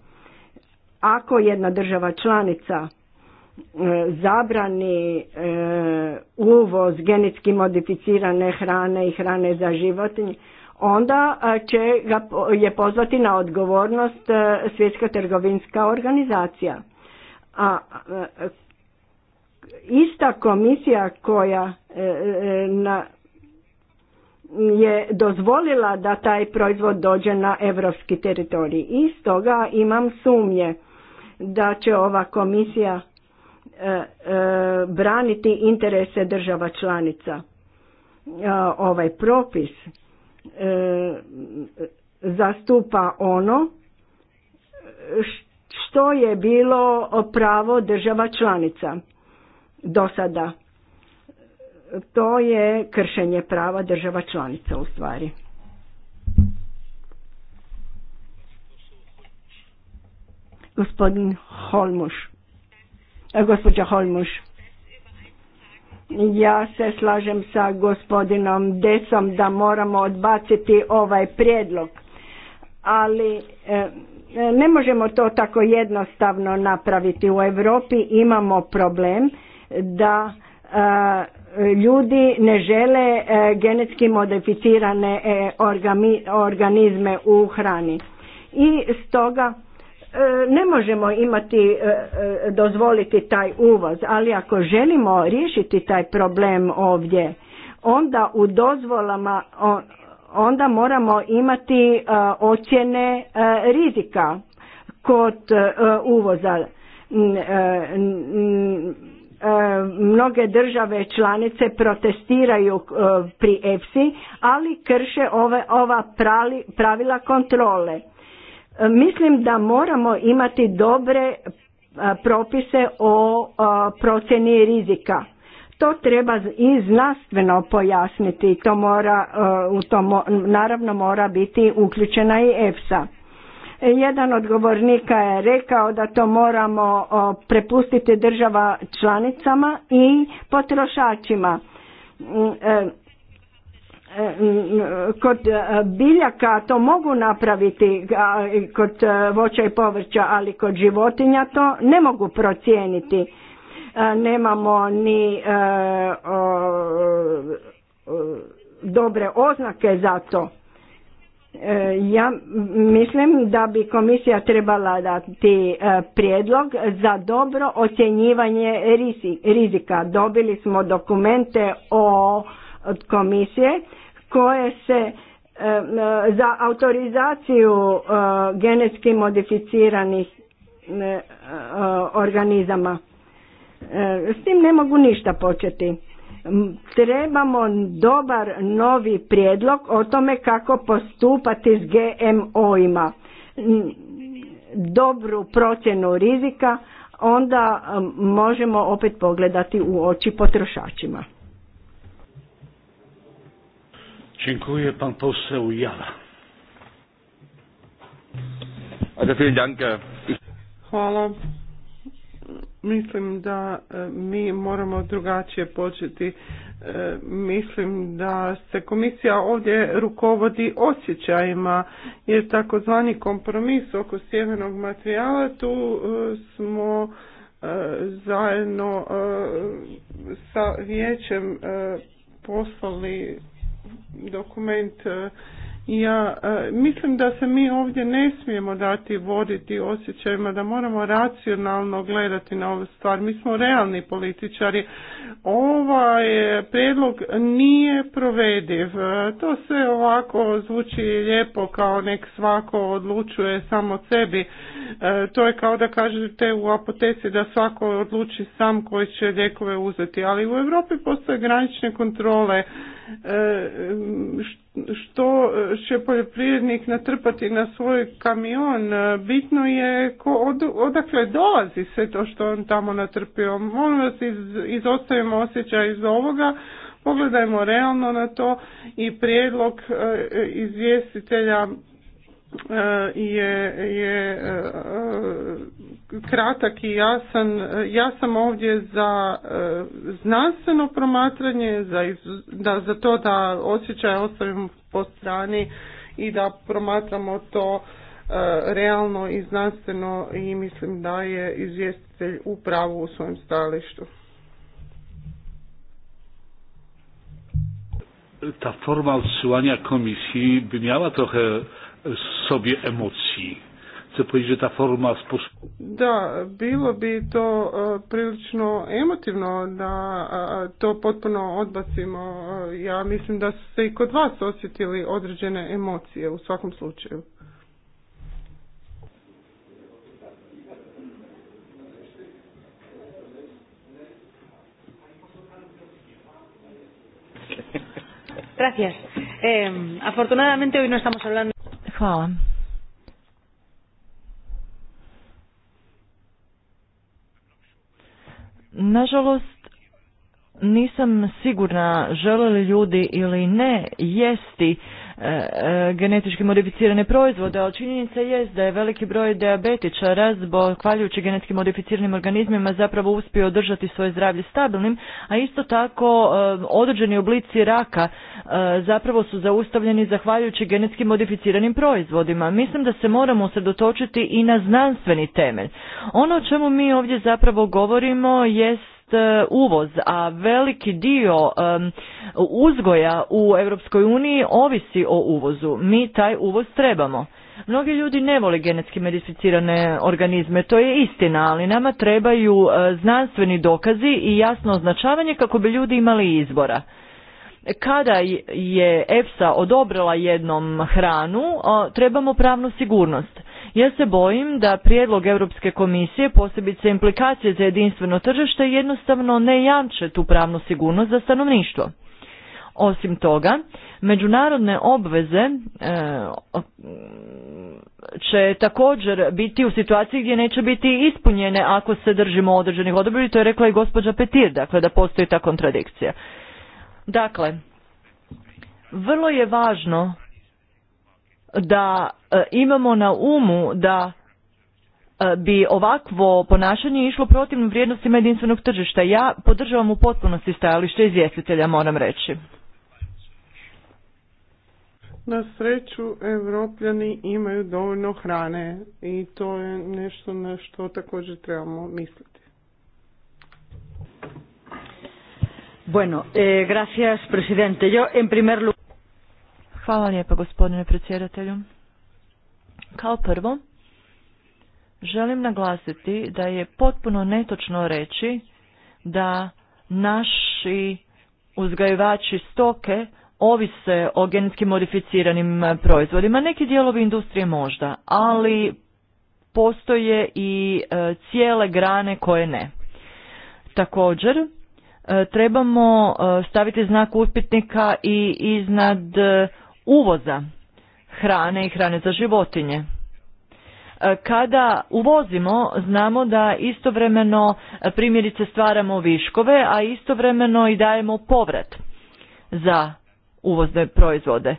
ako jedna država članica e, zabrani e, uvoz genetski modificirane hrane i hrane za životinje, onda e, će ga je pozvati na odgovornost Svjetska trgovinska organizacija. A ista komisija koja na je dozvolila da taj proizvod dođe na evropski teritorij i stoga imam sumnje da će ova komisija e, e, braniti interese država članica. E, ovaj propis zastupa ono što je bilo pravo država članica do sada. To je kršenje prava država članica u stvari. Gospodin Holmuš, e, Gospodin Holmuš, ja se slažem sa gospodinom Desom da moramo odbaciti ovaj prijedlog, ali e, e, ne možemo to tako jednostavno napraviti. U Europi imamo problem da ljudi ne žele genetski modificirane organizme u hrani. I stoga E, ne možemo imati, e, e, dozvoliti taj uvoz, ali ako želimo riješiti taj problem ovdje, onda u dozvolama, onda moramo imati ocjene rizika kod uvoza. Mnoge države članice protestiraju pri EFSI, ali krše ova pravila kontrole E, mislim da moramo imati dobre e, propise o e, procjeni rizika. To treba i znanstveno pojasniti, to mora, u to naravno mora biti uključena i EFSA. Jedan od govornika je rekao da to moramo prepustiti država članicama i potrošačima. Mm, Eh, kod eh, biljaka to mogu napraviti kod eh, voća i povrća, ali kod životinja to ne mogu procijeniti. Nemamo ni dobre oznake za to. Ja mislim da bi komisija trebala dati prijedlog za dobro ocjenjivanje rizika. Dobili smo dokumente o od komisije koje se e, za autorizaciju e, genetski modificiranih e, organizama. S tim ne mogu ništa početi. Trebamo dobar novi prijedlog o tome kako postupati s GMO-ima. Dobru procjenu rizika onda možemo opet pogledati u oči potrošačima. Dziękuję Hvala. Mislim da e, mi moramo drugačije početi. E, mislim da se komisija ovdje rukovodi osjećajima jer takozvani kompromis oko sjevernog materijala tu e, smo zajedno sa vijećem poslali dokument e, ja e, mislim da se mi ovdje ne smijemo dati voditi osjećajima da moramo racionalno gledati na ovu stvar. Mi smo realni političari. Ovaj prijedlog nije provediv. E, to sve ovako zvuči lijepo kao nek svako odlučuje samo sebi. E, to je kao da kažete u apoteci da svako odluči sam koji će lijekove uzeti. Ali u Europi postoje granične kontrole što e, će poljoprivrednik natrpati na svoj kamion. E, bitno je ko, odakle dolazi sve to što on tamo natrpio. Molim vas iz, izostavimo osjećaj iz ovoga, pogledajmo realno na to i prijedlog e, izvjestitelja e, je, je kratak i jasan. Ja sam ovdje za e, znanstveno promatranje, za, da, za to da osjećaj ostavimo po strani i da promatramo to e, realno i znanstveno i mislim da je izvjestitelj u pravu u svojem stajalištu. Ta forma odsyłania komisji by trochę sobie se ta forma Da, bilo bi to e, prilično emotivno da e, to potpuno odbacimo. E, ja mislim da su se i kod vas osjetili određene emocije u svakom slučaju. Gracias. Eh, afortunadamente hoy Hvala. Nažalost, nisam sigurna žele li ljudi ili ne jesti E, e, genetički modificirane proizvode, ali činjenica je da je veliki broj diabetičara zbog hvaljujući genetski modificiranim organizmima zapravo uspio održati svoje zdravlje stabilnim, a isto tako e, određeni oblici raka zapravo su zaustavljeni zahvaljujući genetski modificiranim proizvodima. Mislim da se moramo usredotočiti i na znanstveni temelj. Ono o čemu mi ovdje zapravo govorimo jest E, uvoz, a veliki dio uzgoja u Europskoj uniji ovisi o uvozu. Mi taj uvoz trebamo. Mnogi ljudi ne vole genetski modificirane organizme, to je istina, ali nama trebaju e, znanstveni dokazi i jasno označavanje kako bi ljudi imali izbora. Kada je EFSA odobrila jednom hranu, trebamo pravnu sigurnost ja se bojim da prijedlog Europske komisije, posebice implikacije za jedinstveno tržište, jednostavno ne jamče tu pravnu sigurnost za stanovništvo. Osim toga, međunarodne obveze e, će također biti u situaciji gdje neće biti ispunjene ako se držimo određenih odobri, to je rekla i gospođa Petir, dakle da postoji ta kontradikcija. Dakle, vrlo je važno da e, imamo na umu da e, bi ovakvo ponašanje išlo protiv vrijednostima jedinstvenog tržišta. Ja podržavam u potpunosti stajalište izvjestitelja, moram reći. Na sreću evropljani imaju dovoljno hrane i to je nešto na što također trebamo misliti. Bueno, eh, gracias presidente. Yo en primer Hvala lijepa gospodine predsjedatelju. Kao prvo, želim naglasiti da je potpuno netočno reći da naši uzgajivači stoke ovise o genetski modificiranim e, proizvodima. Neki dijelovi industrije možda, ali postoje i e, cijele grane koje ne. Također, e, trebamo staviti znak uspitnika i iznad uvoza hrane i hrane za životinje. E, kada uvozimo, znamo da istovremeno e, primjerice stvaramo viškove, a istovremeno i dajemo povrat za uvozne proizvode. E,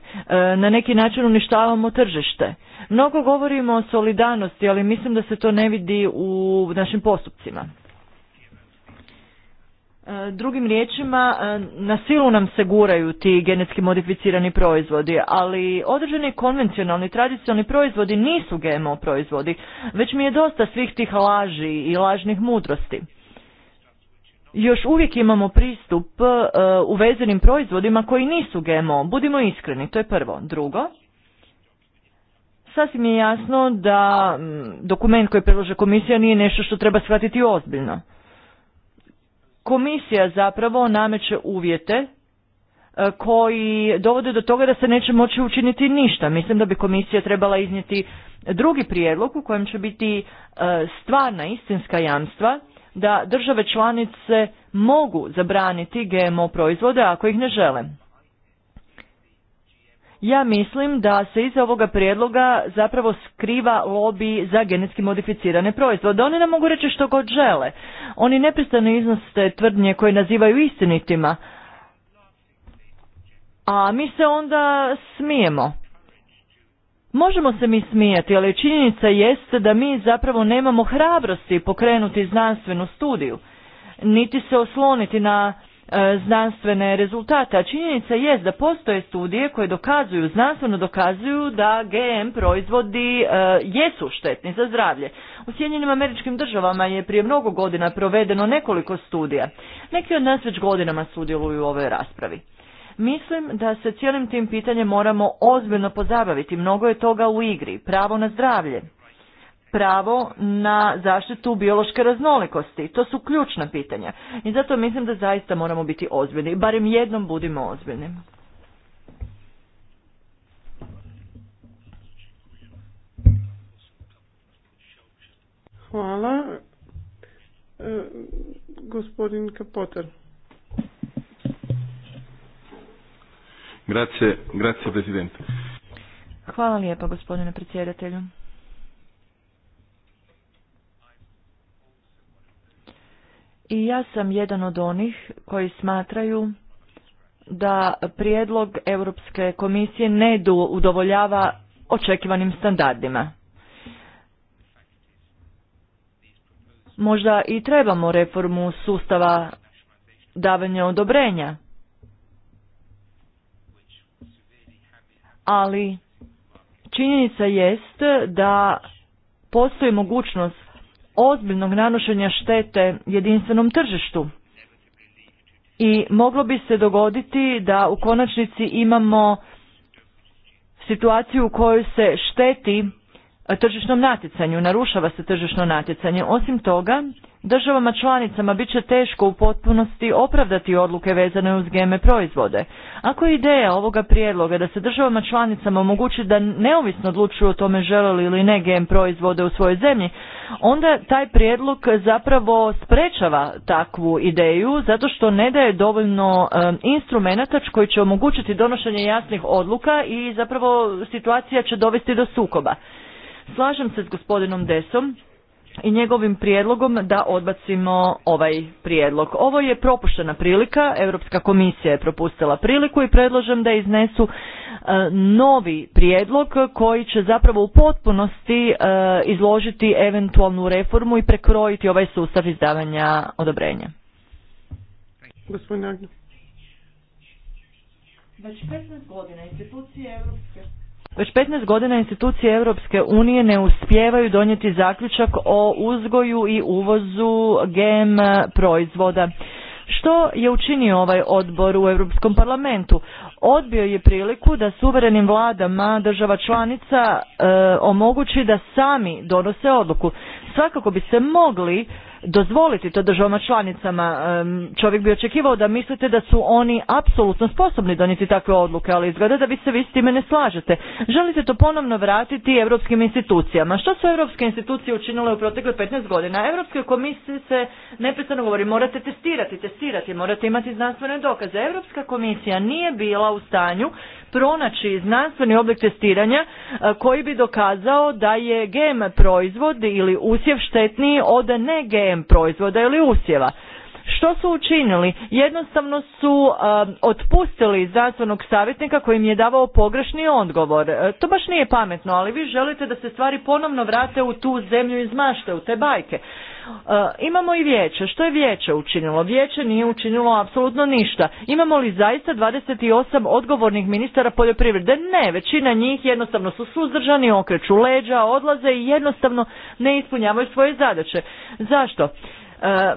na neki način uništavamo tržište. Mnogo govorimo o solidarnosti, ali mislim da se to ne vidi u našim postupcima. E, drugim riječima, e, na silu nam se guraju ti genetski modificirani proizvodi, ali određeni konvencionalni, tradicionalni proizvodi nisu GMO proizvodi, već mi je dosta svih tih laži i lažnih mudrosti. Još uvijek imamo pristup e, uvezenim proizvodima koji nisu GMO, budimo iskreni, to je prvo. Drugo, sasvim je jasno da dokument koji predlože komisija nije nešto što treba shvatiti ozbiljno komisija zapravo nameće uvjete e, koji dovode do toga da se neće moći učiniti ništa. Mislim da bi komisija trebala iznijeti drugi prijedlog u kojem će biti e, stvarna istinska jamstva da države članice mogu zabraniti GMO proizvode ako ih ne žele. Ja mislim da se iza ovoga prijedloga zapravo skriva lobby za genetski modificirane proizvode. Oni nam mogu reći što god žele. Oni nepristano iznose tvrdnje koje nazivaju istinitima. A mi se onda smijemo. Možemo se mi smijati, ali činjenica jeste da mi zapravo nemamo hrabrosti pokrenuti znanstvenu studiju, niti se osloniti na E, znanstvene rezultate, a činjenica je da postoje studije koje dokazuju, znanstveno dokazuju da GM proizvodi e, jesu štetni za zdravlje. U Sjedinjenim američkim državama je prije mnogo godina provedeno nekoliko studija. Neki od nas već godinama sudjeluju u ovoj raspravi. Mislim da se cijelim tim pitanjem moramo ozbiljno pozabaviti, mnogo je toga u igri, pravo na zdravlje, pravo na zaštitu biološke raznolikosti. To su ključna pitanja. I zato mislim da zaista moramo biti ozbiljni. Barem jednom budimo ozbiljni. Hvala. E, gospodin Kapotar. Grazie, grazie Presidente. Hvala lijepa gospodine predsjedatelju. I ja sam jedan od onih koji smatraju da prijedlog Europske komisije ne udovoljava očekivanim standardima. Možda i trebamo reformu sustava davanja odobrenja, ali činjenica jest da postoji mogućnost ozbiljnog nanošenja štete jedinstvenom tržištu. I moglo bi se dogoditi da u konačnici imamo situaciju u kojoj se šteti tržišnom natjecanju, narušava se tržišno natjecanje. Osim toga, državama članicama bit će teško u potpunosti opravdati odluke vezane uz GM proizvode. Ako je ideja ovoga prijedloga da se državama članicama omogući da neovisno odlučuju o tome žele ili ne GM proizvode u svojoj zemlji, onda taj prijedlog zapravo sprečava takvu ideju zato što ne daje dovoljno instrumenta koji će omogućiti donošenje jasnih odluka i zapravo situacija će dovesti do sukoba. Slažem se s gospodinom Desom i njegovim prijedlogom da odbacimo ovaj prijedlog. Ovo je propuštena prilika, Europska komisija je propustila priliku i predlažem da iznesu e, novi prijedlog koji će zapravo u potpunosti e, izložiti eventualnu reformu i prekrojiti ovaj sustav izdavanja odobrenja. Gospodin Već 15 godina institucije Europske već 15 godina institucije Europske unije ne uspijevaju donijeti zaključak o uzgoju i uvozu GM proizvoda. Što je učinio ovaj odbor u Europskom parlamentu? Odbio je priliku da suverenim vladama država članica e, omogući da sami donose odluku. Svakako bi se mogli dozvoliti to državama članicama. Čovjek bi očekivao da mislite da su oni apsolutno sposobni donijeti takve odluke, ali izgleda da vi se vi s time ne slažete. Želite to ponovno vratiti europskim institucijama. Što su europske institucije učinile u protekle 15 godina? Europskoj komisije se neprestano govori morate testirati, testirati, morate imati znanstvene dokaze. Europska komisija nije bila u stanju pronaći znanstveni oblik testiranja e, koji bi dokazao da je GM proizvod ili usjev štetniji od ne GM proizvoda ili usjeva. Što su učinili? Jednostavno su um, otpustili zdravstvenog savjetnika koji im je davao pogrešni odgovor. E, to baš nije pametno, ali vi želite da se stvari ponovno vrate u tu zemlju iz mašte, u te bajke. E, imamo i vijeće. Što je vijeće učinilo? Vijeće nije učinilo apsolutno ništa. Imamo li zaista 28 odgovornih ministara poljoprivrede? Ne, većina njih jednostavno su suzdržani, okreću leđa, odlaze i jednostavno ne ispunjavaju svoje zadaće. Zašto? E,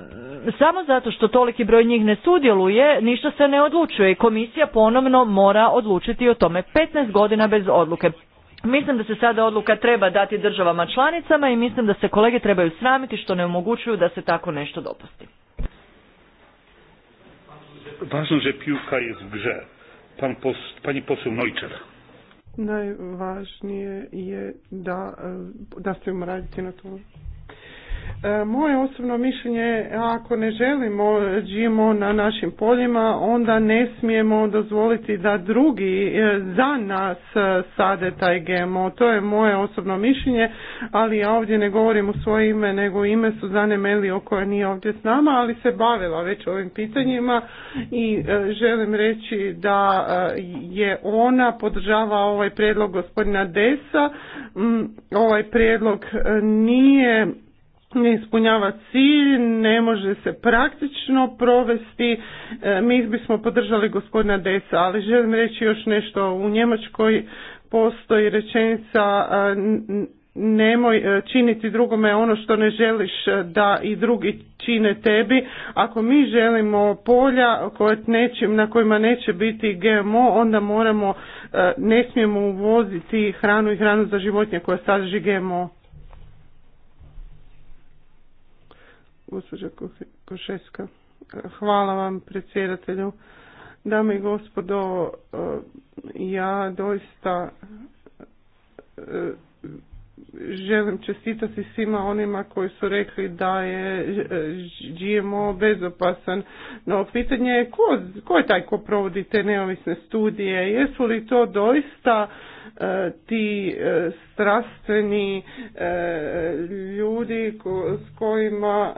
samo zato što toliki broj njih ne sudjeluje, ništa se ne odlučuje i komisija ponovno mora odlučiti o tome. 15 godina bez odluke. Mislim da se sada odluka treba dati državama članicama i mislim da se kolege trebaju sramiti što ne omogućuju da se tako nešto dopusti. Važno je Pan pos, pani poseł nojčar. Najvažnije je da, da raditi na to. E, moje osobno mišljenje je ako ne želimo GMO na našim poljima, onda ne smijemo dozvoliti da drugi e, za nas e, sade taj GMO. To je moje osobno mišljenje, ali ja ovdje ne govorim u svoje ime, nego ime Suzane Melio koja nije ovdje s nama, ali se bavila već ovim pitanjima i želim reći da je ona podržava ovaj prijedlog gospodina Desa. Mm, ovaj prijedlog nije ne ispunjava cilj, ne može se praktično provesti. E, mi bismo podržali gospodina Desa, ali želim reći još nešto. U Njemačkoj postoji rečenica e, nemoj e, činiti drugome ono što ne želiš da i drugi čine tebi. Ako mi želimo polja koje na kojima neće biti GMO, onda moramo, ne smijemo uvoziti hranu i hranu za životinje koja sadrži GMO. gospođa Košeska. Hvala vam predsjedatelju. Dame i gospodo, e, ja doista e, želim čestitati svima onima koji su rekli da je e, GMO bezopasan. No, pitanje je ko, ko je taj ko provodi te neovisne studije? Jesu li to doista E, ti e, strastveni e, ljudi s kojima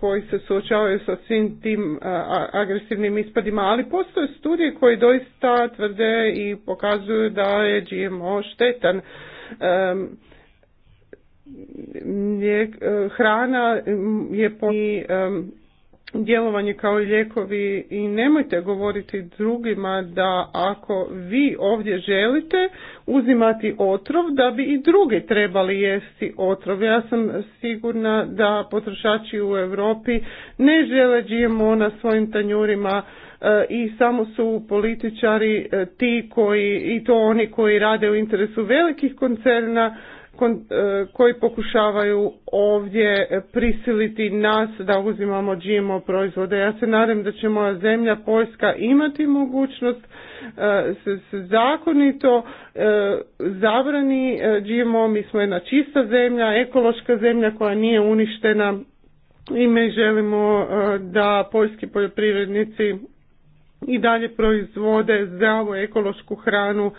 koji se suočavaju sa svim tim agresivnim ispadima, ali postoje studije koje doista tvrde i pokazuju da je GMO štetan hrana je po djelovanje kao i lijekovi i nemojte govoriti drugima da ako vi ovdje želite uzimati otrov da bi i drugi trebali jesti otrov. Ja sam sigurna da potrošači u Europi ne žele GMO na svojim tanjurima e, i samo su političari e, ti koji i to oni koji rade u interesu velikih koncerna E, koji pokušavaju ovdje prisiliti nas da uzimamo GMO proizvode. Ja se nadam da će moja zemlja Poljska imati mogućnost e, se zakonito e, zabrani GMO. Mi smo jedna čista zemlja, ekološka zemlja koja nije uništena i mi želimo da poljski poljoprivrednici i dalje proizvode zdravu ekološku hranu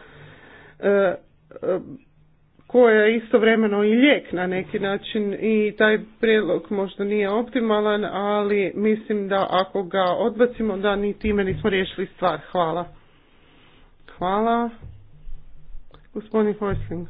koja je istovremeno i lijek na neki način i taj prijedlog možda nije optimalan, ali mislim da ako ga odbacimo da ni time nismo riješili stvar. Hvala. Hvala. Gospodin Horsling.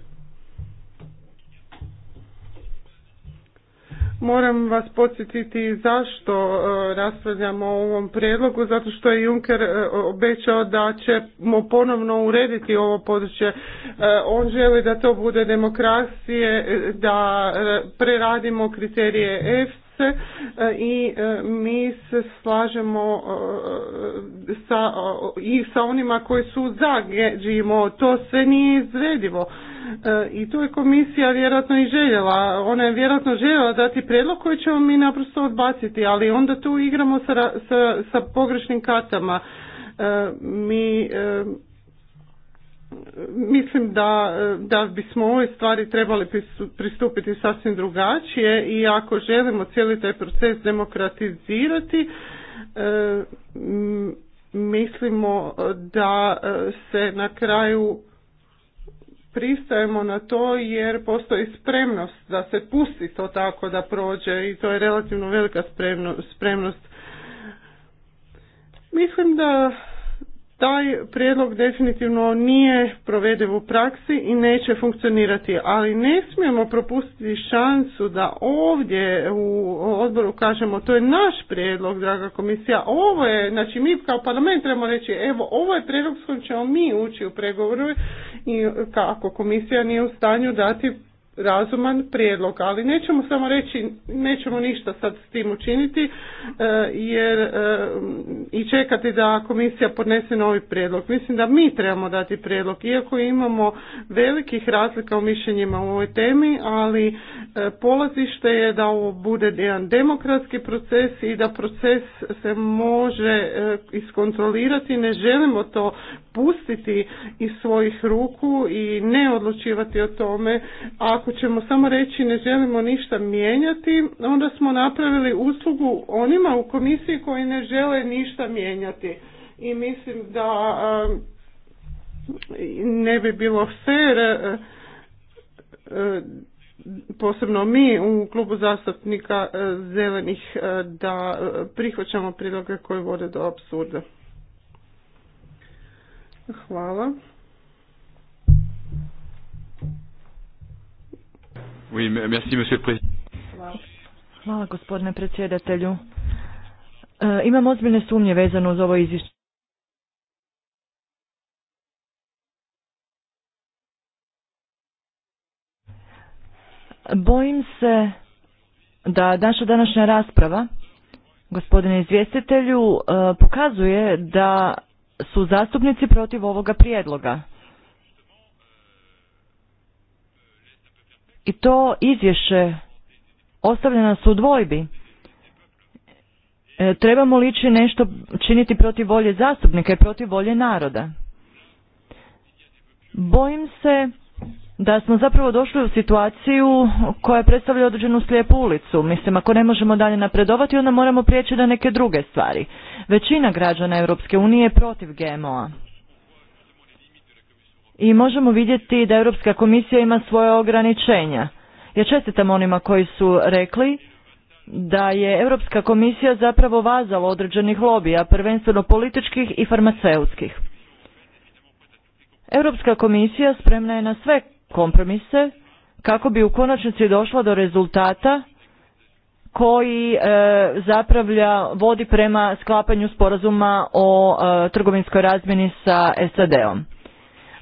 Moram vas podsjetiti zašto e, raspravljamo o ovom prijedlogu, zato što je Juncker e, obećao da ćemo ponovno urediti ovo područje. E, on želi da to bude demokracije, da preradimo kriterije F. E, i e, mi se slažemo e, sa, i sa onima koji su za GMO. To sve nije izvedivo i tu je komisija vjerojatno i željela. Ona je vjerojatno željela dati prijedlog koji ćemo mi naprosto odbaciti, ali onda tu igramo sa, sa, sa pogrešnim kartama. Mi mislim da, da bismo ove stvari trebali pristupiti sasvim drugačije i ako želimo cijeli taj proces demokratizirati, e, mislimo da e, se na kraju pristajemo na to jer postoji spremnost da se pusti to tako da prođe i to je relativno velika spremnost. Mislim da taj prijedlog definitivno nije provediv u praksi i neće funkcionirati, ali ne smijemo propustiti šansu da ovdje u odboru kažemo to je naš prijedlog, draga komisija, ovo je, znači mi kao parlament trebamo reći evo ovo je prijedlog s kojim ćemo mi ući u pregovoru i kako komisija nije u stanju dati razuman prijedlog, ali nećemo samo reći nećemo ništa sad s tim učiniti e, jer e, i čekati da komisija podnese novi prijedlog. Mislim da mi trebamo dati prijedlog, iako imamo velikih razlika u mišljenjima u ovoj temi, ali e, polazište je da ovo bude jedan demokratski proces i da proces se može iskontrolirati. Ne želimo to pustiti iz svojih ruku i ne odlučivati o tome ako ako ćemo samo reći ne želimo ništa mijenjati, onda smo napravili uslugu onima u komisiji koji ne žele ništa mijenjati. I mislim da um, ne bi bilo fair, uh, uh, posebno mi u klubu zastupnika uh, zelenih, da prihvaćamo priloge koje vode do absurda. Hvala. Hvala gospodine predsjedatelju. E, imam ozbiljne sumnje vezano uz ovo izvješće. Bojim se da naša današnja rasprava, gospodine izvjestitelju, e, pokazuje da su zastupnici protiv ovoga prijedloga. i to izvješće ostavlja nas u dvojbi. E, trebamo lići nešto činiti protiv volje zastupnika i protiv volje naroda. Bojim se da smo zapravo došli u situaciju koja predstavlja određenu slijepu ulicu. Mislim, ako ne možemo dalje napredovati, onda moramo prijeći na neke druge stvari. Većina građana Europske unije je protiv GMO-a i možemo vidjeti da Europska komisija ima svoje ograničenja. Ja čestitam onima koji su rekli da je Europska komisija zapravo vazala određenih lobija, prvenstveno političkih i farmaceutskih. Europska komisija spremna je na sve kompromise kako bi u konačnici došla do rezultata koji e, zapravlja vodi prema sklapanju sporazuma o e, trgovinskoj razmjeni sa SAD-om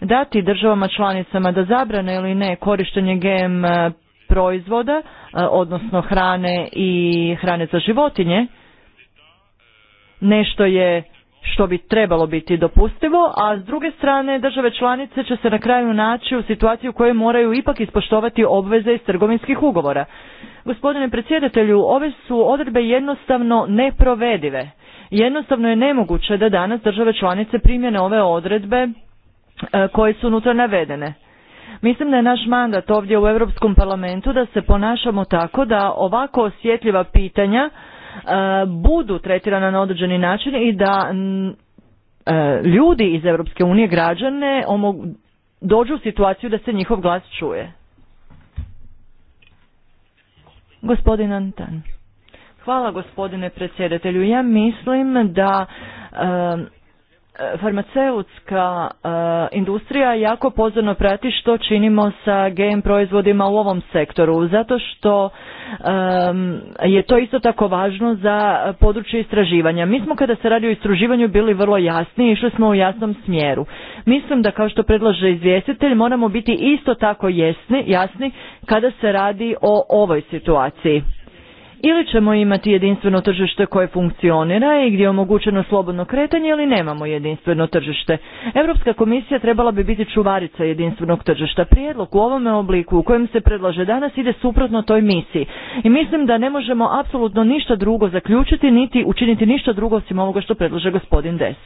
dati državama članicama da zabrane ili ne korištenje GM eh, proizvoda, eh, odnosno hrane i hrane za životinje, nešto je što bi trebalo biti dopustivo, a s druge strane države članice će se na kraju naći u situaciji u kojoj moraju ipak ispoštovati obveze iz trgovinskih ugovora. Gospodine predsjedatelju, ove su odredbe jednostavno neprovedive. Jednostavno je nemoguće da danas države članice primjene ove odredbe E, koje su unutra navedene. Mislim da je naš mandat ovdje u Europskom parlamentu da se ponašamo tako da ovako osjetljiva pitanja e, budu tretirana na određeni način i da e, ljudi iz Europske unije, građane, dođu u situaciju da se njihov glas čuje. Gospodin Antan. Hvala gospodine predsjedatelju. Ja mislim da farmaceutska e, industrija jako pozorno prati što činimo sa GM proizvodima u ovom sektoru, zato što je to isto tako važno za područje istraživanja. Mi smo kada se radi o istraživanju bili vrlo jasni i išli smo u jasnom smjeru. Mislim da kao što predlaže izvjestitelj moramo biti isto tako jasni, jasni kada se radi o ovoj situaciji. Ili ćemo imati jedinstveno tržište koje funkcionira i gdje je omogućeno slobodno kretanje ili nemamo jedinstveno tržište. Europska komisija trebala bi biti čuvarica jedinstvenog tržišta. Prijedlog u ovome obliku u kojem se predlaže danas ide suprotno toj misiji. I mislim da ne možemo apsolutno ništa drugo zaključiti niti učiniti ništa drugo osim ovoga što predlaže gospodin Des.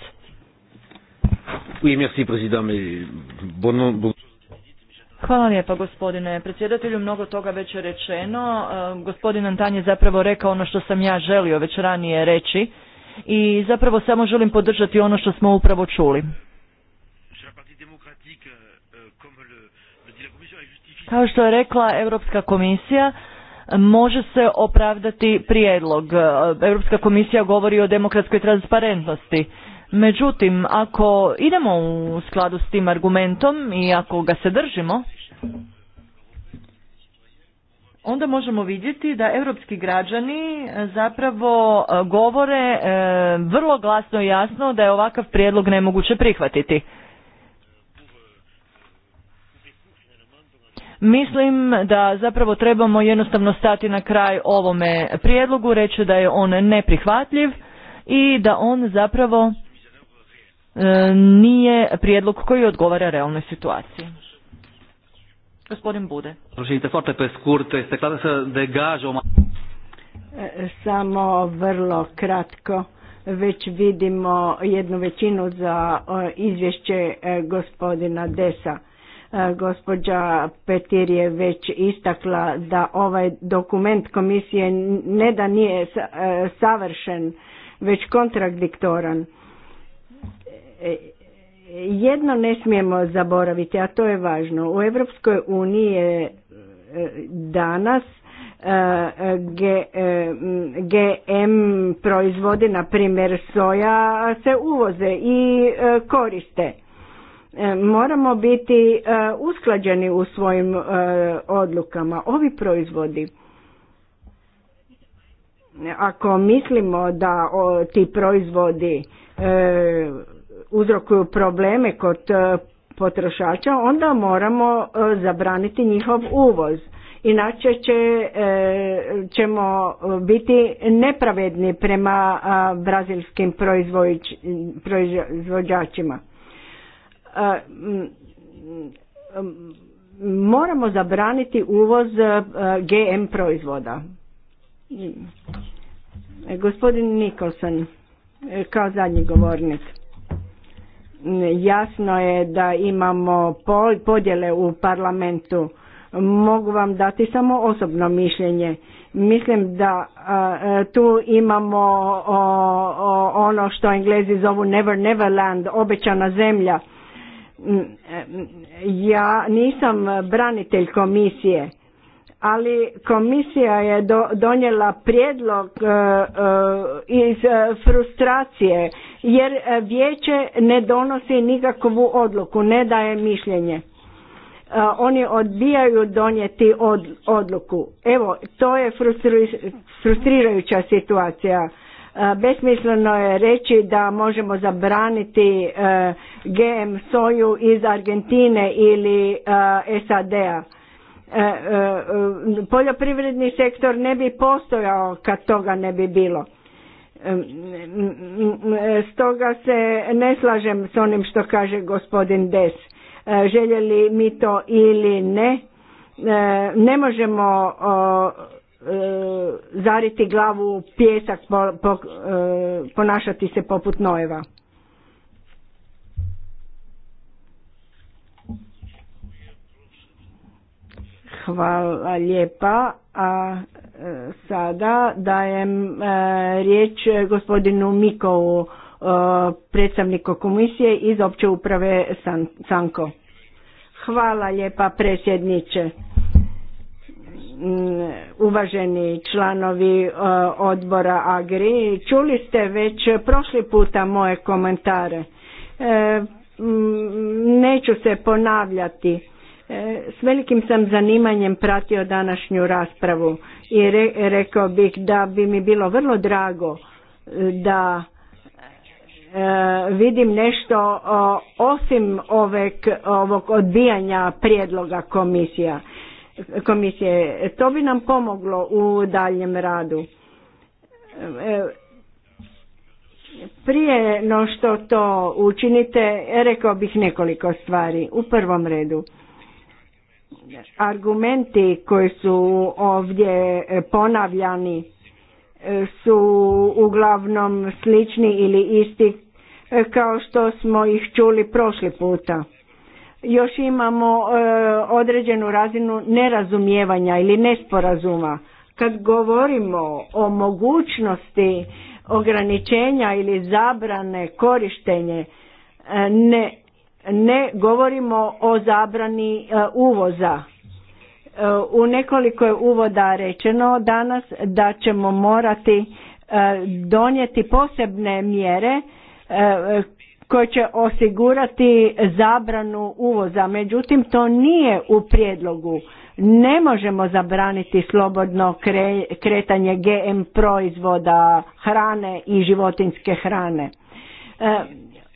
Oui, merci, président. Mais Hvala lijepa gospodine predsjedatelju. Mnogo toga već je rečeno. E, gospodin Antan je zapravo rekao ono što sam ja želio već ranije reći i zapravo samo želim podržati ono što smo upravo čuli. Kao što je rekla Europska komisija, može se opravdati prijedlog. E, Europska komisija govori o demokratskoj transparentnosti. Međutim, ako idemo u skladu s tim argumentom i ako ga se držimo, onda možemo vidjeti da europski građani e, zapravo e, govore e, vrlo glasno i jasno da je ovakav prijedlog nemoguće prihvatiti. Mislim da zapravo trebamo jednostavno stati na kraj ovome prijedlogu, reći da je on neprihvatljiv i da on zapravo E, nije prijedlog koji odgovara realnoj situaciji. Gospodin Bude. E, samo vrlo kratko. Već vidimo jednu većinu za e, izvješće gospodina Desa. Gospođa Petir je već istakla da ovaj dokument komisije ne da nije savršen, već kontradiktoran E, jedno ne smijemo zaboraviti, a to je važno. U Europskoj uniji je e, danas e, GM proizvodi, na primjer soja, se uvoze i koriste. Moramo biti usklađeni u svojim odlukama. Ovi proizvodi, ako mislimo da ti proizvodi uzrokuju probleme kod e, potrošača, onda moramo e, zabraniti njihov uvoz. Inače će, e, ćemo biti nepravedni prema brazilskim proizvođačima. Moramo zabraniti uvoz GM proizvoda. Gospodin Nikolson, kao zadnji govornik. Jasno je da imamo podjele u parlamentu. Mogu vam dati samo osobno mišljenje. Mislim da tu imamo ono što englezi zovu never never land, obećana zemlja. Mm, mm, ja nisam branitelj komisije ali komisija je donijela prijedlog e, e, iz e, frustracije jer e, vijeće ne donosi nikakvu odluku, ne daje mišljenje. E, oni odbijaju donijeti odluku. Evo, to je frustrirajuća situacija. E, besmisleno je reći da možemo zabraniti GM soju iz Argentine ili SAD-a. Poljoprivredni sektor ne bi postojao kad toga ne bi bilo Stoga se ne slažem s onim što kaže gospodin Des. E, željeli mi to ili ne, e, ne možemo e, zariti glavu u pjesak, ponašati se poput nojeva. Hvala lijepa. A Sada dajem e, riječ gospodinu Mikovu, e, predstavniku komisije iz opće uprave Sanko. Hvala lijepa predsjedniče. Mm, uvaženi članovi e, odbora Agri, čuli ste već prošli puta moje komentare. Mm, neću se ponavljati. S velikim sam zanimanjem pratio današnju raspravu i rekao bih da bi mi bilo vrlo drago e, da e, vidim nešto o, osim ovek, ovog odbijanja prijedloga komisija, komisije. To bi nam pomoglo u daljem radu. E, prije no što to učinite, rekao bih nekoliko stvari. U prvom redu, Argumenti koji su ovdje e, ponavljani e, su uglavnom slični ili isti e, kao što smo ih čuli prošli puta. Još imamo određenu razinu nerazumijevanja ili nesporazuma. Kad govorimo o mogućnosti ograničenja ili zabrane korištenje ne ne govorimo o zabrani e, uvoza. E, u nekoliko je uvoda rečeno danas da ćemo morati e, donijeti posebne mjere koje će osigurati zabranu uvoza. Međutim, to nije u prijedlogu. Ne možemo zabraniti slobodno kretanje GM proizvoda, hrane i životinske hrane.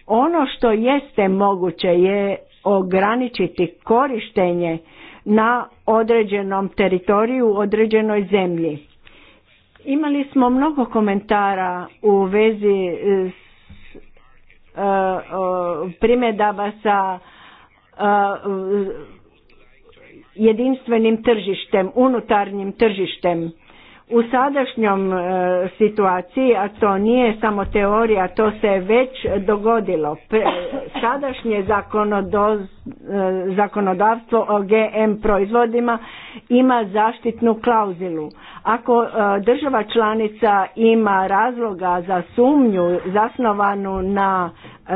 Ono što jeste moguće je ograničiti korištenje na određenom teritoriju u određenoj zemlji. Imali smo mnogo komentara u vezi e, s e, primjedaba sa e, jedinstvenim tržištem, unutarnjim tržištem u sadašnjom e, situaciji, a to nije samo teorija, to se već dogodilo. Sadašnje e, zakonodavstvo o GM proizvodima ima zaštitnu klauzulu. Ako e, država članica ima razloga za sumnju zasnovanu na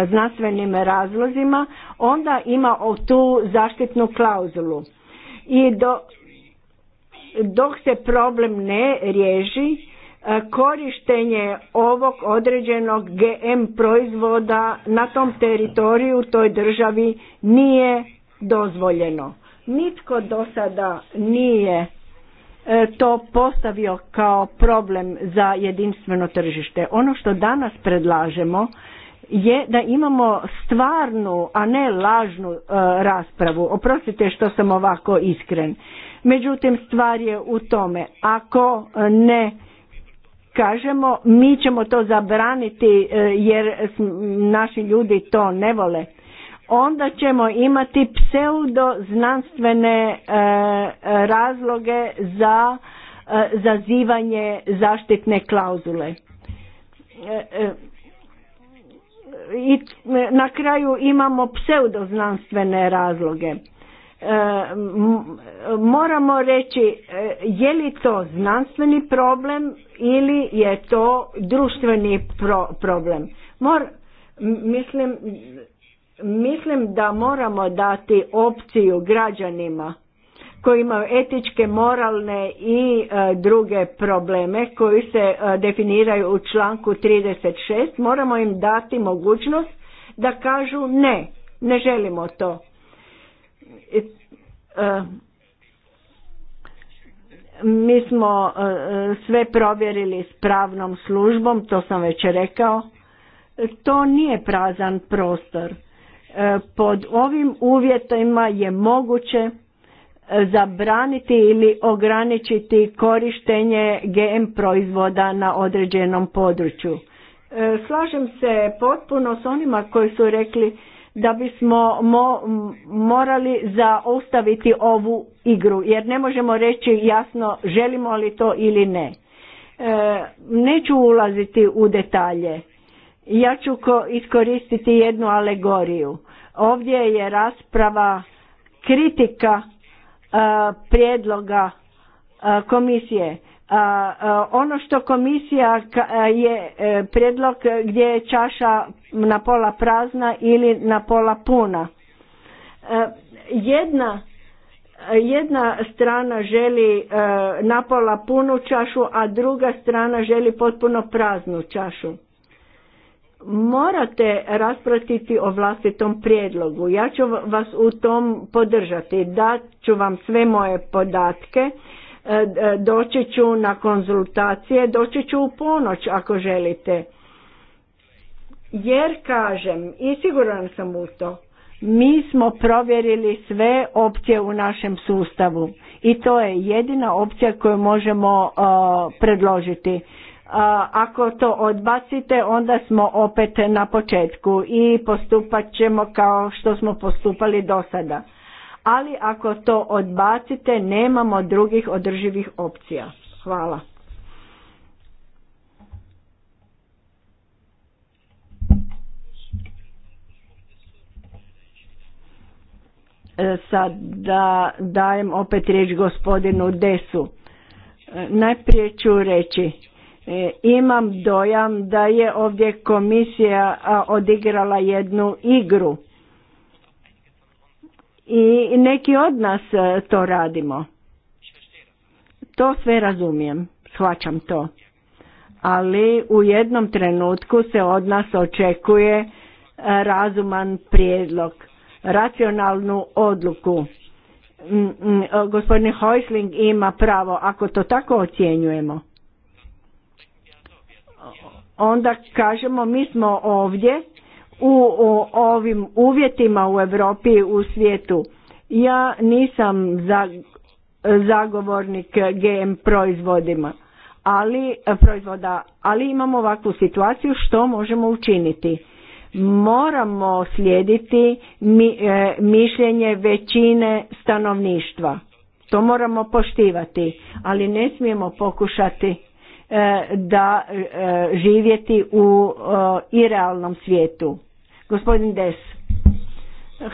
znanstvenim razlozima, onda ima tu zaštitnu klauzulu. I do dok se problem ne riješi e, korištenje ovog određenog GM proizvoda na tom teritoriju, toj državi nije dozvoljeno. Nitko do sada nije e, to postavio kao problem za jedinstveno tržište. Ono što danas predlažemo je da imamo stvarnu, a ne lažnu e, raspravu. Oprostite što sam ovako iskren. Međutim, stvar je u tome, ako e, ne kažemo mi ćemo to zabraniti e, jer naši ljudi to ne vole, onda ćemo imati pseudo znanstvene e, razloge za zazivanje zaštitne klauzule. I na kraju imamo pseudoznanstvene razloge. E, moramo reći e, je li to znanstveni problem ili je to društveni pro problem. Mor, mislim, mislim da moramo dati opciju građanima koji imaju etičke, moralne i e, druge probleme koji se definiraju u članku 36. Moramo im dati mogućnost da kažu ne, ne želimo to E, mi smo e, sve provjerili s pravnom službom, to sam već rekao. To nije prazan prostor. E, pod ovim uvjetima je moguće zabraniti ili ograničiti korištenje GM proizvoda na određenom području. Slažem se potpuno s onima koji su rekli da bismo mo, morali zaustaviti ovu igru jer ne možemo reći jasno želimo li to ili ne. E, neću ulaziti u detalje. Ja ću ko iskoristiti jednu alegoriju. Ovdje je rasprava kritika e, prijedloga e, komisije ono što komisija je e, predlog gdje je čaša na pola prazna ili na pola puna. E, jedna jedna strana želi e, na pola punu čašu, a druga strana želi potpuno praznu čašu. Morate raspratiti o vlastitom prijedlogu. Ja ću vas u tom podržati. Dat ću vam sve moje podatke E, e, doći ću na konzultacije, doći ću u ponoć ako želite. Jer kažem, i siguran sam u to, mi smo provjerili sve opcije u našem sustavu i to je jedina opcija koju možemo predložiti. E, ako to odbacite onda smo opet na početku i postupat ćemo kao što smo postupali do sada ali ako to odbacite nemamo drugih održivih opcija. Hvala. E, Sad da dajem opet riječ gospodinu Desu. E, najprije ću reći, e, imam dojam da je ovdje komisija odigrala jednu igru i neki od nas e, to radimo. To sve razumijem, shvaćam to. Ali u jednom trenutku se od nas očekuje e, razuman prijedlog, racionalnu odluku. Mm, mm, e, gospodin Hojsling ima pravo, ako to tako ocjenjujemo. Onda kažemo mi smo ovdje u, ovim uvjetima u Europi i u svijetu. Ja nisam zagovornik GM proizvodima, ali proizvoda, ali imamo ovakvu situaciju što možemo učiniti. Moramo slijediti e, mišljenje većine stanovništva. To moramo poštivati, ali ne smijemo pokušati e, da e, živjeti u irealnom svijetu. Gospodin Des.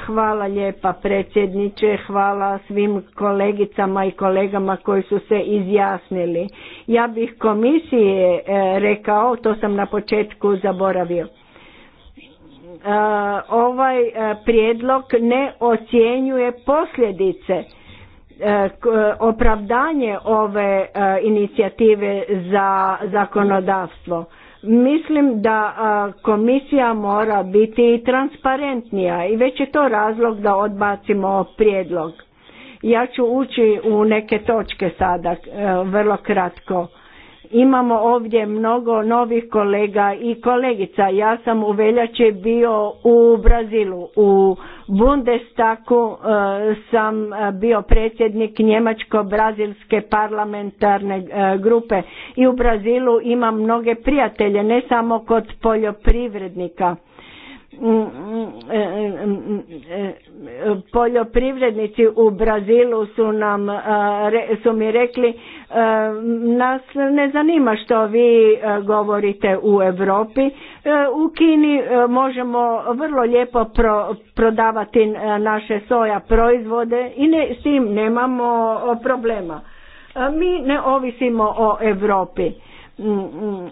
Hvala lijepa predsjedniče, hvala svim kolegicama i kolegama koji su se izjasnili. Ja bih komisije e, rekao, to sam na početku zaboravio. E, ovaj e, prijedlog ne ocjenjuje posljedice opravdanje ove inicijative za zakonodavstvo Mislim da komisija mora biti transparentnija i već je to razlog da odbacimo prijedlog. Ja ću ući u neke točke sada, e, vrlo kratko. Imamo ovdje mnogo novih kolega i kolegica. Ja sam u veljači bio u Brazilu. U Bundestaku e, sam e, bio predsjednik njemačko-brazilske parlamentarne e, grupe i u Brazilu imam mnoge prijatelje, ne samo kod poljoprivrednika poljoprivrednici u Brazilu su nam e, su mi rekli e, nas ne zanima što vi e, govorite u Europi u Kini možemo vrlo lijepo prodavati naše soja proizvode i ne, s tim nemamo problema mi ne ovisimo o Europi mm, mm.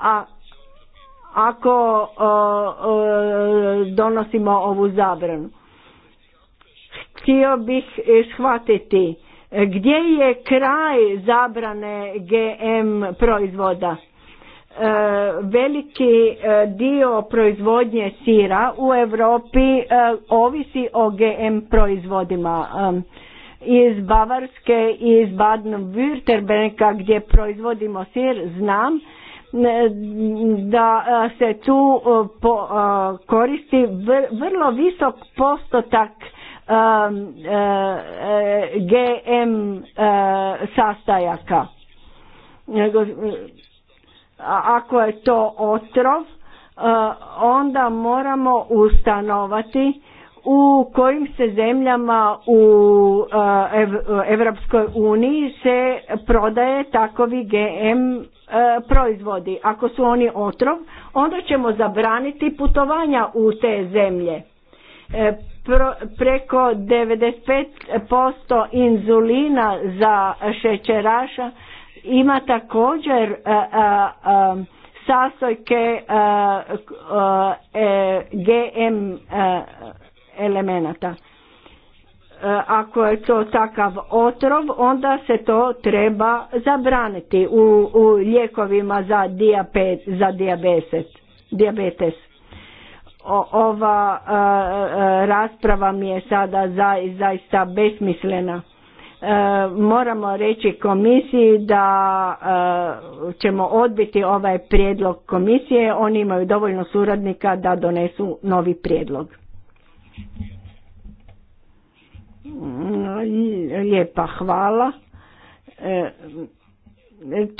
a ako donosimo ovu zabranu. Htio bih e, shvatiti gdje je kraj zabrane GM proizvoda. E, veliki e, dio proizvodnje sira u Europi ovisi o GM proizvodima. Iz Bavarske i iz Baden-Württemberga gdje proizvodimo sir znam da se tu koristi vrlo visok postotak e, GM e, sastajaka. E, ako je to otrov, onda moramo ustanovati u kojim se zemljama u Europskoj uniji se prodaje takovi GM e, proizvodi. Ako su oni otrov, onda ćemo zabraniti putovanja u te zemlje. E, preko 95% inzulina za šećeraša ima također e, sastojke GM elemenata. E, ako je to takav otrov, onda se to treba zabraniti u, u lijekovima za, diabet, za diabetes. diabetes. ova e, e, rasprava mi je sada za, zaista besmislena. moramo reći komisiji da ćemo odbiti ovaj prijedlog komisije. Oni imaju dovoljno suradnika da donesu novi prijedlog. Mm, lijepa hvala. E,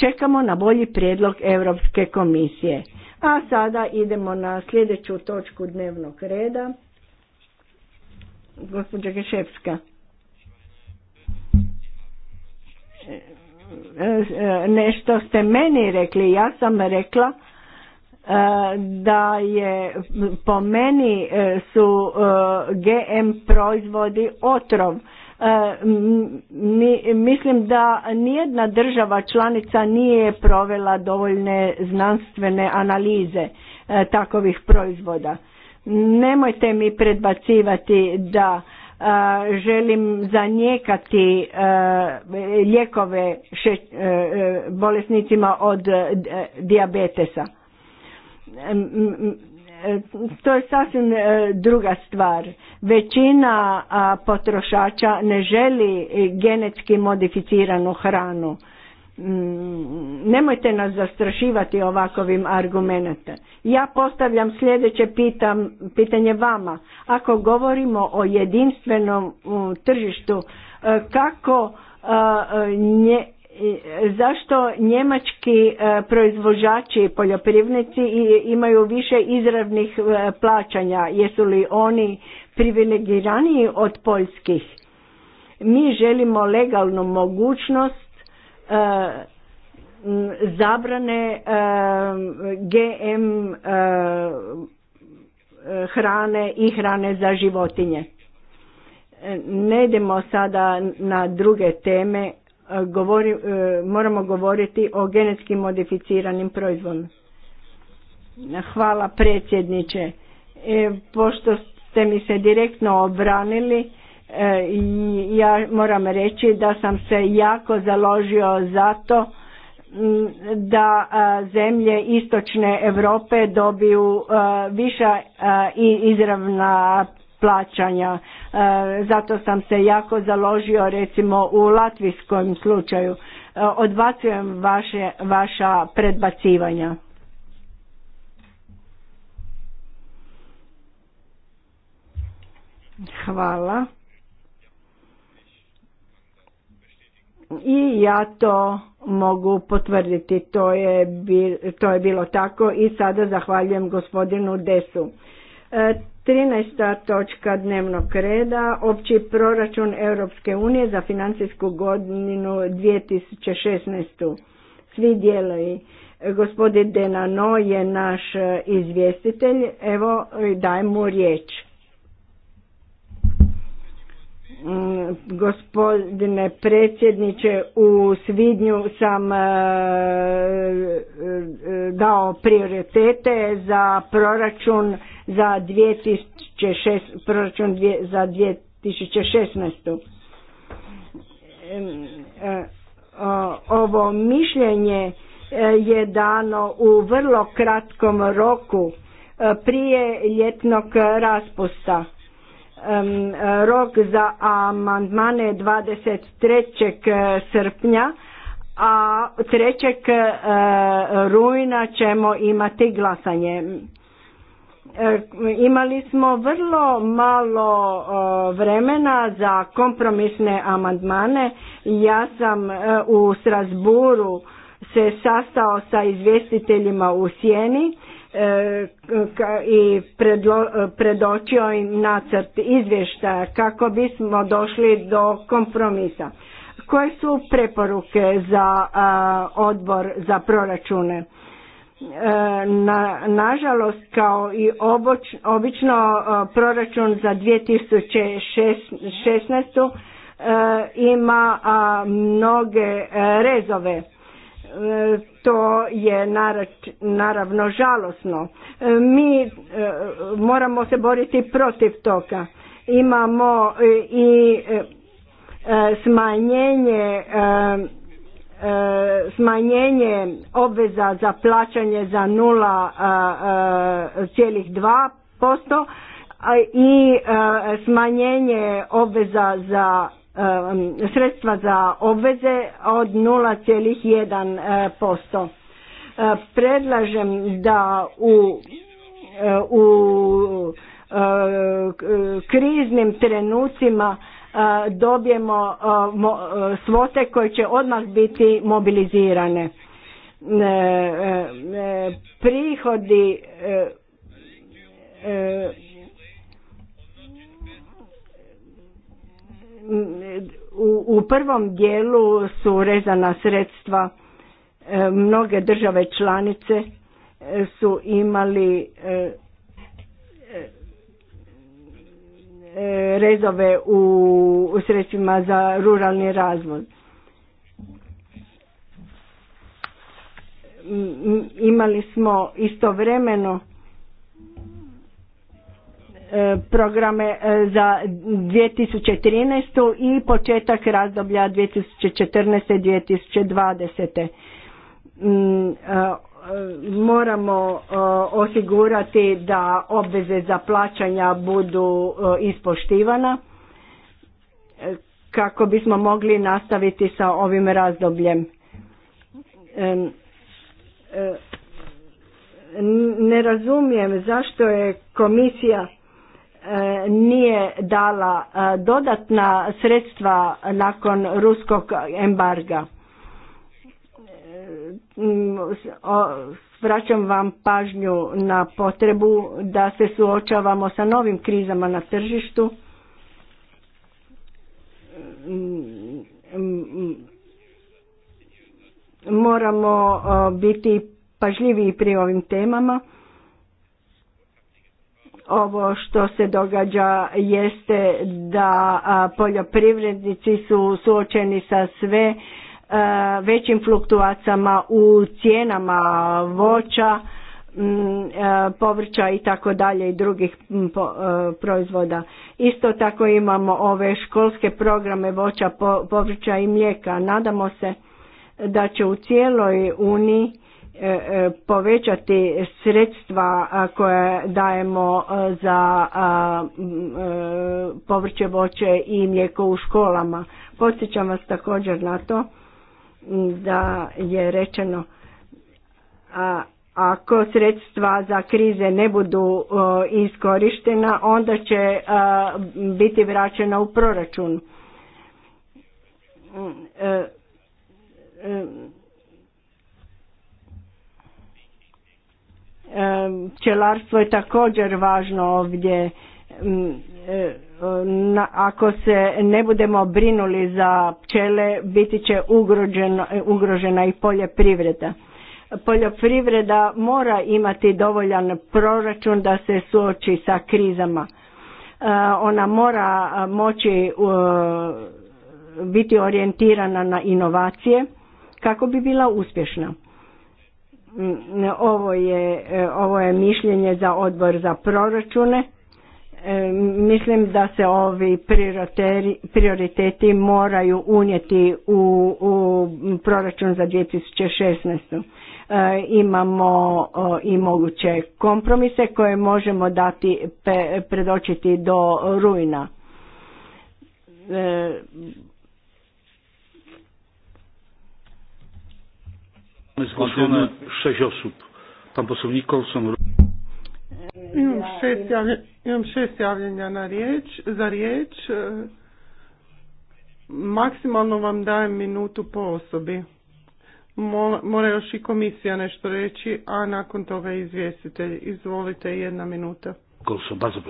čekamo na bolji prijedlog Europske komisije. A sada idemo na sljedeću točku dnevnog reda. Gospođa Geševska. E, e, nešto ste meni rekli, ja sam rekla da je po meni e, su e, GM proizvodi otrov. E, mislim da nijedna država članica nije provela dovoljne znanstvene analize takovih proizvoda. Nemojte mi predbacivati da želim zanijekati lijekove bolesnicima od diabetesa E, to je sasvim e, druga stvar. Većina potrošača ne želi genetski modificiranu hranu. Nemojte nas zastrašivati ovakovim argumentom. Ja postavljam sljedeće pitam, pitanje vama. Ako govorimo o jedinstvenom tržištu, e, kako E, zašto njemački e, proizvođači i poljoprivrednici imaju više izravnih e, plaćanja? Jesu li oni privilegiraniji od poljskih? Mi želimo legalnu mogućnost zabrane GM hrane i hrane za životinje. Ne idemo sada na druge teme E, e, moramo govoriti o genetski modificiranim proizvodima. Hvala predsjedniče. E, pošto ste mi se direktno obranili, e, ja moram reći da sam se jako založio za to da e, zemlje istočne Europe dobiju viša i izravna plaćanja E, zato sam se jako založio recimo u latvijskom slučaju. E, odbacujem vaše, vaša predbacivanja. Hvala. I ja to mogu potvrditi, to je, to je bilo tako i sada zahvaljujem gospodinu Desu. E, 13. točka dnevnog reda, opći proračun Europske unije za financijsku godinu 2016. Svi dijelovi. Gospodin Denano je naš izvjestitelj, evo daj mu riječ. Mm, gospodine predsjedniče, u Svidnju sam e, e, e, dao prioritete za proračun za 2006, proračun dvije, za 2016. E, ovo mišljenje e, je dano u vrlo kratkom roku e, prije ljetnog raspusta. Rok za amandmane je 23. srpnja, a 3. rujna ćemo imati glasanje. E, imali smo vrlo malo e, vremena za kompromisne amandmane. Ja sam e, u Strasburu se sastao sa izvjestiteljima u Sjeni i predočio im nacrt izvještaja kako bismo došli do kompromisa. Koje su preporuke za odbor za proračune? Na, nažalost, kao i obično e, proračun za 2016. E, ima mnoge rezove. E, to je naravno žalosno. Mi moramo se boriti protiv toga. Imamo i smanjenje E, smanjenje obveza za plaćanje za 0,2% e, e, i smanjenje obveza za sredstva za obveze od 0,1%. Predlažem da u, u kriznim trenucima dobijemo svote koje će odmah biti mobilizirane. E, e, e, prihodi u prvom dijelu su rezana sredstva mnoge države članice su imali E, rezove u sredstvima za ruralni razvoj. Imali smo istovremeno e, programe e, za 2013. i početak razdoblja 2014. i 2020. E, moramo e, osigurati da obveze za plaćanja budu e, ispoštivana kako bismo mogli nastaviti sa ovim razdobljem. Ne razumijem zašto je komisija nije dala dodatna sredstva nakon ruskog embarga Mm, vraćam vam pažnju na potrebu da se suočavamo sa novim krizama na tržištu mm, mm, moramo biti pažljiviji pri ovim temama ovo što se događa jeste da poljoprivrednici su suočeni sa sve Eh, većim fluktuacama u cijenama voća, mm, eh, povrća i tako dalje i drugih mm, eh, proizvoda. Isto tako imamo ove školske programe voća, povrća i mlijeka. Nadamo se da će u cijeloj Uniji povećati sredstva koje dajemo za mm, povrće, voće i mlijeko u školama. Podsjećam vas također na to da je rečeno a, ako sredstva za krize ne budu iskorištena onda će biti vraćena u proračun. Mm, e, e, e čelarstvo je također važno ovdje mm, e, na, ako se ne budemo brinuli za pčele biti će ugrožena i poljoprivreda. Poljoprivreda mora imati dovoljan proračun da se suoči sa krizama. E, ona mora e, moći e, biti orijentirana na inovacije kako bi bila uspješna. Mm, ovo je, ovo je mišljenje za odbor za proračune E, mislim da se ovi prioriteti moraju unijeti u, u proračun za 2016. E, imamo i moguće kompromise koje možemo dati predočiti do rujna. E, Zgłoszone sześć osób. Pan poseł imam šest, javljenja, na za riječ. E, maksimalno vam dajem minutu po osobi. Mora još i komisija nešto reći, a nakon toga izvjestitelj. Izvolite, jedna minuta. bazo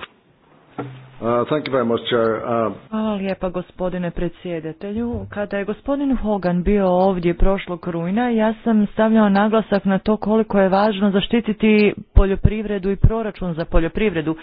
Uh, uh, Hvala lijepa gospodine predsjedatelju. Kada je gospodin Hogan bio ovdje prošlog rujna, ja sam stavljao naglasak na to koliko je važno zaštititi poljoprivredu i proračun za poljoprivredu.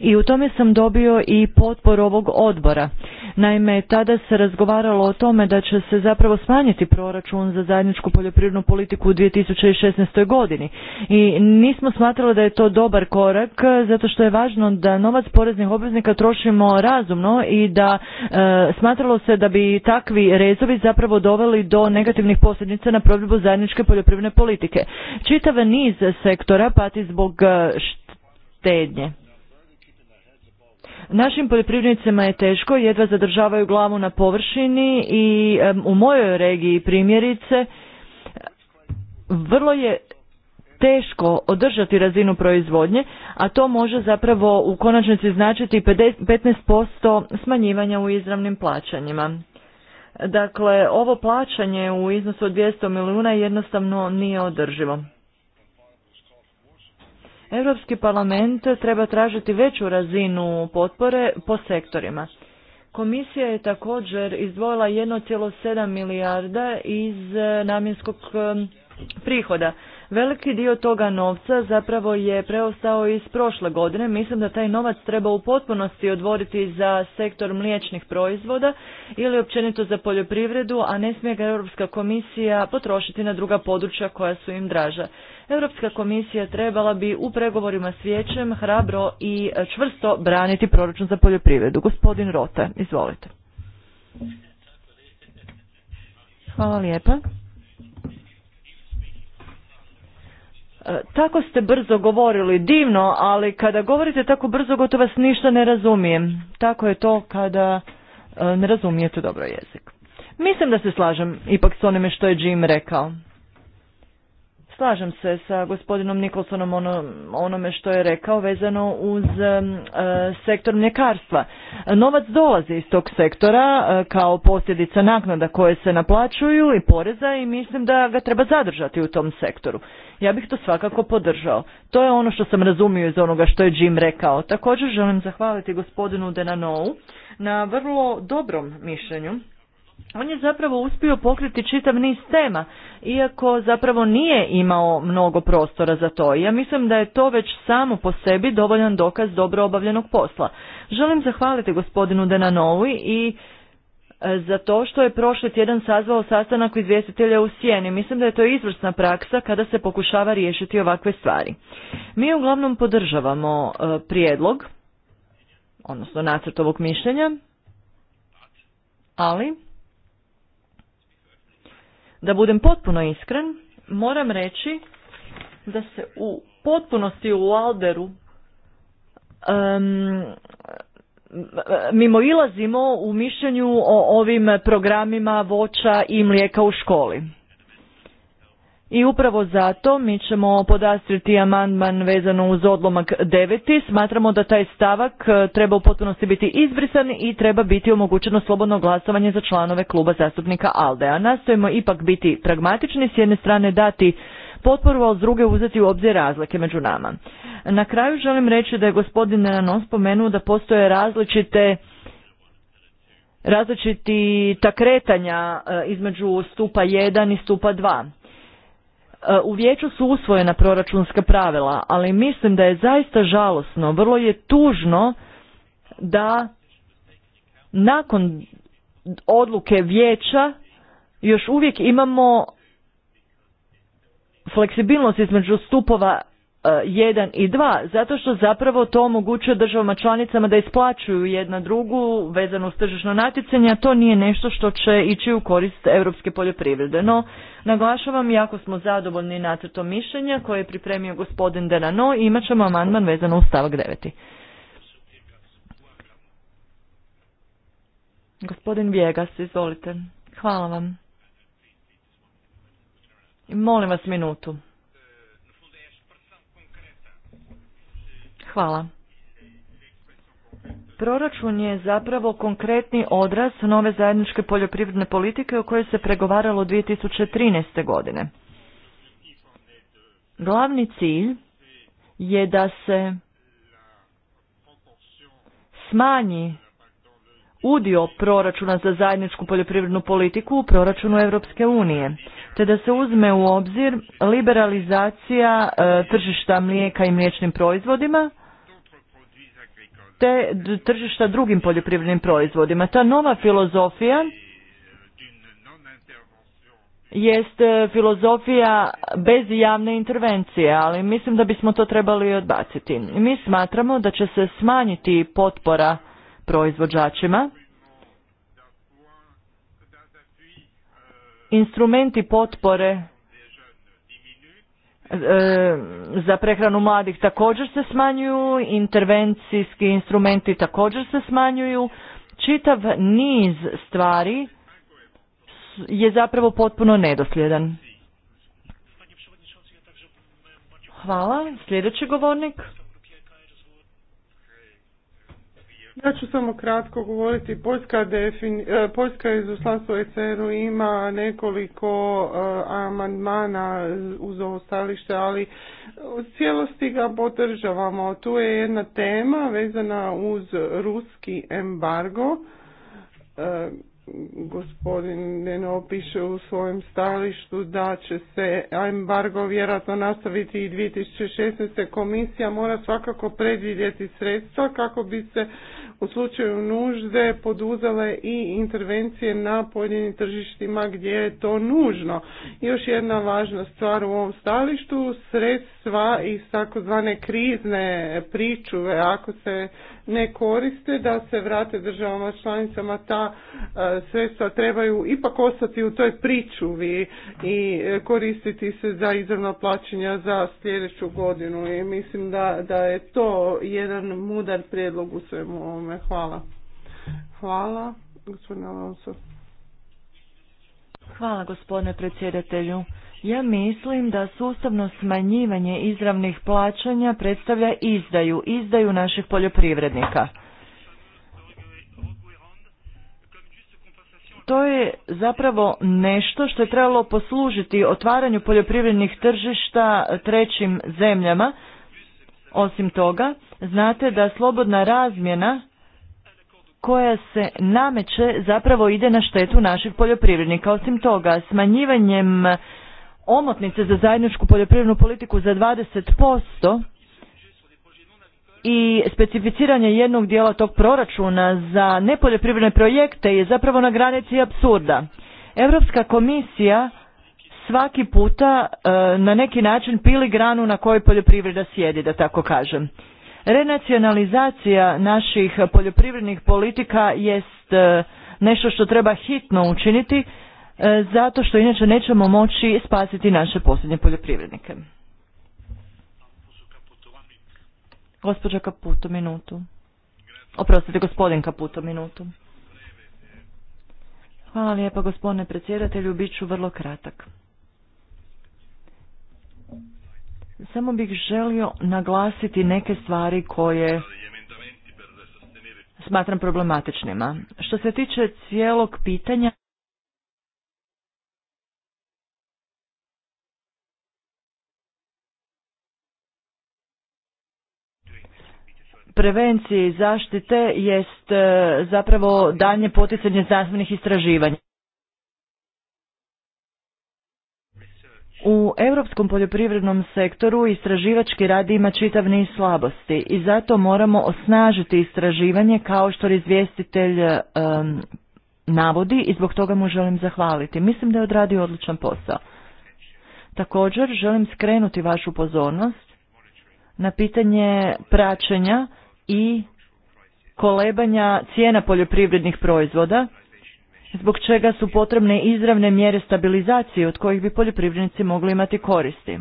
I u tome sam dobio i potporu ovog odbora. Naime, tada se razgovaralo o tome da će se zapravo smanjiti proračun za zajedničku poljoprivrednu politiku u 2016. godini. I nismo smatrali da je to dobar korak, zato što je važno da novac poreznih obveznika trošimo razumno i da e, smatralo se da bi takvi rezovi zapravo doveli do negativnih posljedica na provedbu zajedničke poljoprivredne politike. Čitav niz sektora pati zbog e, štednje. Našim poljoprivrednicima je teško, jedva zadržavaju glavu na površini i u mojoj regiji primjerice vrlo je teško održati razinu proizvodnje, a to može zapravo u konačnici značiti 15% smanjivanja u izravnim plaćanjima. Dakle, ovo plaćanje u iznosu od 200 milijuna jednostavno nije održivo. Europski parlament treba tražiti veću razinu potpore po sektorima. Komisija je također izdvojila 1,7 milijarda iz eh, namjenskog eh, prihoda Veliki dio toga novca zapravo je preostao iz prošle godine. Mislim da taj novac treba u potpunosti odvoriti za sektor mliječnih proizvoda ili općenito za poljoprivredu, a ne smije ga Europska komisija potrošiti na druga područja koja su im draža. Europska komisija trebala bi u pregovorima s vijećem hrabro i čvrsto braniti proračun za poljoprivredu. Gospodin Rota, izvolite. Hvala lijepa. E, tako ste brzo govorili, divno, ali kada govorite tako brzo gotovo vas ništa ne razumijem. Tako je to kada e, ne razumijete dobro jezik. Mislim da se slažem ipak s onime što je Jim rekao. Slažem se sa gospodinom Nikolsonom ono, onome što je rekao vezano uz e, sektor mljekarstva. Novac dolazi iz tog sektora e, kao posljedica naknada koje se naplaćuju i poreza i mislim da ga treba zadržati u tom sektoru. Ja bih to svakako podržao. To je ono što sam razumio iz onoga što je Jim rekao. Također želim zahvaliti gospodinu Denanou na vrlo dobrom mišljenju on je zapravo uspio pokriti čitav niz tema, iako zapravo nije imao mnogo prostora za to. Ja mislim da je to već samo po sebi dovoljan dokaz dobro obavljenog posla. Želim zahvaliti gospodinu Denanovi i e, za to što je prošli tjedan sazvao sastanak izvjestitelja u Sijeni. Mislim da je to izvrsna praksa kada se pokušava riješiti ovakve stvari. Mi uglavnom podržavamo e, prijedlog, odnosno nacrt ovog mišljenja, ali da budem potpuno iskren, moram reći da se u potpunosti u Alderu um, mimoilazimo u mišljenju o ovim programima voća i mlijeka u školi. I upravo zato mi ćemo podastriti amandman vezano uz odlomak 9. Smatramo da taj stavak e, treba u potpunosti biti izbrisan i treba biti omogućeno slobodno glasovanje za članove kluba zastupnika ALDE. A nastojimo ipak biti pragmatični, s jedne strane dati potporu, a s druge uzeti u obzir razlike među nama. Na kraju želim reći da je gospodin Ranon spomenuo da postoje različite različiti takretanja e, između stupa 1 i stupa 2. E, u vijeću su usvojena proračunska pravila, ali mislim da je zaista žalosno, vrlo je tužno da nakon odluke vijeća još uvijek imamo fleksibilnost između stupova E, jedan i dva, zato što zapravo to omogućuje državama članicama da isplaćuju jedna drugu vezano uz tržišno natjecanje, a to nije nešto što će ići u korist europske poljoprivrede. No, naglašavam, jako smo zadovoljni nacrtom mišljenja koje je pripremio gospodin Delano i imat ćemo amandman vezano uz stavak 9. Gospodin Vjegas, izvolite. Hvala vam. Molim vas minutu. Hvala. Proračun je zapravo konkretni odraz nove zajedničke poljoprivredne politike o kojoj se pregovaralo 2013. godine. Glavni cilj je da se smanji udio proračuna za zajedničku poljoprivrednu politiku u proračunu Europske unije, te da se uzme u obzir liberalizacija e, tržišta mlijeka i mliječnim proizvodima te tržišta drugim poljoprivrednim proizvodima. Ta nova filozofija jest e, filozofija bez javne intervencije, ali mislim da bismo to trebali odbaciti. Mi smatramo da će se smanjiti potpora proizvođačima. Instrumenti potpore E, za prehranu mladih također se smanjuju, intervencijski instrumenti također se smanjuju, čitav niz stvari je zapravo potpuno nedosljedan. Hvala. Sljedeći govornik. Ja ću samo kratko govoriti. Poljska, defini, e, Poljska izoslanstvo ECR-u ima nekoliko e, amandmana uz ovo stalište, ali u cijelosti ga podržavamo. Tu je jedna tema vezana uz ruski embargo. E, gospodin ne opiše u svojem stalištu da će se embargo vjerojatno nastaviti i 2016. komisija mora svakako predvidjeti sredstva kako bi se u slučaju nužde poduzele i intervencije na pojedinim tržištima gdje je to nužno. Još jedna važna stvar u ovom stalištu, sredstva iz takozvane krizne pričuve, ako se ne koriste, da se vrate državama članicama ta e, sredstva trebaju ipak ostati u toj pričuvi i e, koristiti se za izravno plaćanja za sljedeću godinu i mislim da, da je to jedan mudar prijedlog u svemu ovome. Hvala. Hvala, Hvala gospodine predsjedatelju. Ja mislim da sustavno smanjivanje izravnih plaćanja predstavlja izdaju, izdaju naših poljoprivrednika. To je zapravo nešto što je trebalo poslužiti otvaranju poljoprivrednih tržišta trećim zemljama. Osim toga, znate da slobodna razmjena koja se nameće zapravo ide na štetu naših poljoprivrednika. Osim toga, smanjivanjem omotnice za zajedničku poljoprivrednu politiku za 20% i specificiranje jednog dijela tog proračuna za nepoljoprivredne projekte je zapravo na granici apsurda. Europska komisija svaki puta e, na neki način pili granu na kojoj poljoprivreda sjedi, da tako kažem. Renacionalizacija naših poljoprivrednih politika jest e, nešto što treba hitno učiniti E, zato što inače nećemo moći spasiti naše posljednje poljoprivrednike. Gospođa Kaputo, minutu. Oprostite, gospodin Kaputo, minutu. Hvala lijepa, gospodine predsjedatelju, bit ću vrlo kratak. Samo bih želio naglasiti neke stvari koje smatram problematičnima. Što se tiče cijelog pitanja, prevencije i zaštite jest e, zapravo dalje poticanje znanstvenih istraživanja. U europskom poljoprivrednom sektoru istraživački rad ima čitav niz slabosti i zato moramo osnažiti istraživanje kao što izvjestitelj e, navodi i zbog toga mu želim zahvaliti. Mislim da je odradio odličan posao. Također želim skrenuti vašu pozornost na pitanje praćenja i kolebanja cijena poljoprivrednih proizvoda, zbog čega su potrebne izravne mjere stabilizacije od kojih bi poljoprivrednici mogli imati koristi.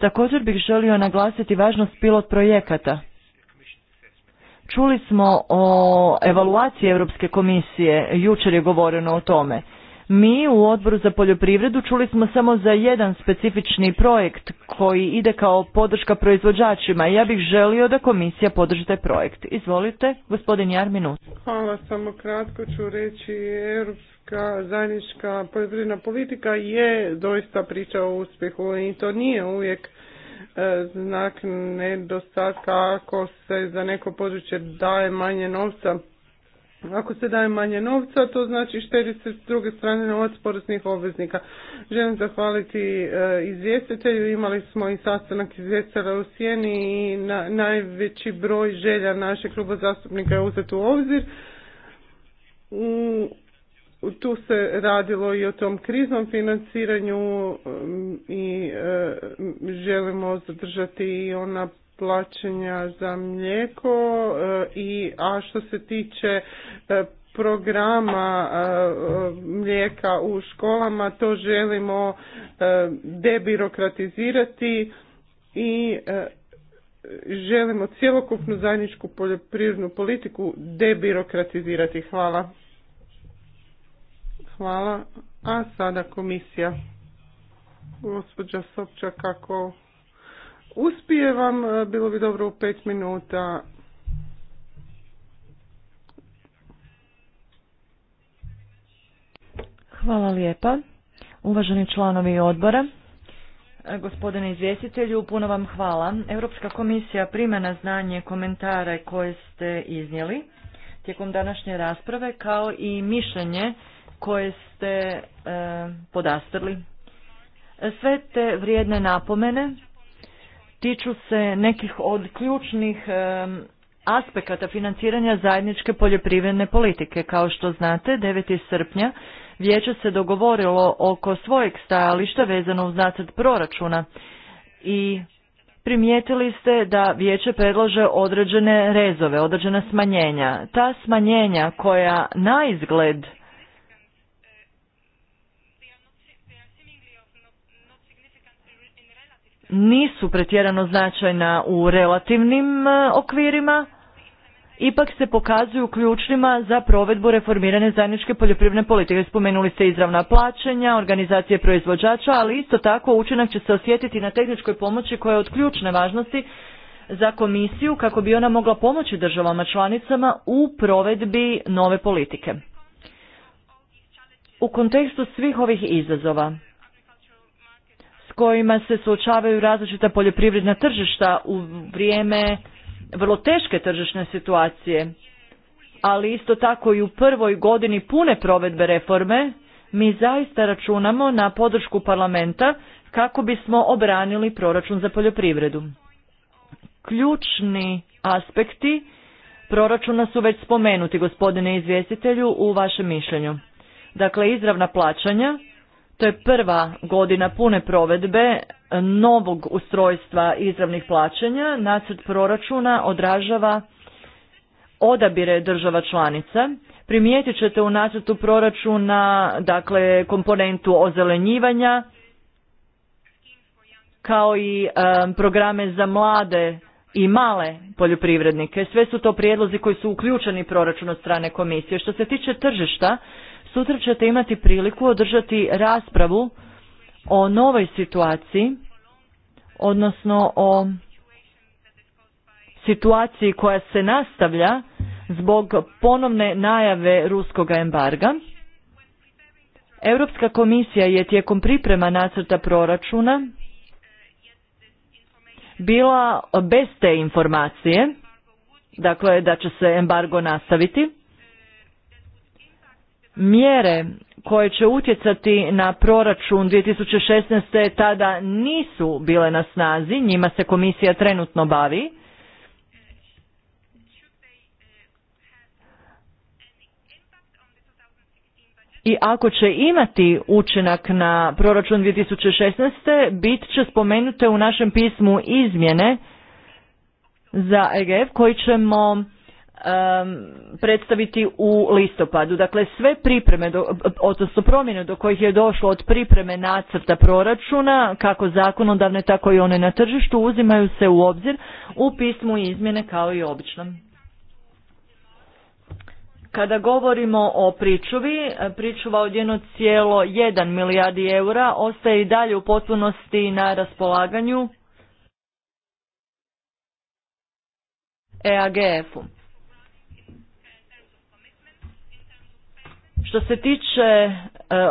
Također bih želio naglasiti važnost pilot projekata. Čuli smo o evaluaciji Europske komisije, jučer je govoreno o tome. Mi u odboru za poljoprivredu čuli smo samo za jedan specifični projekt koji ide kao podrška proizvođačima. Ja bih želio da komisija podrži taj projekt. Izvolite, gospodin Jarminu. Hvala, samo kratko ću reći europska zajednička poljoprivredna politika je doista priča o uspjehu i to nije uvijek e, znak nedostatka ako se za neko područje daje manje novca ako se daje manje novca, to znači štedi se s druge strane novac poreznih obveznika. Želim zahvaliti e, izvjestitelju, imali smo i sastanak izvjestitelja u Sjeni i na, najveći broj želja našeg kluba zastupnika je uzet u obzir. U, tu se radilo i o tom kriznom financiranju e, i e, želimo zadržati i ona plaćanja za mlijeko e, i a što se tiče e, programa e, mlijeka u školama to želimo debirokratizirati i želimo cjelokupnu zajedničku poljoprivrednu politiku debirokratizirati. Hvala. Hvala. A sada komisija. Gospođa Sopčak, kako uspije vam, e, bilo bi dobro u pet minuta. Hvala lijepa. Uvaženi članovi odbora, e, Gospodine izvjestitelju, puno vam hvala. Europska komisija prima na znanje komentare koje ste iznijeli tijekom današnje rasprave, kao i mišljenje koje ste e, podastrli. Sve te vrijedne napomene tiču se nekih od ključnih aspekata financiranja zajedničke poljoprivredne politike. Kao što znate, 9. srpnja vijeće se dogovorilo oko svojeg stajališta vezano uz nacrt proračuna i primijetili ste da vijeće predlaže određene rezove, određena smanjenja. Ta smanjenja koja na izgled nisu pretjerano značajna u relativnim e, okvirima, ipak se pokazuju ključnima za provedbu reformirane zajedničke poljoprivredne politike. Spomenuli ste izravna plaćanja, organizacije proizvođača, ali isto tako učinak će se osjetiti na tehničkoj pomoći koja je od ključne važnosti za komisiju kako bi ona mogla pomoći državama članicama u provedbi nove politike. U kontekstu svih ovih izazova, kojima se suočavaju različita poljoprivredna tržišta u vrijeme vrlo teške tržišne situacije. Ali isto tako i u prvoj godini pune provedbe reforme mi zaista računamo na podršku parlamenta kako bismo obranili proračun za poljoprivredu. Ključni aspekti proračuna su već spomenuti, gospodine izvjestitelju, u vašem mišljenju. Dakle, izravna plaćanja, prva godina pune provedbe e, novog ustrojstva izravnih plaćanja. Nacrt proračuna odražava odabire država članica. Primijetit ćete u nacrtu proračuna dakle, komponentu ozelenjivanja kao i e, programe za mlade i male poljoprivrednike. Sve su to prijedlozi koji su uključeni proračun od strane komisije. Što se tiče tržišta, Sutra ćete imati priliku održati raspravu o novoj situaciji, odnosno o situaciji koja se nastavlja zbog ponovne najave ruskog embarga. Europska komisija je tijekom priprema nacrta proračuna bila bez te informacije, dakle da će se embargo nastaviti mjere koje će utjecati na proračun 2016. tada nisu bile na snazi, njima se komisija trenutno bavi. I ako će imati učinak na proračun 2016. bit će spomenute u našem pismu izmjene za EGF koji ćemo Um, predstaviti u listopadu. Dakle, sve pripreme, odnosno promjene do kojih je došlo od pripreme nacrta proračuna, kako zakonodavne, tako i one na tržištu, uzimaju se u obzir u pismu izmjene kao i običnom Kada govorimo o pričuvi, pričuva od 1,1 milijardi eura ostaje i dalje u potpunosti na raspolaganju EAGF-u. Što se tiče e,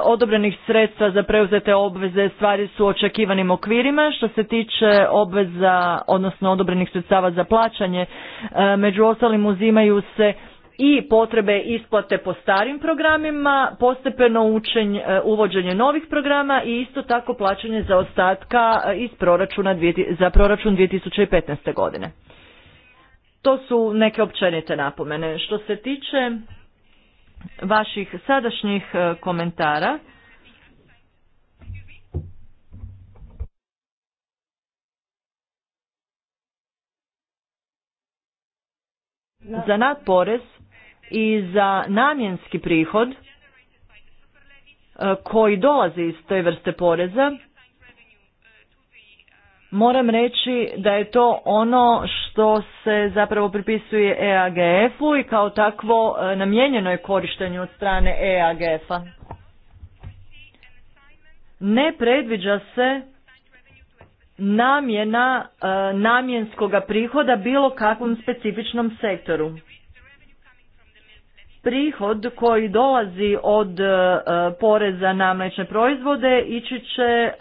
odobrenih sredstva za preuzete obveze stvari su u očekivanim okvirima. Što se tiče obveza, odnosno odobrenih sredstava za plaćanje, e, među ostalim uzimaju se i potrebe isplate po starim programima, postepeno učenje, e, uvođenje novih programa i isto tako plaćanje za ostatka iz proračuna, za proračun 2015. godine. To su neke općenite napomene. Što se tiče vaših sadašnjih e, komentara. Za porez i za namjenski prihod e, koji dolazi iz toj vrste poreza Moram reći da je to ono što se zapravo pripisuje EAGF-u i kao takvo e, namijenjeno je korištenju od strane EAGF-a. Ne predviđa se namjena e, namjenskoga prihoda bilo kakvom specifičnom sektoru prihod koji dolazi od e, poreza na mlečne proizvode ići će e,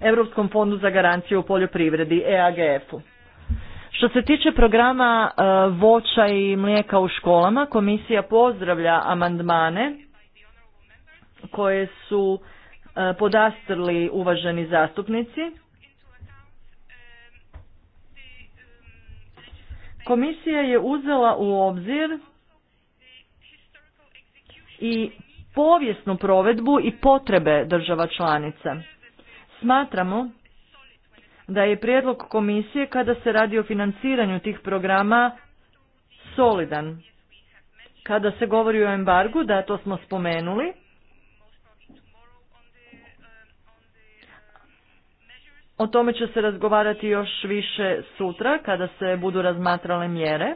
Europskom fondu za garanciju u poljoprivredi, EAGF-u. Što se tiče programa e, voća i mlijeka u školama, komisija pozdravlja amandmane koje su podastrli uvaženi zastupnici. Komisija je uzela u obzir i povijesnu provedbu i potrebe država članica. Smatramo da je prijedlog komisije kada se radi o financiranju tih programa solidan. Kada se govori o embargu, da to smo spomenuli, o tome će se razgovarati još više sutra kada se budu razmatrale mjere.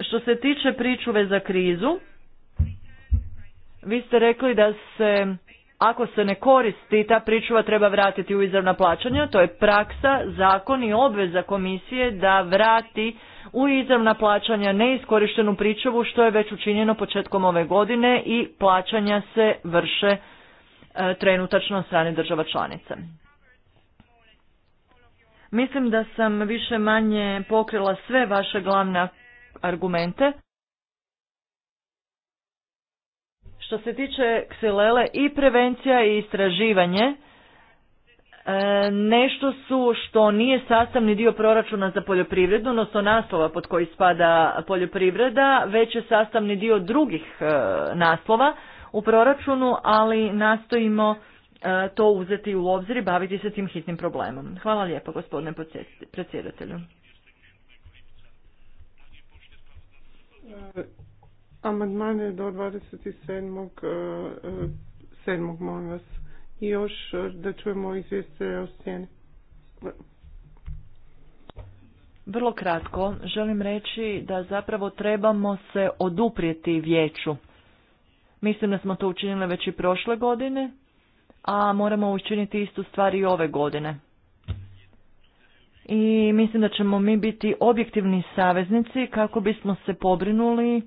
Što se tiče pričuve za krizu, vi ste rekli da se ako se ne koristi, ta pričuva treba vratiti u izravna plaćanja. To je praksa, zakon i obveza komisije da vrati u izravna plaćanja neiskorištenu pričuvu što je već učinjeno početkom ove godine i plaćanja se vrše e, trenutačno od strane država članica. Mislim da sam više manje pokrila sve vaše glavna argumente. Što se tiče ksilele i prevencija i istraživanje, e, nešto su što nije sastavni dio proračuna za poljoprivredu, odnosno naslova pod koji spada poljoprivreda, već je sastavni dio drugih e, naslova u proračunu, ali nastojimo e, to uzeti u obzir i baviti se tim hitnim problemom. Hvala lijepo gospodine predsjedatelju. Amandmane do 27. 7. E, e, molim vas. I još e, da čujemo izvijeste o sjeni. Vrlo kratko, želim reći da zapravo trebamo se oduprijeti vijeću. Mislim da smo to učinili već i prošle godine, a moramo učiniti istu stvar i ove godine i mislim da ćemo mi biti objektivni saveznici kako bismo se pobrinuli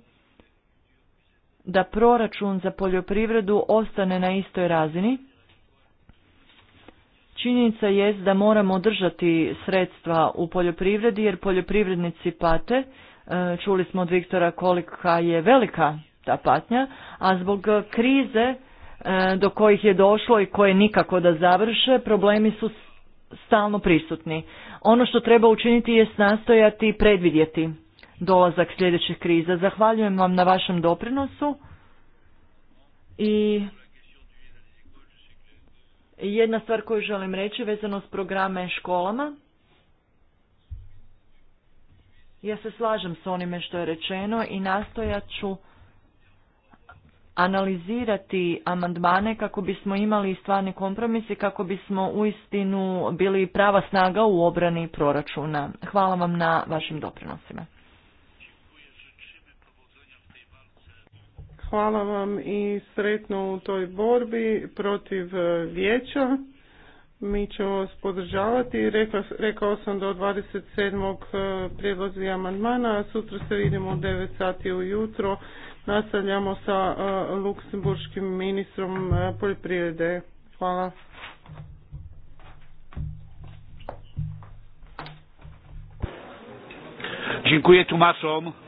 da proračun za poljoprivredu ostane na istoj razini. Činjenica jest da moramo držati sredstva u poljoprivredi jer poljoprivrednici pate. E, čuli smo od Viktora kolika je velika ta patnja, a zbog krize e, do kojih je došlo i koje nikako da završe, problemi su stalno prisutni. Ono što treba učiniti je nastojati i predvidjeti dolazak sljedećih kriza. Zahvaljujem vam na vašem doprinosu i jedna stvar koju želim reći vezano s programe školama. Ja se slažem s onime što je rečeno i nastojat ću analizirati amandmane kako bismo imali stvarni kompromis i kako bismo uistinu bili prava snaga u obrani proračuna. Hvala vam na vašim doprinosima. Hvala vam i sretno u toj borbi protiv e, vijeća. Mi ćemo vas podržavati. rekao sam do 27. E, prijedlozi amandmana, sutra se vidimo u 9 sati ujutro Nastavljamo sa e, luksemburškim ministrom e, poljoprivrede. Hvala. Dziękuję Tomaszom.